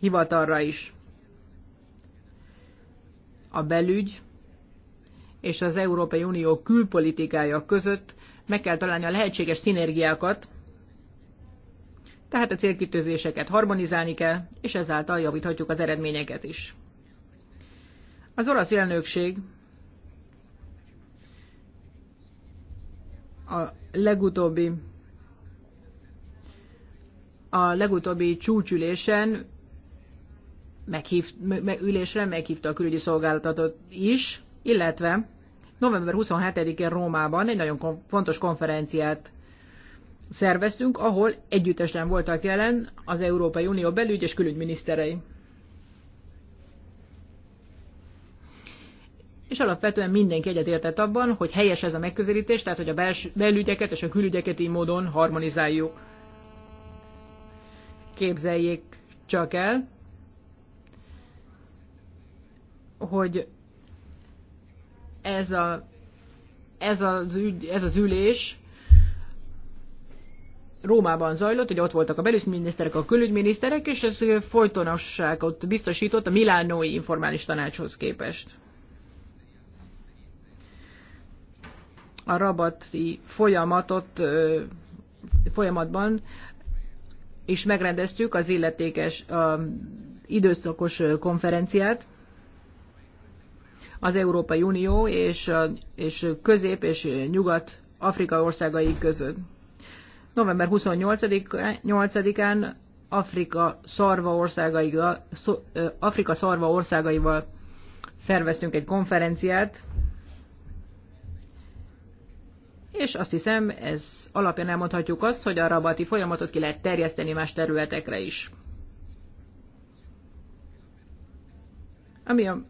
hivatalra is. A belügy és az Európai Unió külpolitikája között meg kell találni a lehetséges szinergiákat, tehát a célkitőzéseket harmonizálni kell, és ezáltal javíthatjuk az eredményeket is. Az orosz elnökség a legutóbbi a legutóbbi csúcsülésen meghív, me, ülésre meghívta a külügyi szolgálatot is, illetve november 27-én Rómában egy nagyon fontos konferenciát szerveztünk, ahol együttesen voltak jelen az Európai Unió belügy és külügyminiszterei. és alapvetően mindenki egyetértett abban, hogy helyes ez a megközelítés, tehát hogy a bels- belügyeket és a külügyeket így módon harmonizáljuk. Képzeljék csak el, hogy ez, a, ez, az, ügy, ez az ülés Rómában zajlott, hogy ott voltak a belügyminiszterek, a külügyminiszterek, és ez folytonosságot biztosított a Milánói informális tanácshoz képest. a rabati folyamatot, folyamatban is megrendeztük az illetékes a időszakos konferenciát. Az Európai Unió és, és Közép- és Nyugat-Afrika országai között. November 28-án Afrika szarva, országaival, Afrika szarva országaival szerveztünk egy konferenciát, és azt hiszem ez alapján elmondhatjuk azt, hogy a rabati folyamatot ki lehet terjeszteni más területekre is. Ami a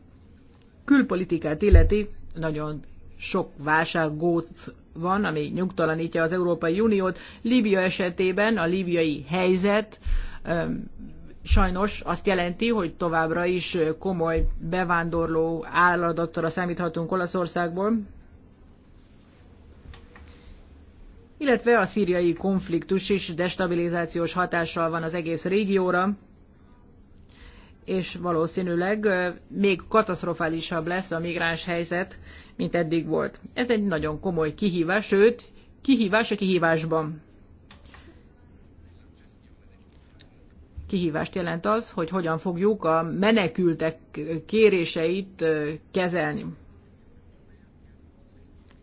külpolitikát illeti, nagyon sok válsággóc van, ami nyugtalanítja az Európai Uniót. Líbia esetében a líbiai helyzet öm, sajnos azt jelenti, hogy továbbra is komoly bevándorló álladattal számíthatunk Olaszországból, illetve a szíriai konfliktus is destabilizációs hatással van az egész régióra, és valószínűleg még katasztrofálisabb lesz a migráns helyzet, mint eddig volt. Ez egy nagyon komoly kihívás, sőt, kihívás a kihívásban. Kihívást jelent az, hogy hogyan fogjuk a menekültek kéréseit kezelni.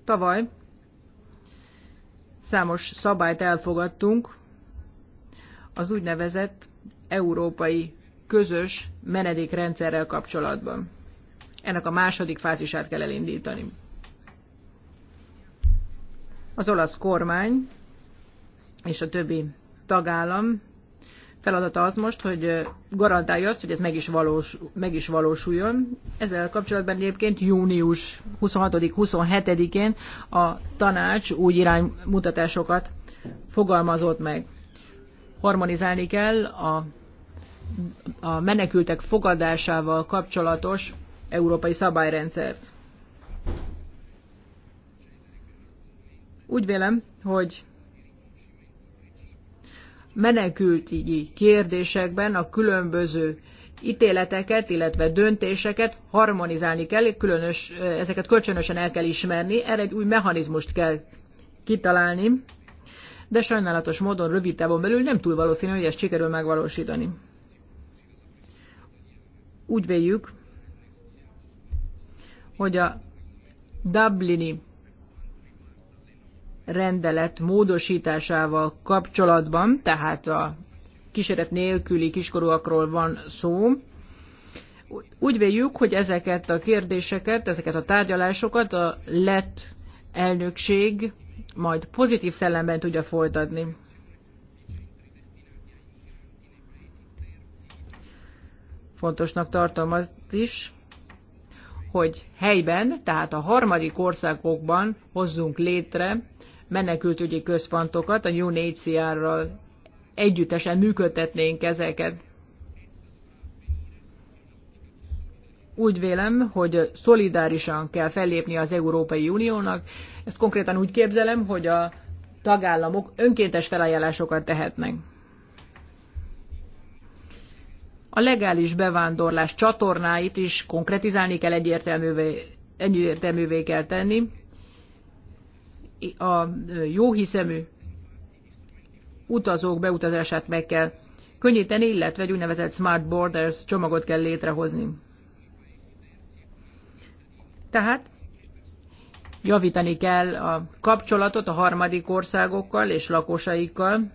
Tavaly Számos szabályt elfogadtunk az úgynevezett európai közös menedékrendszerrel kapcsolatban. Ennek a második fázisát kell elindítani. Az olasz kormány és a többi tagállam feladata az most, hogy garantálja azt, hogy ez meg is, valós, meg is valósuljon. Ezzel kapcsolatban egyébként június 26-27-én a tanács új iránymutatásokat fogalmazott meg. Harmonizálni kell a, a menekültek fogadásával kapcsolatos európai szabályrendszert. Úgy vélem, hogy menekültügyi kérdésekben a különböző ítéleteket, illetve döntéseket harmonizálni kell, különös, ezeket kölcsönösen el kell ismerni, erre egy új mechanizmust kell kitalálni, de sajnálatos módon rövid távon belül nem túl valószínű, hogy ezt sikerül megvalósítani. Úgy véljük, hogy a Dublini rendelet módosításával kapcsolatban, tehát a kíséret nélküli kiskorúakról van szó. Úgy véljük, hogy ezeket a kérdéseket, ezeket a tárgyalásokat a lett elnökség majd pozitív szellemben tudja folytatni. Fontosnak tartom azt is, hogy helyben, tehát a harmadik országokban hozzunk létre menekültügyi központokat, a UNHCR-ral együttesen működtetnénk ezeket. Úgy vélem, hogy szolidárisan kell fellépni az Európai Uniónak. Ezt konkrétan úgy képzelem, hogy a tagállamok önkéntes felajánlásokat tehetnek. A legális bevándorlás csatornáit is konkretizálni kell, egyértelművé, egyértelművé kell tenni a jóhiszemű utazók beutazását meg kell könnyíteni, illetve egy úgynevezett Smart Borders csomagot kell létrehozni. Tehát javítani kell a kapcsolatot a harmadik országokkal és lakosaikkal,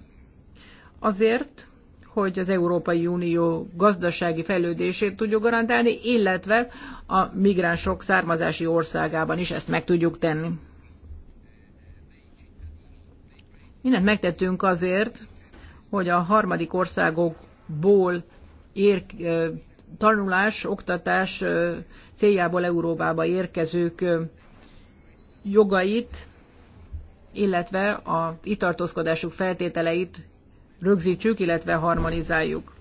azért, hogy az Európai Unió gazdasági fejlődését tudjuk garantálni, illetve a migránsok származási országában is ezt meg tudjuk tenni. Mindent megtettünk azért, hogy a harmadik országokból ér, tanulás, oktatás céljából Európába érkezők jogait, illetve a tartózkodásuk feltételeit rögzítsük, illetve harmonizáljuk.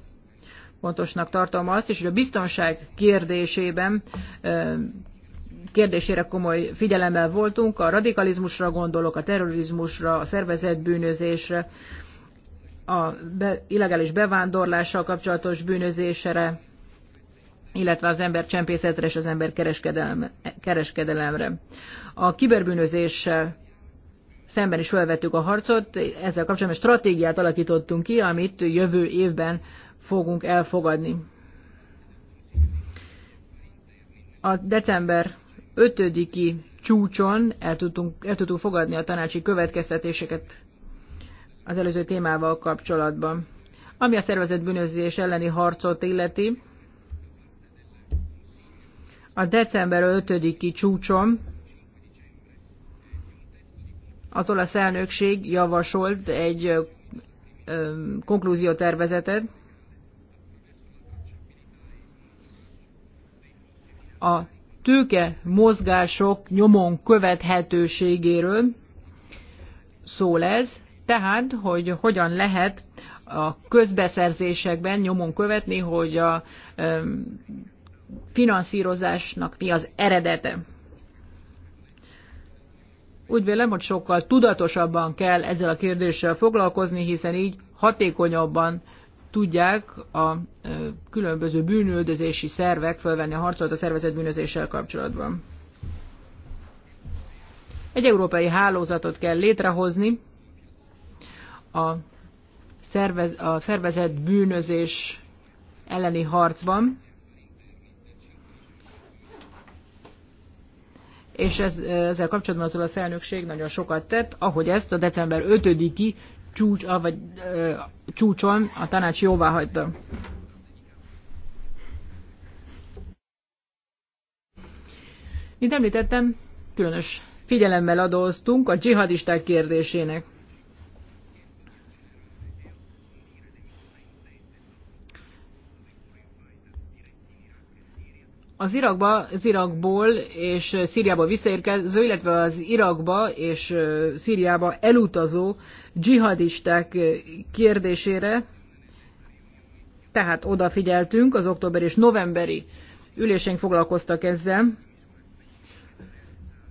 Fontosnak tartom azt is, hogy a biztonság kérdésében kérdésére komoly figyelemmel voltunk, a radikalizmusra gondolok, a terrorizmusra, a bűnözésre, a be, illegális bevándorlással kapcsolatos bűnözésre, illetve az csempészetre és az kereskedelemre. A kiberbűnözéssel szemben is felvettük a harcot, ezzel kapcsolatban stratégiát alakítottunk ki, amit jövő évben fogunk elfogadni. A december ötödiki csúcson el, tudtunk, el tudtuk fogadni a tanácsi következtetéseket az előző témával kapcsolatban. Ami a szervezett bűnözés elleni harcot illeti, a december 5-i csúcson az olasz elnökség javasolt egy konklúziótervezetet a tőke mozgások nyomon követhetőségéről szól ez, tehát, hogy hogyan lehet a közbeszerzésekben nyomon követni, hogy a finanszírozásnak mi az eredete. Úgy vélem, hogy sokkal tudatosabban kell ezzel a kérdéssel foglalkozni, hiszen így hatékonyabban tudják a különböző bűnöldözési szervek fölvenni a harcot a szervezett bűnözéssel kapcsolatban. Egy európai hálózatot kell létrehozni a, szervez, a szervezett bűnözés elleni harcban, és ez, ezzel kapcsolatban az olasz elnökség nagyon sokat tett, ahogy ezt a december 5-i csúcs, vagy, ö, csúcson a tanács jóvá hagyta. Mint említettem, különös figyelemmel adóztunk a dzsihadisták kérdésének. az Irakba, az Irakból és Szíriába visszaérkező, illetve az Irakba és Szíriába elutazó dzsihadisták kérdésére, tehát odafigyeltünk, az október és novemberi üléseink foglalkoztak ezzel.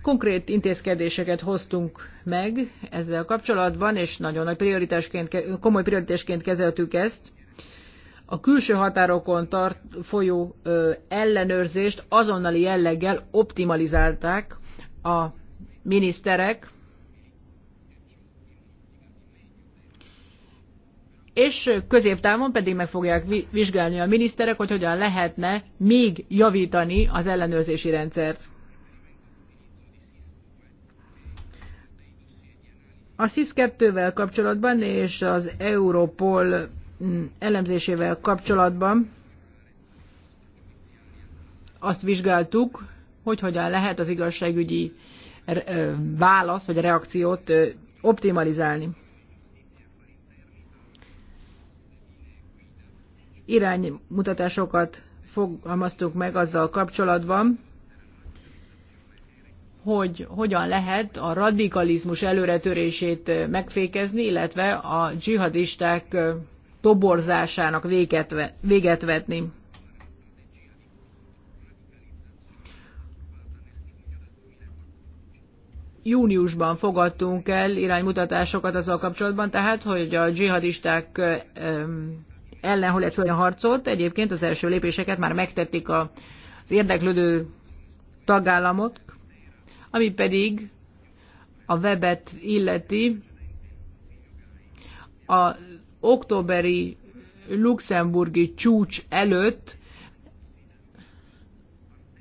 Konkrét intézkedéseket hoztunk meg ezzel kapcsolatban, és nagyon nagy prioritásként, komoly prioritásként kezeltük ezt a külső határokon tart, folyó ö, ellenőrzést azonnali jelleggel optimalizálták a miniszterek, és középtávon pedig meg fogják vizsgálni a miniszterek, hogy hogyan lehetne még javítani az ellenőrzési rendszert. A sis 2 vel kapcsolatban és az Europol elemzésével kapcsolatban azt vizsgáltuk, hogy hogyan lehet az igazságügyi válasz vagy reakciót optimalizálni. Iránymutatásokat fogalmaztunk meg azzal kapcsolatban, hogy hogyan lehet a radikalizmus előretörését megfékezni, illetve a dzsihadisták toborzásának véget, véget vetni. Júniusban fogadtunk el iránymutatásokat azzal kapcsolatban, tehát, hogy a dzsihadisták ellen hol lett a harcot. Egyébként az első lépéseket már megtették az érdeklődő tagállamok, ami pedig a webet illeti, a októberi luxemburgi csúcs előtt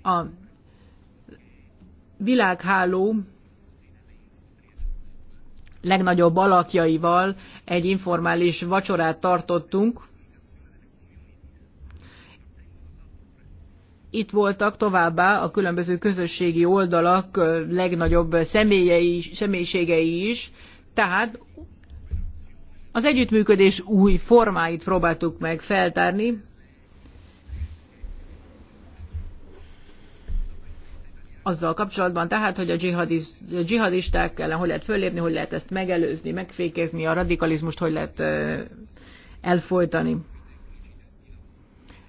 a világháló legnagyobb alakjaival egy informális vacsorát tartottunk. Itt voltak továbbá a különböző közösségi oldalak legnagyobb személyei, személyiségei is, tehát az együttműködés új formáit próbáltuk meg feltárni. Azzal kapcsolatban tehát, hogy a, dzsihadiz, a dzsihadisták ellen hogy lehet fölépni, hogy lehet ezt megelőzni, megfékezni, a radikalizmust hogy lehet elfolytani.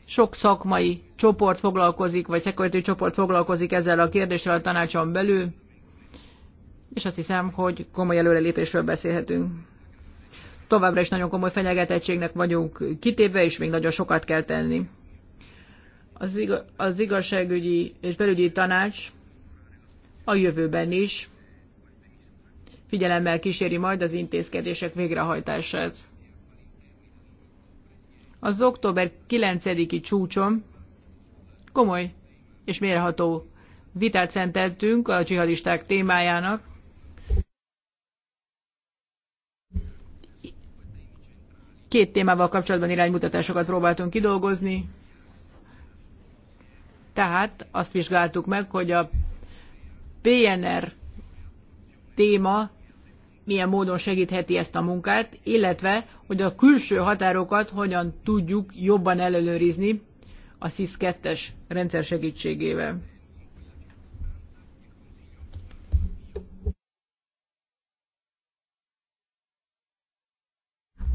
Sok szakmai csoport foglalkozik, vagy szekrető csoport foglalkozik ezzel a kérdéssel a tanácson belül, és azt hiszem, hogy komoly előrelépésről beszélhetünk továbbra is nagyon komoly fenyegetettségnek vagyunk kitéve, és még nagyon sokat kell tenni. Az, igaz, az igazságügyi és belügyi tanács a jövőben is figyelemmel kíséri majd az intézkedések végrehajtását. Az október 9-i csúcson komoly és mérható vitát szenteltünk a csihadisták témájának, Két témával kapcsolatban iránymutatásokat próbáltunk kidolgozni, tehát azt vizsgáltuk meg, hogy a PNR téma milyen módon segítheti ezt a munkát, illetve hogy a külső határokat hogyan tudjuk jobban ellenőrizni a SIS-2-es rendszer segítségével.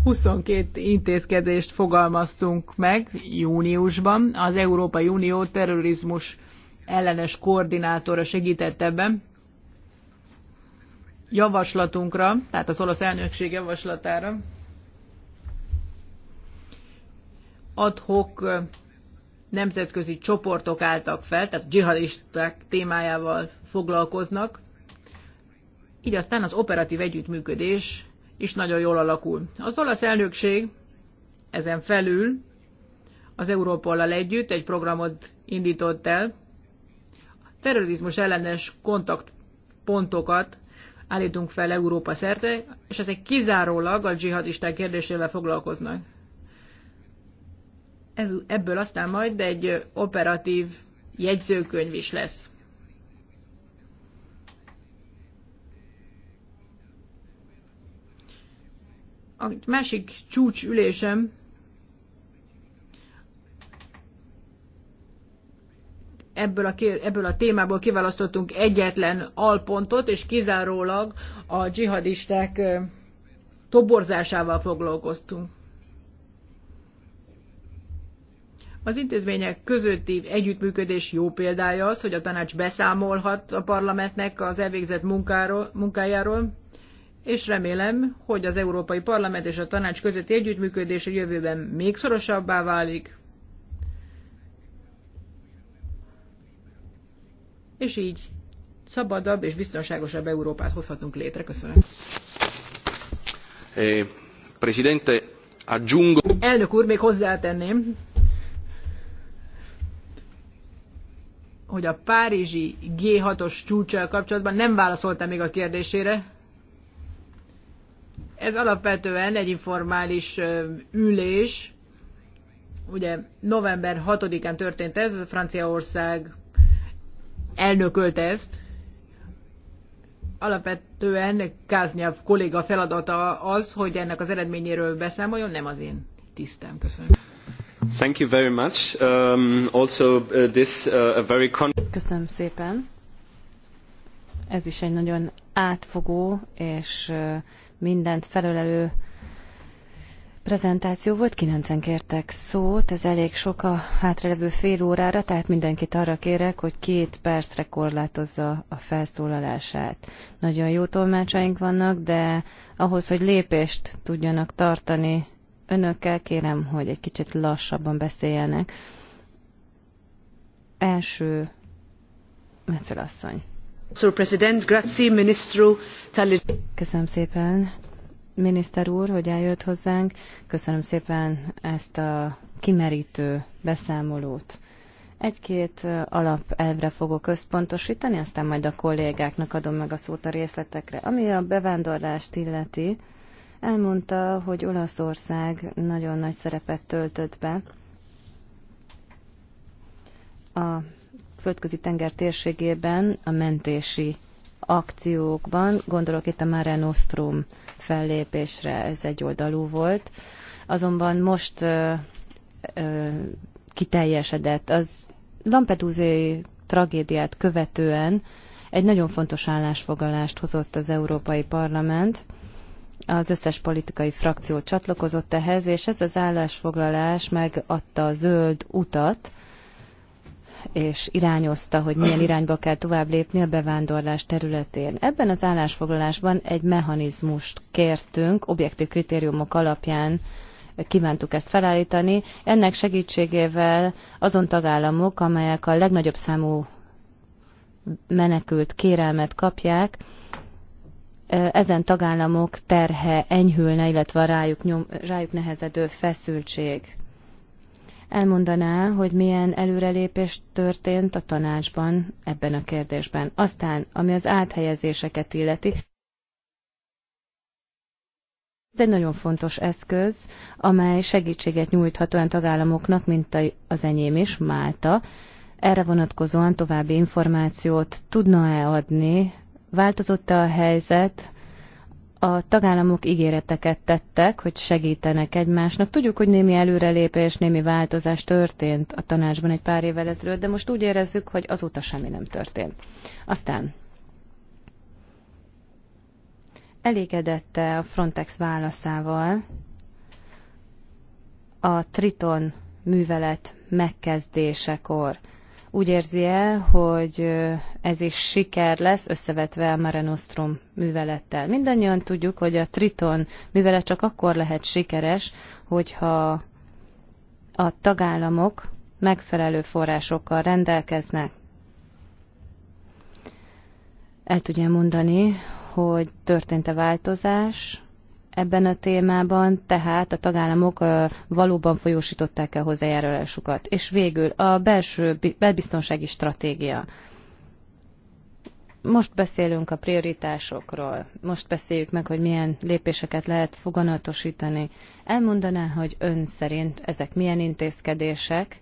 22 intézkedést fogalmaztunk meg júniusban. Az Európai Unió terrorizmus ellenes koordinátora segített ebben. Javaslatunkra, tehát az olasz elnökség javaslatára adhok nemzetközi csoportok álltak fel, tehát dzsihadisták témájával foglalkoznak, így aztán az operatív együttműködés is nagyon jól alakul. Az olasz elnökség ezen felül az Európollal együtt egy programot indított el, terrorizmus ellenes kontaktpontokat állítunk fel Európa szerte, és ezek kizárólag a dzsihadisták kérdésével foglalkoznak. Ez, ebből aztán majd egy operatív jegyzőkönyv is lesz. A másik csúcsülésem ebből a, ebből a témából kiválasztottunk egyetlen alpontot, és kizárólag a dzsihadisták toborzásával foglalkoztunk. Az intézmények közötti együttműködés jó példája az, hogy a tanács beszámolhat a parlamentnek az elvégzett munkáról, munkájáról, és remélem, hogy az Európai Parlament és a Tanács közötti együttműködés a jövőben még szorosabbá válik, és így szabadabb és biztonságosabb Európát hozhatunk létre. Köszönöm. Eh, presidente, aggiungo... Elnök úr, még hozzátenném, hogy a párizsi G6-os csúcsal kapcsolatban nem válaszoltam még a kérdésére, ez alapvetően egy informális ülés, ugye november 6-án történt ez, a Franciaország elnökölt ezt. Alapvetően Káznyav kolléga feladata az, hogy ennek az eredményéről beszámoljon, nem az én tisztem. Köszönöm. Thank you very much. Um, also uh, this uh, a very Köszönöm szépen. Ez is egy nagyon átfogó és mindent felölelő prezentáció volt, Kilencen kértek szót, ez elég sok a hátralevő fél órára, tehát mindenkit arra kérek, hogy két percre korlátozza a felszólalását. Nagyon jó tolmácsaink vannak, de ahhoz, hogy lépést tudjanak tartani önökkel, kérem, hogy egy kicsit lassabban beszéljenek. Első Metzel asszony. Köszönöm szépen, miniszter úr, hogy eljött hozzánk. Köszönöm szépen ezt a kimerítő beszámolót. Egy-két alapelvre fogok összpontostani aztán majd a kollégáknak adom meg a szót a részletekre. Ami a bevándorlást illeti, elmondta, hogy Olaszország nagyon nagy szerepet töltött be a földközi tenger térségében a mentési akciókban, gondolok itt a Mare Nostrum fellépésre, ez egy oldalú volt, azonban most ö, ö, kiteljesedett. Az Lampedusai tragédiát követően egy nagyon fontos állásfoglalást hozott az Európai Parlament, az összes politikai frakció csatlakozott ehhez, és ez az állásfoglalás megadta a zöld utat és irányozta, hogy milyen irányba kell tovább lépni a bevándorlás területén. Ebben az állásfoglalásban egy mechanizmust kértünk, objektív kritériumok alapján kívántuk ezt felállítani. Ennek segítségével azon tagállamok, amelyek a legnagyobb számú menekült kérelmet kapják, ezen tagállamok terhe enyhülne, illetve a rájuk, nyom, rájuk nehezedő feszültség elmondaná, hogy milyen előrelépés történt a tanácsban ebben a kérdésben. Aztán, ami az áthelyezéseket illeti, ez egy nagyon fontos eszköz, amely segítséget nyújthat olyan tagállamoknak, mint az enyém is, Málta. Erre vonatkozóan további információt tudna-e adni? Változott-e a helyzet? a tagállamok ígéreteket tettek, hogy segítenek egymásnak. Tudjuk, hogy némi előrelépés, némi változás történt a tanácsban egy pár évvel ezelőtt, de most úgy érezzük, hogy azóta semmi nem történt. Aztán elégedette a Frontex válaszával a Triton művelet megkezdésekor. Úgy érzi el, hogy ez is siker lesz, összevetve a Mare Nostrum művelettel? Mindannyian tudjuk, hogy a Triton művelet csak akkor lehet sikeres, hogyha a tagállamok megfelelő forrásokkal rendelkeznek. El tudja mondani, hogy történt-e változás, ebben a témában, tehát a tagállamok valóban folyósították el hozzájárulásukat. És végül a belső belbiztonsági stratégia. Most beszélünk a prioritásokról, most beszéljük meg, hogy milyen lépéseket lehet foganatosítani. Elmondaná, hogy ön szerint ezek milyen intézkedések,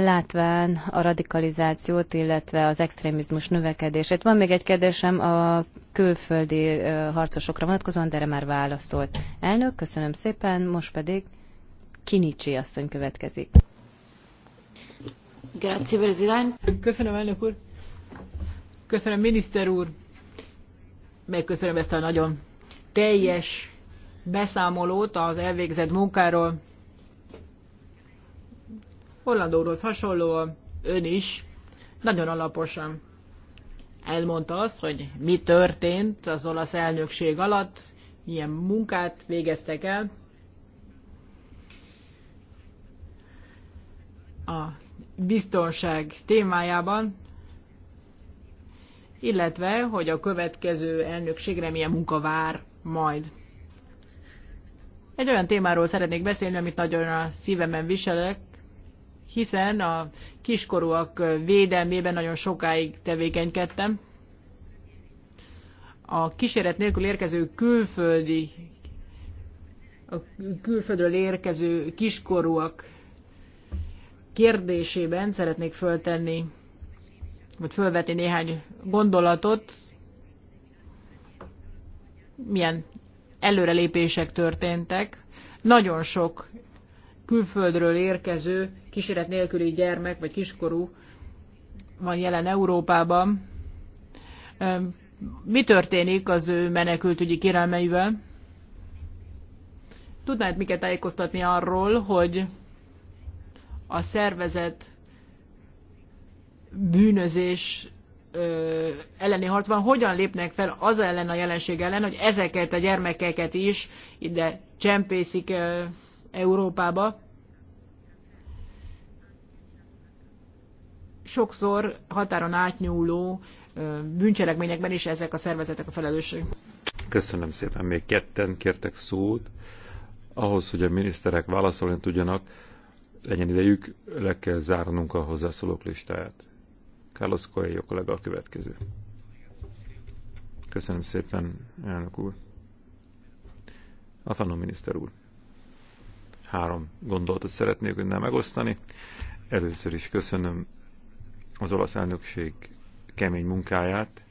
látván a radikalizációt, illetve az extrémizmus növekedését. Van még egy kérdésem a külföldi harcosokra vonatkozóan, de erre már válaszolt. Elnök, köszönöm szépen, most pedig Kinicsi asszony következik. Grazie, Presidente. Köszönöm, elnök úr. Köszönöm, miniszter úr. Megköszönöm ezt a nagyon teljes beszámolót az elvégzett munkáról. Orlandóhoz hasonlóan ön is nagyon alaposan elmondta azt, hogy mi történt az olasz elnökség alatt, milyen munkát végeztek el. A biztonság témájában, illetve, hogy a következő elnökségre milyen munka vár majd. Egy olyan témáról szeretnék beszélni, amit nagyon a szívemben viselek, hiszen a kiskorúak védelmében nagyon sokáig tevékenykedtem. A kíséret nélkül érkező külföldi, a külföldről érkező kiskorúak kérdésében szeretnék föltenni, vagy fölvetni néhány gondolatot, milyen előrelépések történtek. Nagyon sok külföldről érkező kíséret nélküli gyermek vagy kiskorú van jelen Európában. Mi történik az ő menekültügyi kérelmeivel? Tudnád miket tájékoztatni arról, hogy a szervezet bűnözés elleni harcban hogyan lépnek fel az ellen a jelenség ellen, hogy ezeket a gyermekeket is ide csempészik Európába. Sokszor határon átnyúló bűncselekményekben is ezek a szervezetek a felelősség. Köszönöm szépen. Még ketten kértek szót. Ahhoz, hogy a miniszterek válaszolni tudjanak, legyen idejük, le kell zárnunk a hozzászólók listáját. Carlos Coelho kollega a következő. Köszönöm szépen, elnök úr. Alfano miniszter úr. Három gondolatot szeretnék önnel megosztani. Először is köszönöm az olasz elnökség kemény munkáját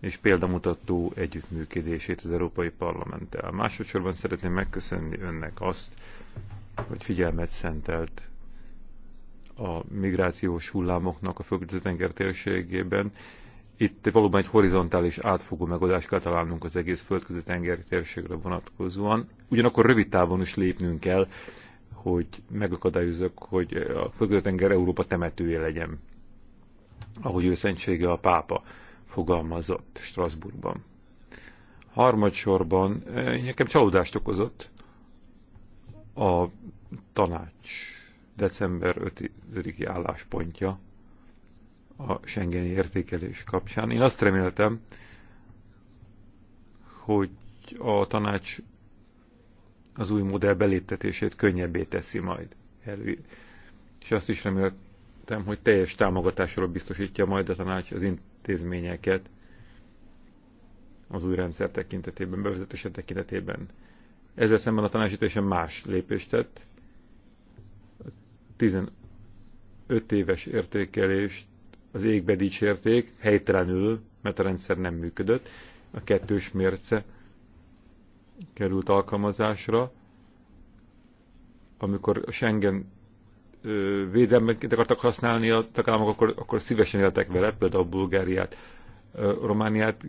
és példamutató együttműködését az Európai Parlamenttel. Másodszorban szeretném megköszönni önnek azt, hogy figyelmet szentelt a migrációs hullámoknak a földközi tenger térségében, itt valóban egy horizontális átfogó megoldást kell találnunk az egész földközi tengeri térségre vonatkozóan. Ugyanakkor rövid távon is lépnünk kell, hogy megakadályozok, hogy a földközi tenger Európa temetője legyen, ahogy ő szentsége a pápa fogalmazott Strasbourgban. Harmadsorban eh, nekem csalódást okozott a tanács december 5-i álláspontja a Schengeni értékelés kapcsán. Én azt reméltem, hogy a tanács az új modell beléptetését könnyebbé teszi majd elő. És azt is reméltem, hogy teljes támogatásról biztosítja majd a tanács az intézményeket az új rendszer tekintetében, bevezetése tekintetében. Ezzel szemben a tanácsítésen más lépést tett. 15 éves értékelést az égbe dicsérték, helytelenül, mert a rendszer nem működött, a kettős mérce került alkalmazásra, amikor a Schengen védelmet akartak használni a tagállamok, akkor, akkor szívesen éltek vele, például Bulgáriát, Romániát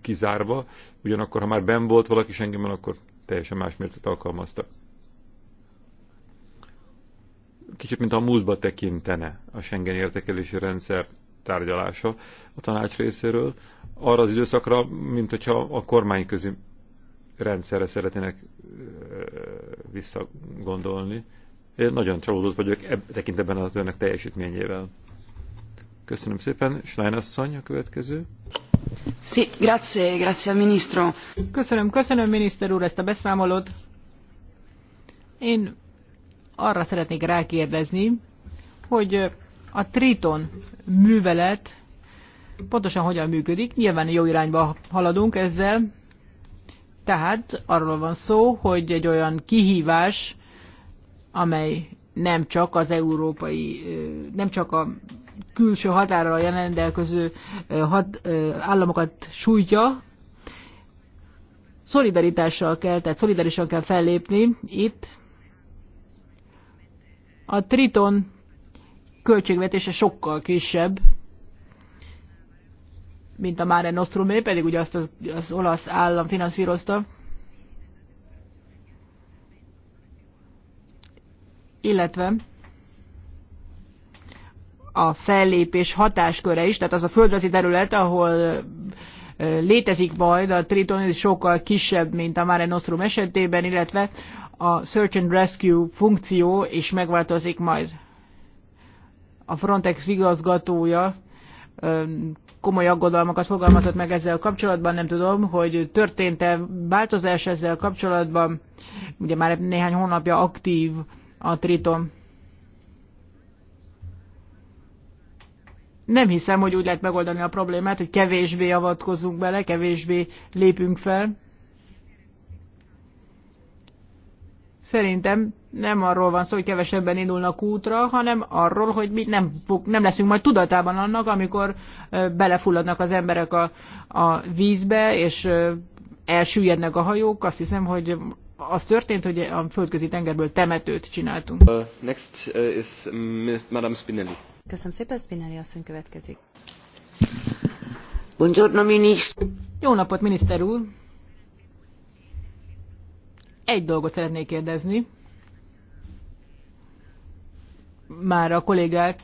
kizárva, ugyanakkor, ha már ben volt valaki Schengenben, akkor teljesen más mércet alkalmaztak kicsit, mint a múltba tekintene a Schengen értekelési rendszer tárgyalása a tanács részéről, arra az időszakra, mint hogyha a kormányközi rendszerre szeretnének visszagondolni. Én nagyon csalódott vagyok e-, tekintetben az önök teljesítményével. Köszönöm szépen. Schlein asszony a következő. Sí, grazie, grazie al ministro. Köszönöm, köszönöm miniszter úr ezt a beszámolót. Én arra szeretnék rákérdezni, hogy a Triton művelet pontosan hogyan működik. Nyilván jó irányba haladunk ezzel. Tehát arról van szó, hogy egy olyan kihívás, amely nem csak az európai, nem csak a külső határa rendelkező hat, államokat sújtja, szolidaritással kell, tehát szolidarisan kell fellépni itt, a Triton költségvetése sokkal kisebb, mint a Mare Nostrumé, pedig ugye azt az, az olasz állam finanszírozta. Illetve a fellépés hatásköre is, tehát az a földrajzi terület, ahol létezik majd a Triton, ez sokkal kisebb, mint a Mare Nostrum esetében, illetve a Search and Rescue funkció és megváltozik majd. A Frontex igazgatója komoly aggodalmakat fogalmazott meg ezzel kapcsolatban, nem tudom, hogy történt-e változás ezzel kapcsolatban, ugye már néhány hónapja aktív a Triton. Nem hiszem, hogy úgy lehet megoldani a problémát, hogy kevésbé avatkozunk bele, kevésbé lépünk fel. Szerintem nem arról van szó, hogy kevesebben indulnak útra, hanem arról, hogy mi nem, fog, nem leszünk majd tudatában annak, amikor belefulladnak az emberek a, a vízbe, és elsüllyednek a hajók. Azt hiszem, hogy az történt, hogy a földközi tengerből temetőt csináltunk. Uh, next uh, is mm, Madame Spinelli. Köszönöm szépen, Spinelli asszony következik. Buongiorno, minister. Jó napot, miniszter úr! Egy dolgot szeretnék kérdezni. Már a kollégák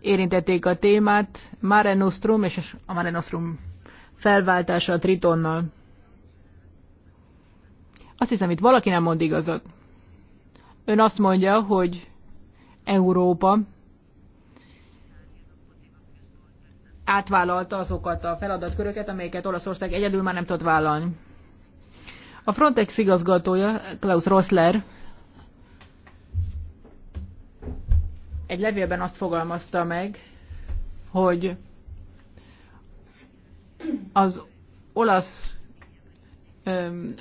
érintették a témát, Mare Nostrum és a Mare Nostrum felváltása a Tritonnal. Azt hiszem, itt valaki nem mond igazat. Ön azt mondja, hogy Európa átvállalta azokat a feladatköröket, amelyeket Olaszország egyedül már nem tud vállalni. A Frontex igazgatója, Klaus Rossler, egy levélben azt fogalmazta meg, hogy az olasz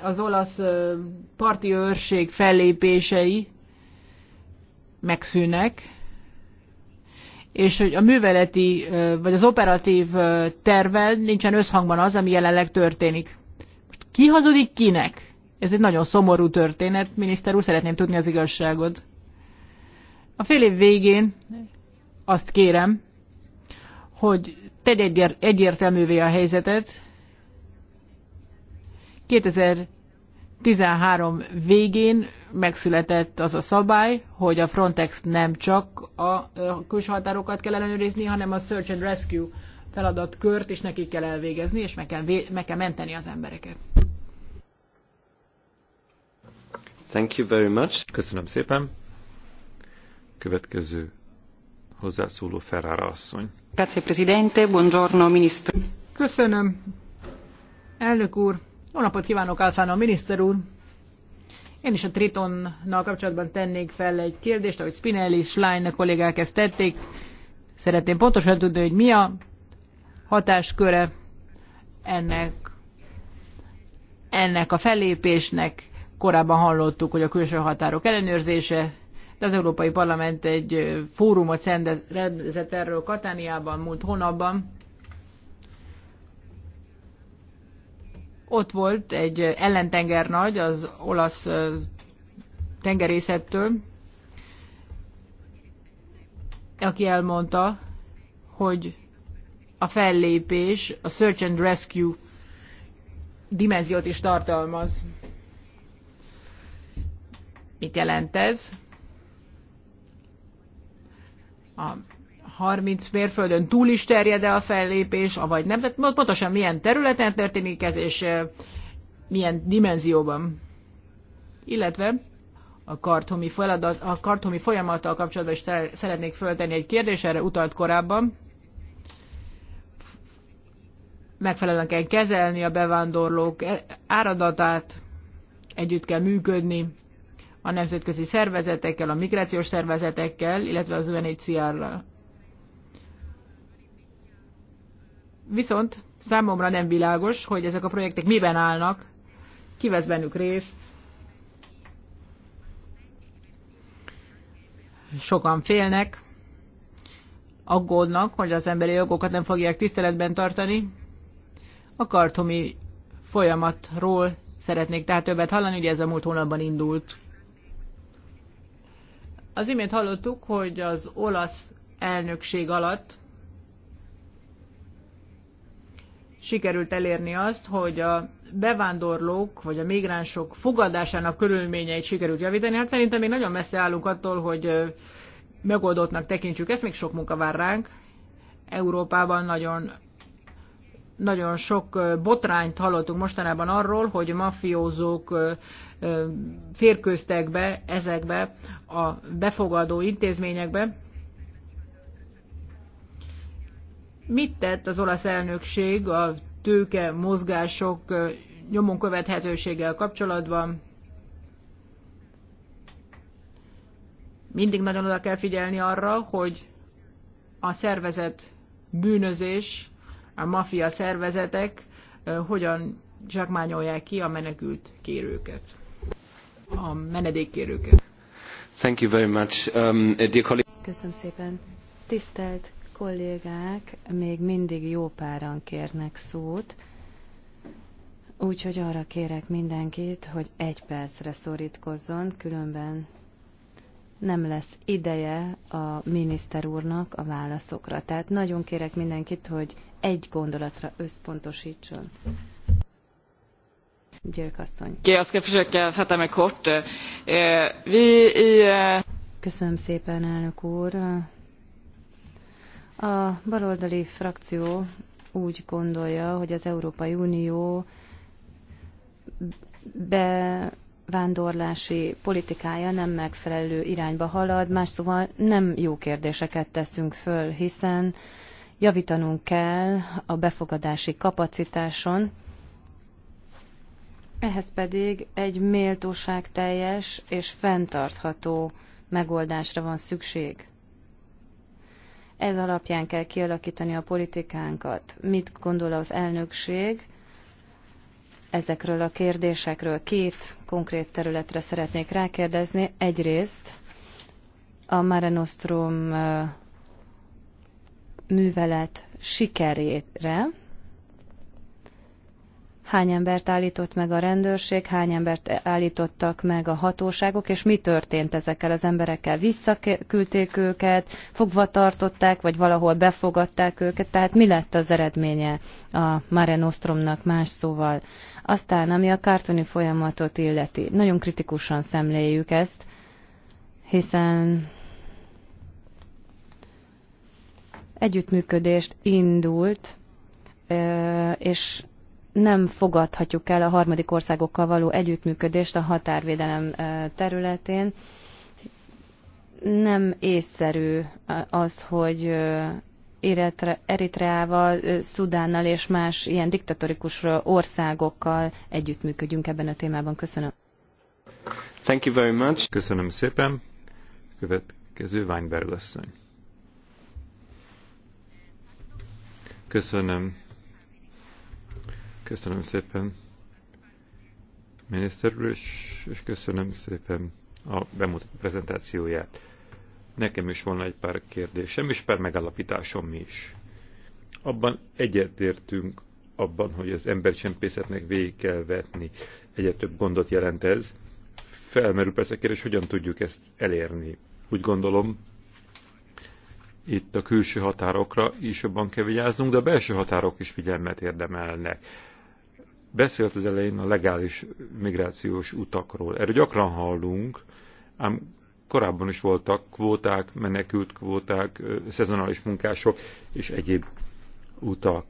az olasz parti őrség fellépései megszűnek, és hogy a műveleti, vagy az operatív tervel nincsen összhangban az, ami jelenleg történik. Ki hazudik kinek? Ez egy nagyon szomorú történet, miniszter úr, szeretném tudni az igazságot. A fél év végén azt kérem, hogy tegye egyértelművé a helyzetet. 2013 végén megszületett az a szabály, hogy a Frontex nem csak a külső határokat kell ellenőrizni, hanem a Search and Rescue feladatkört is neki kell elvégezni, és meg kell, meg kell menteni az embereket. Thank you very much. Köszönöm szépen. Következő hozzászóló Ferrara asszony. Grazie Presidente, buongiorno Ministro. Köszönöm. Elnök úr, jó napot kívánok Alfano miniszter úr. Én is a Tritonnal kapcsolatban tennék fel egy kérdést, ahogy Spinelli, Schlein kollégák ezt tették. Szeretném pontosan tudni, hogy mi a hatásköre ennek, ennek a fellépésnek, korábban hallottuk, hogy a külső határok ellenőrzése, de az Európai Parlament egy fórumot rendezett erről Katániában múlt hónapban. Ott volt egy ellentengernagy az olasz tengerészettől, aki elmondta, hogy a fellépés a search and rescue dimenziót is tartalmaz. Mit jelent ez? A 30 mérföldön túl is terjed-e a fellépés, avagy nem? Tehát pontosan milyen területen történik ez, és eh, milyen dimenzióban? Illetve a karthomi, feladat, a karthomi folyamattal kapcsolatban is szeretnék föltenni egy kérdést, erre utalt korábban. Megfelelően kell kezelni a bevándorlók áradatát, együtt kell működni a nemzetközi szervezetekkel, a migrációs szervezetekkel, illetve az UNHCR-ral. Viszont számomra nem világos, hogy ezek a projektek miben állnak, ki vesz bennük részt, sokan félnek, aggódnak, hogy az emberi jogokat nem fogják tiszteletben tartani. A kartomi folyamatról szeretnék tehát többet hallani, ugye ez a múlt hónapban indult. Az imént hallottuk, hogy az olasz elnökség alatt sikerült elérni azt, hogy a bevándorlók vagy a migránsok fogadásának körülményeit sikerült javítani. Hát szerintem még nagyon messze állunk attól, hogy megoldottnak tekintsük ezt, még sok munka vár ránk. Európában nagyon nagyon sok botrányt hallottunk mostanában arról, hogy mafiózók férkőztek be ezekbe a befogadó intézményekbe. Mit tett az olasz elnökség a tőke mozgások nyomon követhetőséggel kapcsolatban? Mindig nagyon oda kell figyelni arra, hogy a szervezet bűnözés a mafia szervezetek hogyan zsákmányolják ki a menekült kérőket, a menedékkérőket. Thank you very much. Um, eh, dear Köszönöm szépen. Tisztelt kollégák, még mindig jó páran kérnek szót, úgyhogy arra kérek mindenkit, hogy egy percre szorítkozzon, különben nem lesz ideje a miniszter úrnak a válaszokra. Tehát nagyon kérek mindenkit, hogy egy gondolatra összpontosítson. Györkasszony. Köszönöm szépen, elnök úr. A baloldali frakció úgy gondolja, hogy az Európai Unió bevándorlási politikája nem megfelelő irányba halad, más szóval nem jó kérdéseket teszünk föl, hiszen Javítanunk kell a befogadási kapacitáson, ehhez pedig egy méltóság teljes és fenntartható megoldásra van szükség. Ez alapján kell kialakítani a politikánkat. Mit gondol az elnökség ezekről a kérdésekről? Két konkrét területre szeretnék rákérdezni. Egyrészt a Mare Nostrum művelet sikerére, hány embert állított meg a rendőrség, hány embert állítottak meg a hatóságok, és mi történt ezekkel az emberekkel? Visszaküldték őket, fogva tartották, vagy valahol befogadták őket, tehát mi lett az eredménye a Mare Nostromnak más szóval? Aztán, ami a kártoni folyamatot illeti, nagyon kritikusan szemléljük ezt, hiszen együttműködést indult, és nem fogadhatjuk el a harmadik országokkal való együttműködést a határvédelem területén. Nem észszerű az, hogy Eritreával, Szudánnal és más ilyen diktatorikus országokkal együttműködjünk ebben a témában. Köszönöm. Thank you very much. Köszönöm szépen. Következő Weinberg asszony. Köszönöm. Köszönöm szépen miniszter úr, és, és köszönöm szépen a bemutató prezentációját. Nekem is volna egy pár kérdésem, és pár megállapításom is. Abban egyetértünk abban, hogy az embercsempészetnek végig kell vetni. Egyre több gondot jelent ez. Felmerül persze kérdés, hogyan tudjuk ezt elérni. Úgy gondolom, itt a külső határokra is jobban kell vigyáznunk, de a belső határok is figyelmet érdemelnek. Beszélt az elején a legális migrációs utakról. Erről gyakran hallunk, ám korábban is voltak kvóták, menekült kvóták, szezonális munkások és egyéb utak.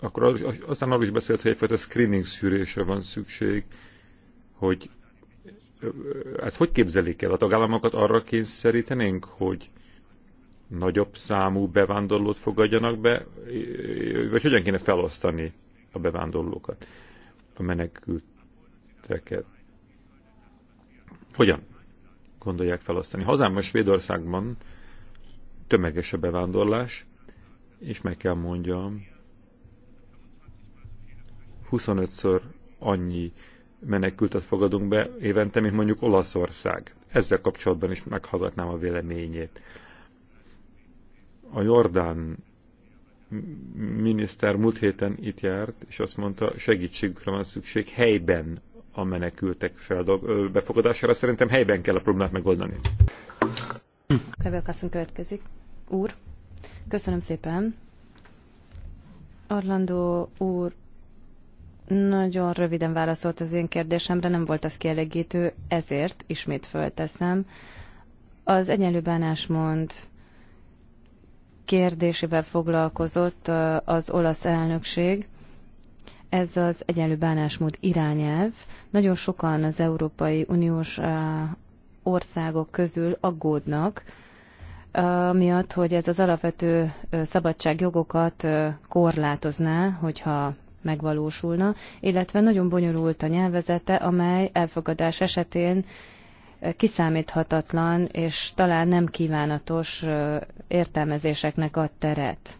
Akkor aztán arról is beszélt, hogy egyfajta screening szűrésre van szükség, hogy ezt hát hogy képzelik el? A tagállamokat arra kényszerítenénk, hogy nagyobb számú bevándorlót fogadjanak be, vagy hogyan kéne felosztani a bevándorlókat, a menekülteket? Hogyan gondolják felosztani? Hazámban, Svédországban tömeges a bevándorlás, és meg kell mondjam, 25-ször annyi menekültet fogadunk be évente, mint mondjuk Olaszország. Ezzel kapcsolatban is meghallgatnám a véleményét. A Jordán miniszter múlt héten itt járt, és azt mondta, segítségükre van szükség helyben a menekültek feldolg, befogadására. Szerintem helyben kell a problémát megoldani. Kövölkasszunk következik. Úr, köszönöm szépen. Orlandó úr nagyon röviden válaszolt az én kérdésemre, nem volt az kielégítő, ezért ismét fölteszem. Az egyenlő bánásmond kérdésével foglalkozott az olasz elnökség. Ez az egyenlő bánásmód irányelv. Nagyon sokan az Európai Uniós országok közül aggódnak, miatt, hogy ez az alapvető szabadságjogokat korlátozná, hogyha megvalósulna, illetve nagyon bonyolult a nyelvezete, amely elfogadás esetén kiszámíthatatlan és talán nem kívánatos értelmezéseknek ad teret.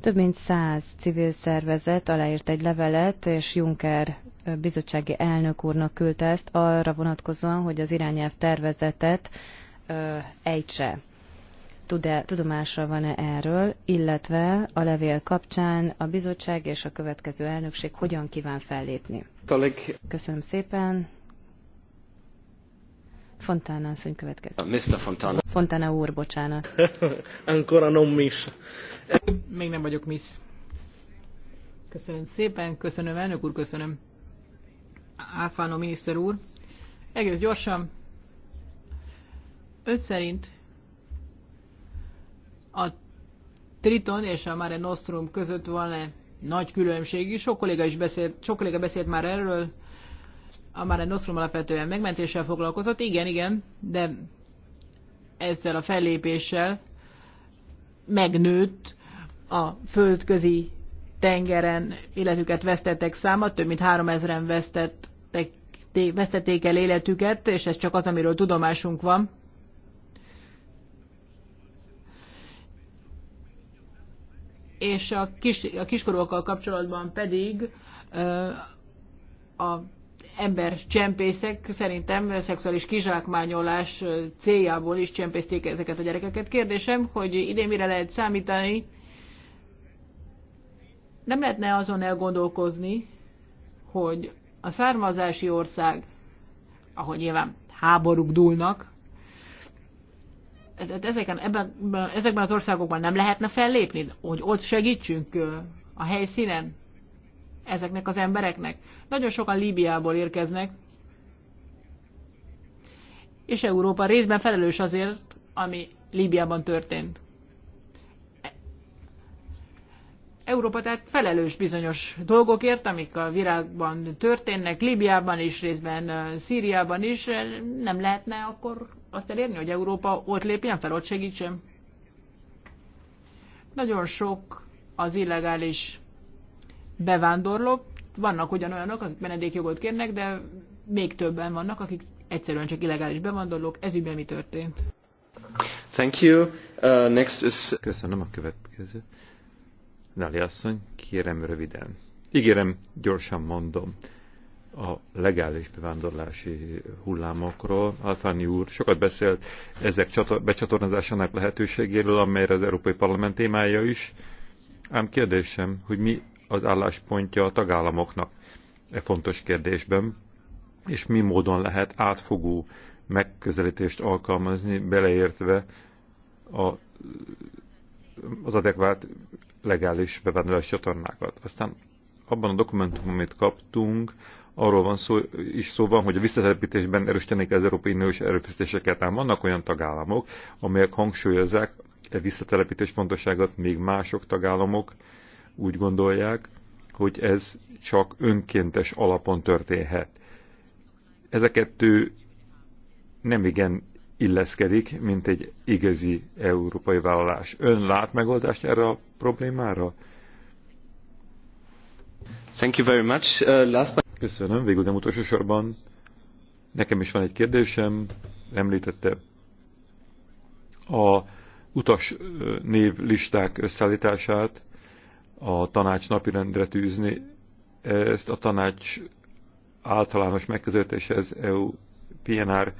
Több mint száz civil szervezet aláírt egy levelet, és Juncker bizottsági elnök úrnak küldte ezt arra vonatkozóan, hogy az irányelv tervezetet ö, ejtse. Tud-e, tudomása van-e erről, illetve a levél kapcsán a bizottság és a következő elnökség hogyan kíván fellépni? Köszönöm szépen. Fontana asszony következik. Uh, Mr. Fontana. Fontana úr, bocsánat. Ancora non miss. Még nem vagyok miss. Köszönöm szépen, köszönöm elnök úr, köszönöm. Álfánó miniszter úr. Egész gyorsan. Ön szerint a Triton és a Mare Nostrum között van-e nagy különbség is? Sok kolléga is beszélt, sok kolléga beszélt már erről a Mare Nostrum alapvetően megmentéssel foglalkozott, igen, igen, de ezzel a fellépéssel megnőtt a földközi tengeren életüket vesztettek száma, több mint 3000-en vesztették el életüket, és ez csak az, amiről tudomásunk van. És a, kis, a kiskorúakkal kapcsolatban pedig a ember csempészek, szerintem szexuális kizsákmányolás céljából is csempészték ezeket a gyerekeket. Kérdésem, hogy idén mire lehet számítani, nem lehetne azon elgondolkozni, hogy a származási ország, ahogy nyilván háborúk dúlnak, ezeken, ebben, ezekben az országokban nem lehetne fellépni, hogy ott segítsünk a helyszínen? ezeknek az embereknek. Nagyon sokan Líbiából érkeznek, és Európa részben felelős azért, ami Líbiában történt. Európa tehát felelős bizonyos dolgokért, amik a világban történnek, Líbiában is, részben Szíriában is. Nem lehetne akkor azt elérni, hogy Európa ott lépjen fel, ott segítsen? Nagyon sok az illegális bevándorlók, vannak ugyanolyanok, akik menedékjogot kérnek, de még többen vannak, akik egyszerűen csak illegális bevándorlók. Ez ügyben mi történt? Thank you. Uh, next is... Köszönöm a következő. Nali asszony, kérem röviden. Ígérem, gyorsan mondom. A legális bevándorlási hullámokról Alfáni úr sokat beszélt ezek becsatornázásának lehetőségéről, amelyre az Európai Parlament témája is. Ám kérdésem, hogy mi az álláspontja a tagállamoknak e fontos kérdésben, és mi módon lehet átfogó megközelítést alkalmazni, beleértve a, az adekvát legális bevándorlási csatornákat. Aztán abban a dokumentumban, amit kaptunk, arról van szó, is szó van, hogy a visszatelepítésben erősítenék az Európai Uniós erőfeszítéseket, ám vannak olyan tagállamok, amelyek hangsúlyozzák a e visszatelepítés fontosságot, még mások tagállamok úgy gondolják, hogy ez csak önkéntes alapon történhet. Ez a kettő nemigen illeszkedik, mint egy igazi európai vállalás. Ön lát megoldást erre a problémára? Thank you very much. Uh, last Köszönöm. Végül nem utolsó sorban nekem is van egy kérdésem. Említette a utas név listák összeállítását a tanács napirendre tűzni. Ezt a tanács általános megközelítéshez EU PNR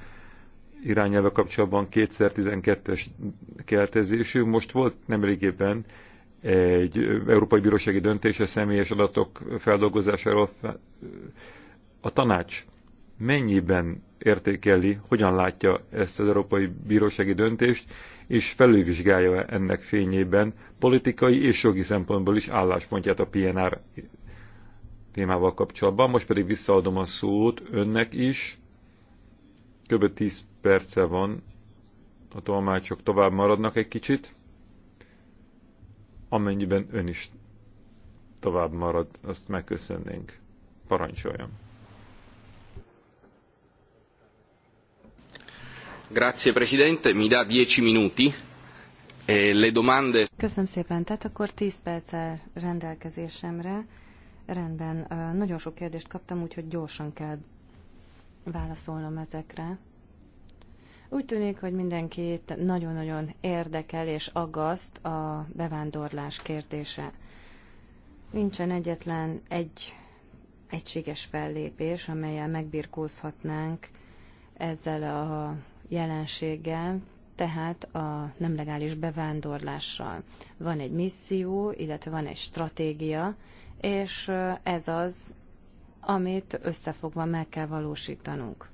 irányelve kapcsolatban 2012-es keltezésű. Most volt nemrégében egy Európai Bírósági döntés a személyes adatok feldolgozásáról. A tanács mennyiben értékeli, hogyan látja ezt az Európai Bírósági döntést, és felülvizsgálja ennek fényében politikai és jogi szempontból is álláspontját a PNR témával kapcsolatban. Most pedig visszaadom a szót önnek is. Kb. 10 perce van, a tolmácsok tovább maradnak egy kicsit, amennyiben ön is tovább marad, azt megköszönnénk. Parancsoljon! Grazie Presidente, mi minuti. E le domande... Köszönöm szépen, tehát akkor 10 perccel rendelkezésemre. Rendben, nagyon sok kérdést kaptam, úgyhogy gyorsan kell válaszolnom ezekre. Úgy tűnik, hogy mindenkit nagyon-nagyon érdekel és aggaszt a bevándorlás kérdése. Nincsen egyetlen egy egységes fellépés, amelyel megbirkózhatnánk ezzel a jelenséggel, tehát a nem legális bevándorlással. Van egy misszió, illetve van egy stratégia, és ez az, amit összefogva meg kell valósítanunk.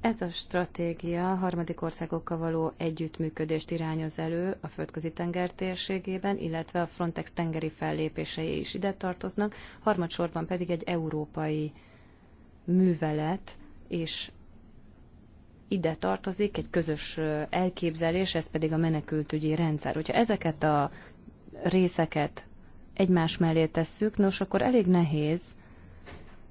Ez a stratégia harmadik országokkal való együttműködést irányoz elő a földközi tenger térségében, illetve a Frontex tengeri fellépései is ide tartoznak, harmadsorban pedig egy európai művelet és ide tartozik egy közös elképzelés, ez pedig a menekültügyi rendszer. Hogyha ezeket a részeket egymás mellé tesszük, nos, akkor elég nehéz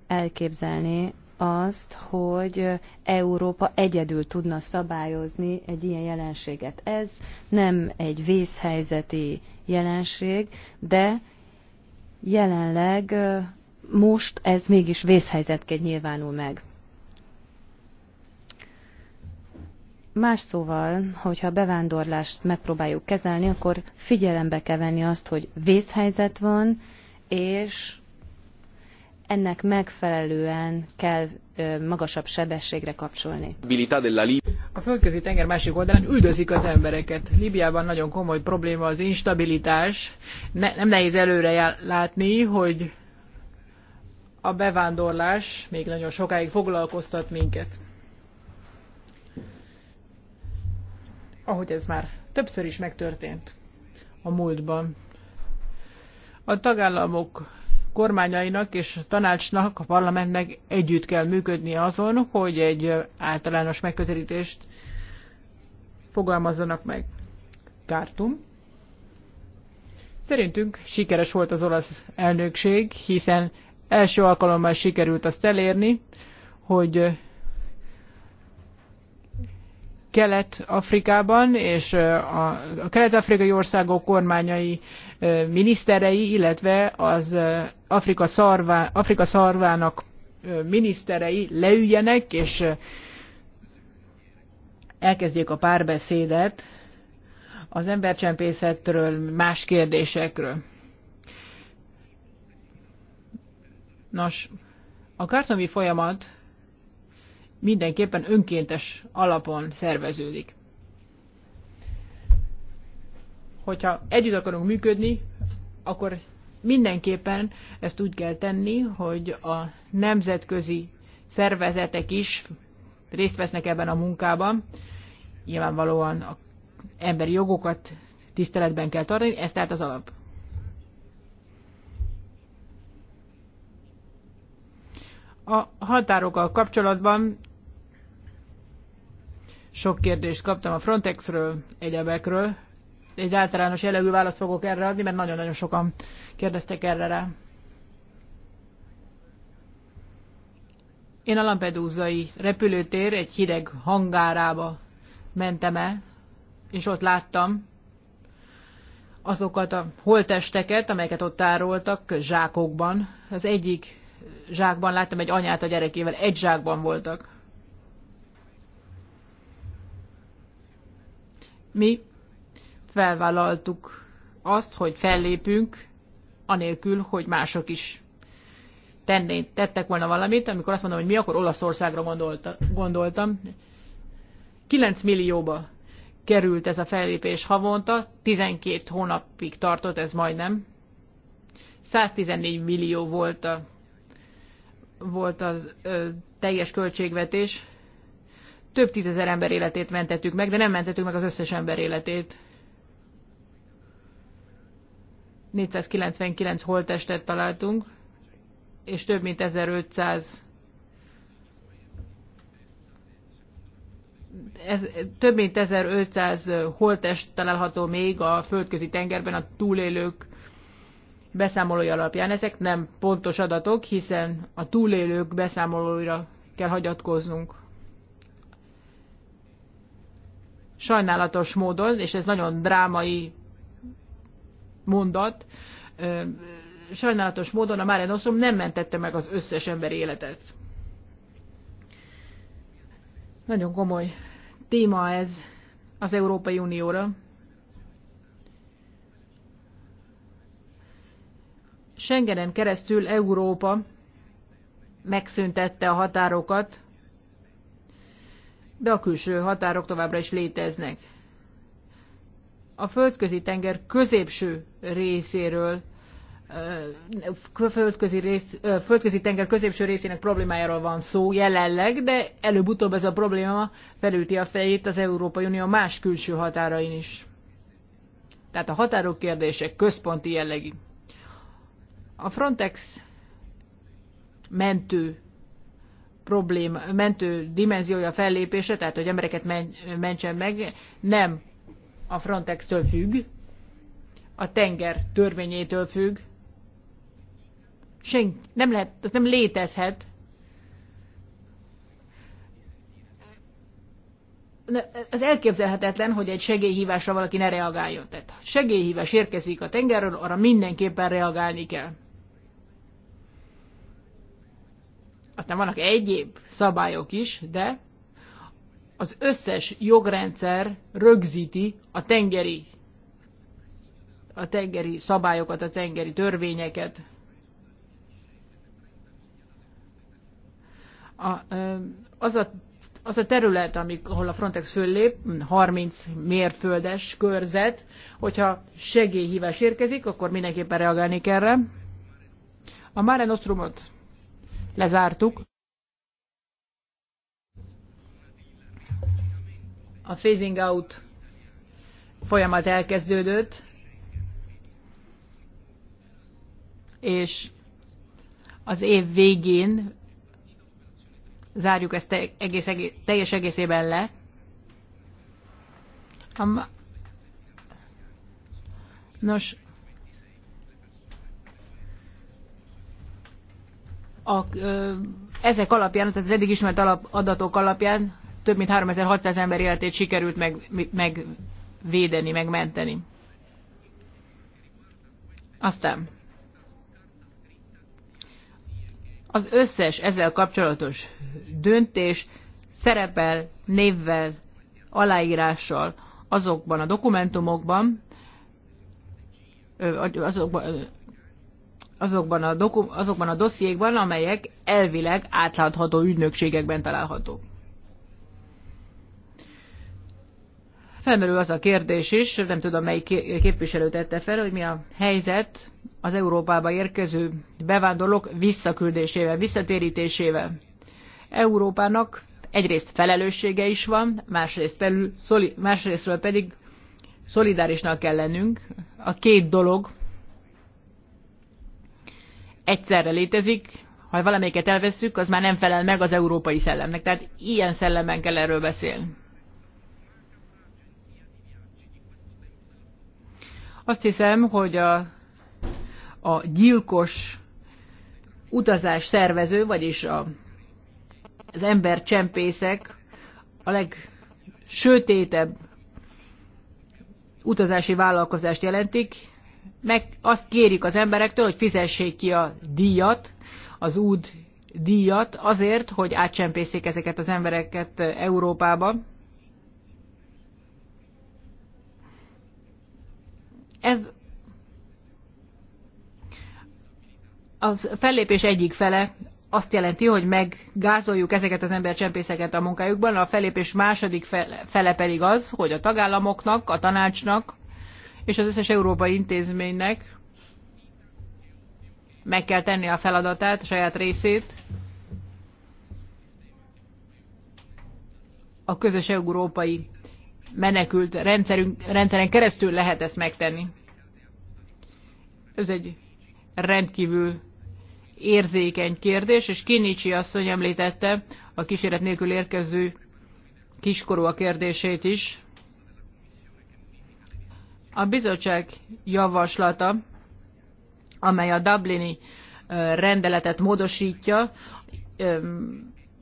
elképzelni azt, hogy Európa egyedül tudna szabályozni egy ilyen jelenséget. Ez nem egy vészhelyzeti jelenség, de jelenleg most ez mégis vészhelyzetként nyilvánul meg. Más szóval, hogyha a bevándorlást megpróbáljuk kezelni, akkor figyelembe kell venni azt, hogy vészhelyzet van, és ennek megfelelően kell magasabb sebességre kapcsolni. A földközi tenger másik oldalán üldözik az embereket. Libiában nagyon komoly probléma az instabilitás. Ne, nem nehéz előre látni, hogy a bevándorlás még nagyon sokáig foglalkoztat minket. Ahogy ez már többször is megtörtént a múltban. A tagállamok kormányainak és tanácsnak, a parlamentnek együtt kell működni azon, hogy egy általános megközelítést fogalmazzanak meg. Kártum. Szerintünk sikeres volt az olasz elnökség, hiszen első alkalommal sikerült azt elérni, hogy Kelet-Afrikában és a kelet-afrikai országok kormányai miniszterei, illetve az Afrika, szarvá, Afrika szarvának miniszterei leüljenek, és elkezdjék a párbeszédet az embercsempészetről, más kérdésekről. Nos, a kartonbi folyamat mindenképpen önkéntes alapon szerveződik. Hogyha együtt akarunk működni, akkor mindenképpen ezt úgy kell tenni, hogy a nemzetközi szervezetek is részt vesznek ebben a munkában. Nyilvánvalóan a emberi jogokat tiszteletben kell tartani, ez tehát az alap. A határokkal kapcsolatban sok kérdést kaptam a Frontexről, egyebekről. Egy általános jellegű választ fogok erre adni, mert nagyon-nagyon sokan kérdeztek erre rá. Én a Lampedúzai repülőtér egy hideg hangárába mentem el, és ott láttam azokat a holtesteket, amelyeket ott tároltak zsákokban. Az egyik zsákban, láttam egy anyát a gyerekével, egy zsákban voltak. Mi felvállaltuk azt, hogy fellépünk, anélkül, hogy mások is tenné, tettek volna valamit. Amikor azt mondom, hogy mi, akkor Olaszországra gondolta, gondoltam. 9 millióba került ez a fellépés havonta, 12 hónapig tartott ez majdnem. 114 millió volt a volt az ö, teljes költségvetés. Több tízezer ember életét mentettük meg, de nem mentettük meg az összes ember életét. 499 holttestet találtunk, és több mint 1500 ez, több mint 1500 holttest található még a földközi tengerben a túlélők beszámolója alapján. Ezek nem pontos adatok, hiszen a túlélők beszámolóira kell hagyatkoznunk. Sajnálatos módon, és ez nagyon drámai mondat, sajnálatos módon a Mare Nostrum nem mentette meg az összes ember életet. Nagyon komoly téma ez az Európai Unióra. Schengenen keresztül Európa megszüntette a határokat, de a külső határok továbbra is léteznek. A földközi tenger középső részéről földközi, rész, földközi tenger középső részének problémájáról van szó jelenleg, de előbb-utóbb ez a probléma felülti a fejét az Európai Unió más külső határain is. Tehát a határok kérdése központi jellegű. A Frontex mentő probléma, mentő dimenziója fellépése, tehát hogy embereket mentsen meg, nem a Frontex-től függ, a tenger törvényétől függ. Senk, nem lehet, az nem létezhet. Az elképzelhetetlen, hogy egy segélyhívásra valaki ne reagáljon. Tehát segélyhívás érkezik a tengerről, arra mindenképpen reagálni kell. Aztán vannak egyéb szabályok is, de az összes jogrendszer rögzíti a tengeri, a tengeri szabályokat, a tengeri törvényeket. A, az a az a terület, amik, ahol a Frontex föllép, 30 mérföldes körzet, hogyha segélyhívás érkezik, akkor mindenképpen reagálni kell erre. A Mare Nostrumot lezártuk. A phasing out folyamat elkezdődött, és az év végén zárjuk ezt egész, egész, teljes egészében le. Nos, a, ezek alapján, tehát az eddig ismert alap, adatok alapján több mint 3600 ember életét sikerült meg, megvédeni, megmenteni. Aztán az összes ezzel kapcsolatos döntés szerepel névvel, aláírással azokban a dokumentumokban, azokban, azokban a, dokum, azokban a dossziékban, amelyek elvileg átlátható ügynökségekben találhatók. Felmerül az a kérdés is, nem tudom melyik képviselő tette fel, hogy mi a helyzet az Európába érkező bevándorlók visszaküldésével, visszatérítésével. Európának egyrészt felelőssége is van, másrészt belül, szoli, másrésztről pedig szolidárisnak kell lennünk. A két dolog egyszerre létezik, ha valamelyiket elveszük, az már nem felel meg az európai szellemnek. Tehát ilyen szellemben kell erről beszélni. Azt hiszem, hogy a, a gyilkos utazás szervező, vagyis a, az ember csempészek a legsötétebb utazási vállalkozást jelentik, meg azt kérjük az emberektől, hogy fizessék ki a díjat, az út díjat azért, hogy átcsempészék ezeket az embereket Európába. Ez a fellépés egyik fele azt jelenti, hogy meggázoljuk ezeket az embercsempészeket a munkájukban, a fellépés második fele pedig az, hogy a tagállamoknak, a tanácsnak és az összes európai intézménynek meg kell tenni a feladatát, a saját részét, a közös európai menekült rendszerünk, rendszeren keresztül lehet ezt megtenni. Ez egy rendkívül érzékeny kérdés, és Kinicsi asszony említette a kíséret nélkül érkező kiskorú a kérdését is. A bizottság javaslata, amely a Dublini rendeletet módosítja,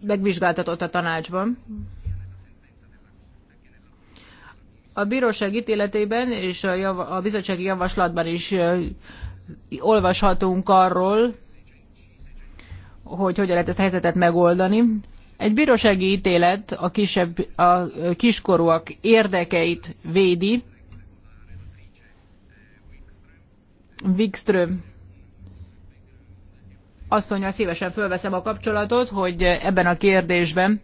megvizsgáltatott a tanácsban. A bíróság ítéletében és a, jav- a bizottsági javaslatban is olvashatunk arról, hogy hogyan lehet ezt a helyzetet megoldani. Egy bírósági ítélet a, kisebb, a kiskorúak érdekeit védi, Wikström asszonyjal szívesen fölveszem a kapcsolatot, hogy ebben a kérdésben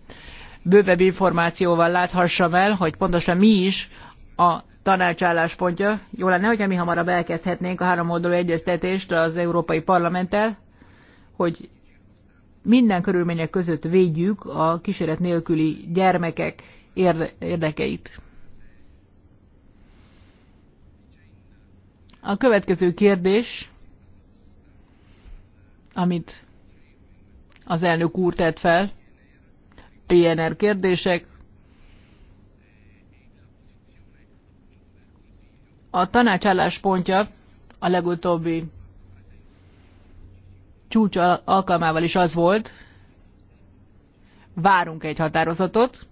bővebb információval láthassam el, hogy pontosan mi is a tanács álláspontja. Jó lenne, hogyha mi hamarabb elkezdhetnénk a három oldalú egyeztetést az Európai Parlamenttel, hogy minden körülmények között védjük a kíséret nélküli gyermekek érdekeit. A következő kérdés, amit az elnök úr tett fel, PNR kérdések, A tanács álláspontja a legutóbbi csúcs alkalmával is az volt, várunk egy határozatot,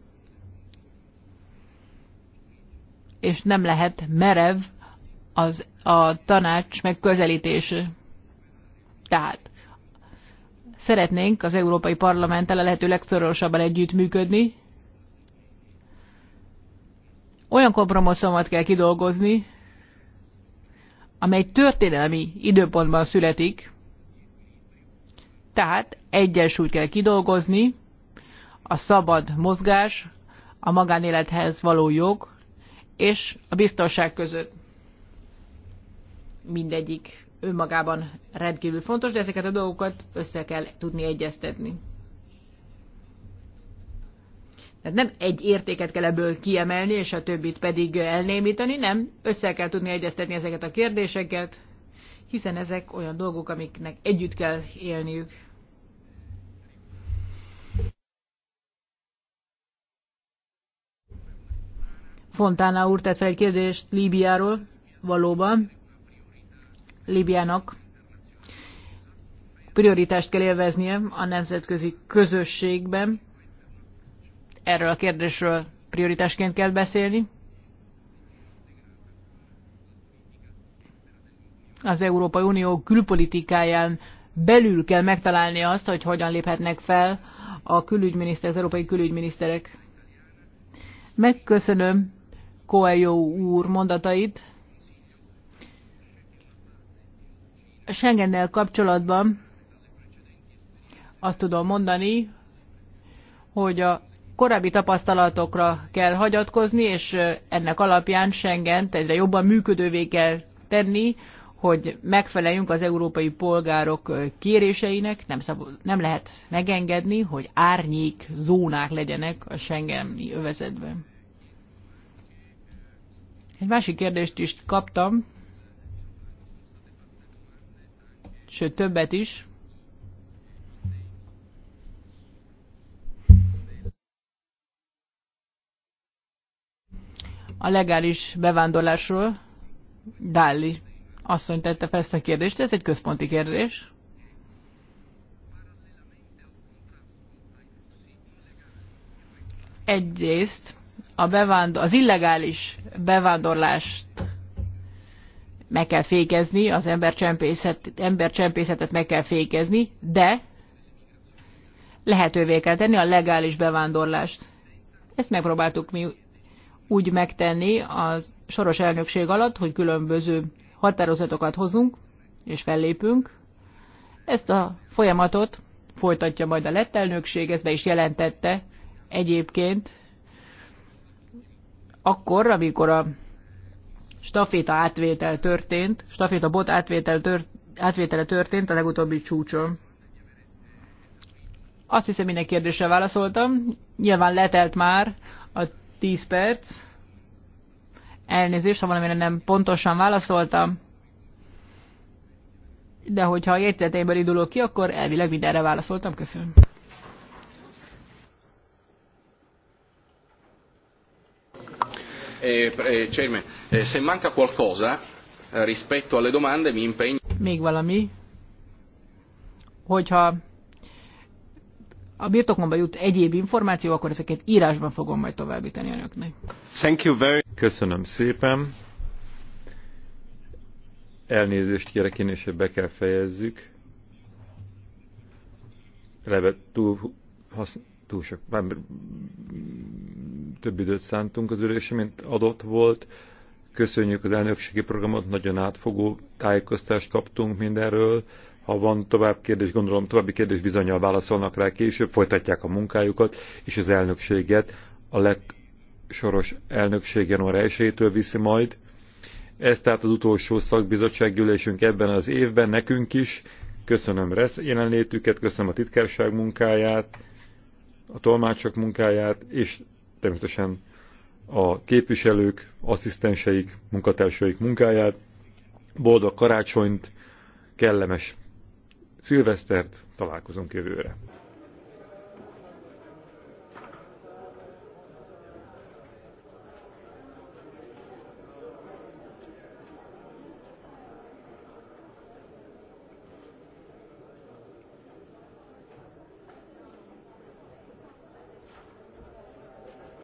és nem lehet merev az, a tanács megközelítés. Tehát szeretnénk az Európai Parlamenttel a lehető legszorosabban együttműködni. Olyan kompromisszumot kell kidolgozni, amely történelmi időpontban születik, tehát egyensúlyt kell kidolgozni, a szabad mozgás, a magánélethez való jog és a biztonság között mindegyik önmagában rendkívül fontos, de ezeket a dolgokat össze kell tudni egyeztetni. Tehát nem egy értéket kell ebből kiemelni, és a többit pedig elnémítani, nem. Össze kell tudni egyeztetni ezeket a kérdéseket, hiszen ezek olyan dolgok, amiknek együtt kell élniük. Fontana úr tett fel egy kérdést Líbiáról, valóban. Libyának prioritást kell élveznie a nemzetközi közösségben. Erről a kérdésről prioritásként kell beszélni. Az Európai Unió külpolitikáján belül kell megtalálni azt, hogy hogyan léphetnek fel a külügyminiszter, az európai külügyminiszterek. Megköszönöm Coelho úr mondatait. Schengennel kapcsolatban azt tudom mondani, hogy a korábbi tapasztalatokra kell hagyatkozni, és ennek alapján schengen egyre jobban működővé kell tenni, hogy megfeleljünk az európai polgárok kéréseinek, nem, szabad, nem lehet megengedni, hogy árnyék zónák legyenek a Schengeni övezetben. Egy másik kérdést is kaptam sőt többet is. A legális bevándorlásról Dáli asszony tette fel ezt a kérdést, ez egy központi kérdés. Egyrészt a bevándor, az illegális bevándorlást meg kell fékezni, az embercsempészet, embercsempészetet meg kell fékezni, de lehetővé kell tenni a legális bevándorlást. Ezt megpróbáltuk mi úgy megtenni az soros elnökség alatt, hogy különböző határozatokat hozunk és fellépünk. Ezt a folyamatot folytatja majd a lett elnökség, ezt be is jelentette egyébként akkor, amikor a staféta átvétel történt, staféta bot átvétel tört, átvétele történt a legutóbbi csúcson. Azt hiszem minden kérdésre válaszoltam. Nyilván letelt már a 10 perc. Elnézést, ha valamire nem pontosan válaszoltam. De hogyha a jegyzeteimből indulok ki, akkor elvileg mindenre válaszoltam. Köszönöm. eh, eh, eh, se manca qualcosa eh, rispetto alle domande mi impegno. Még valami? Hogyha a birtokomba jut egyéb információ, akkor ezeket írásban fogom majd továbbítani önöknek. Thank you very... Köszönöm szépen. Elnézést kérek én, és be kell fejezzük. Levet túl használni túl sok, már több időt szántunk az ülésre, mint adott volt. Köszönjük az elnökségi programot, nagyon átfogó tájékoztást kaptunk mindenről. Ha van tovább kérdés, gondolom további kérdés bizonyal válaszolnak rá később, folytatják a munkájukat és az elnökséget. A lett soros elnökség január 1 viszi majd. Ez tehát az utolsó szakbizottsággyűlésünk ebben az évben, nekünk is. Köszönöm jelenlétüket, köszönöm a titkárság munkáját a tolmácsok munkáját, és természetesen a képviselők, asszisztenseik, munkatársaik munkáját. Boldog karácsonyt, kellemes szilvesztert, találkozunk jövőre.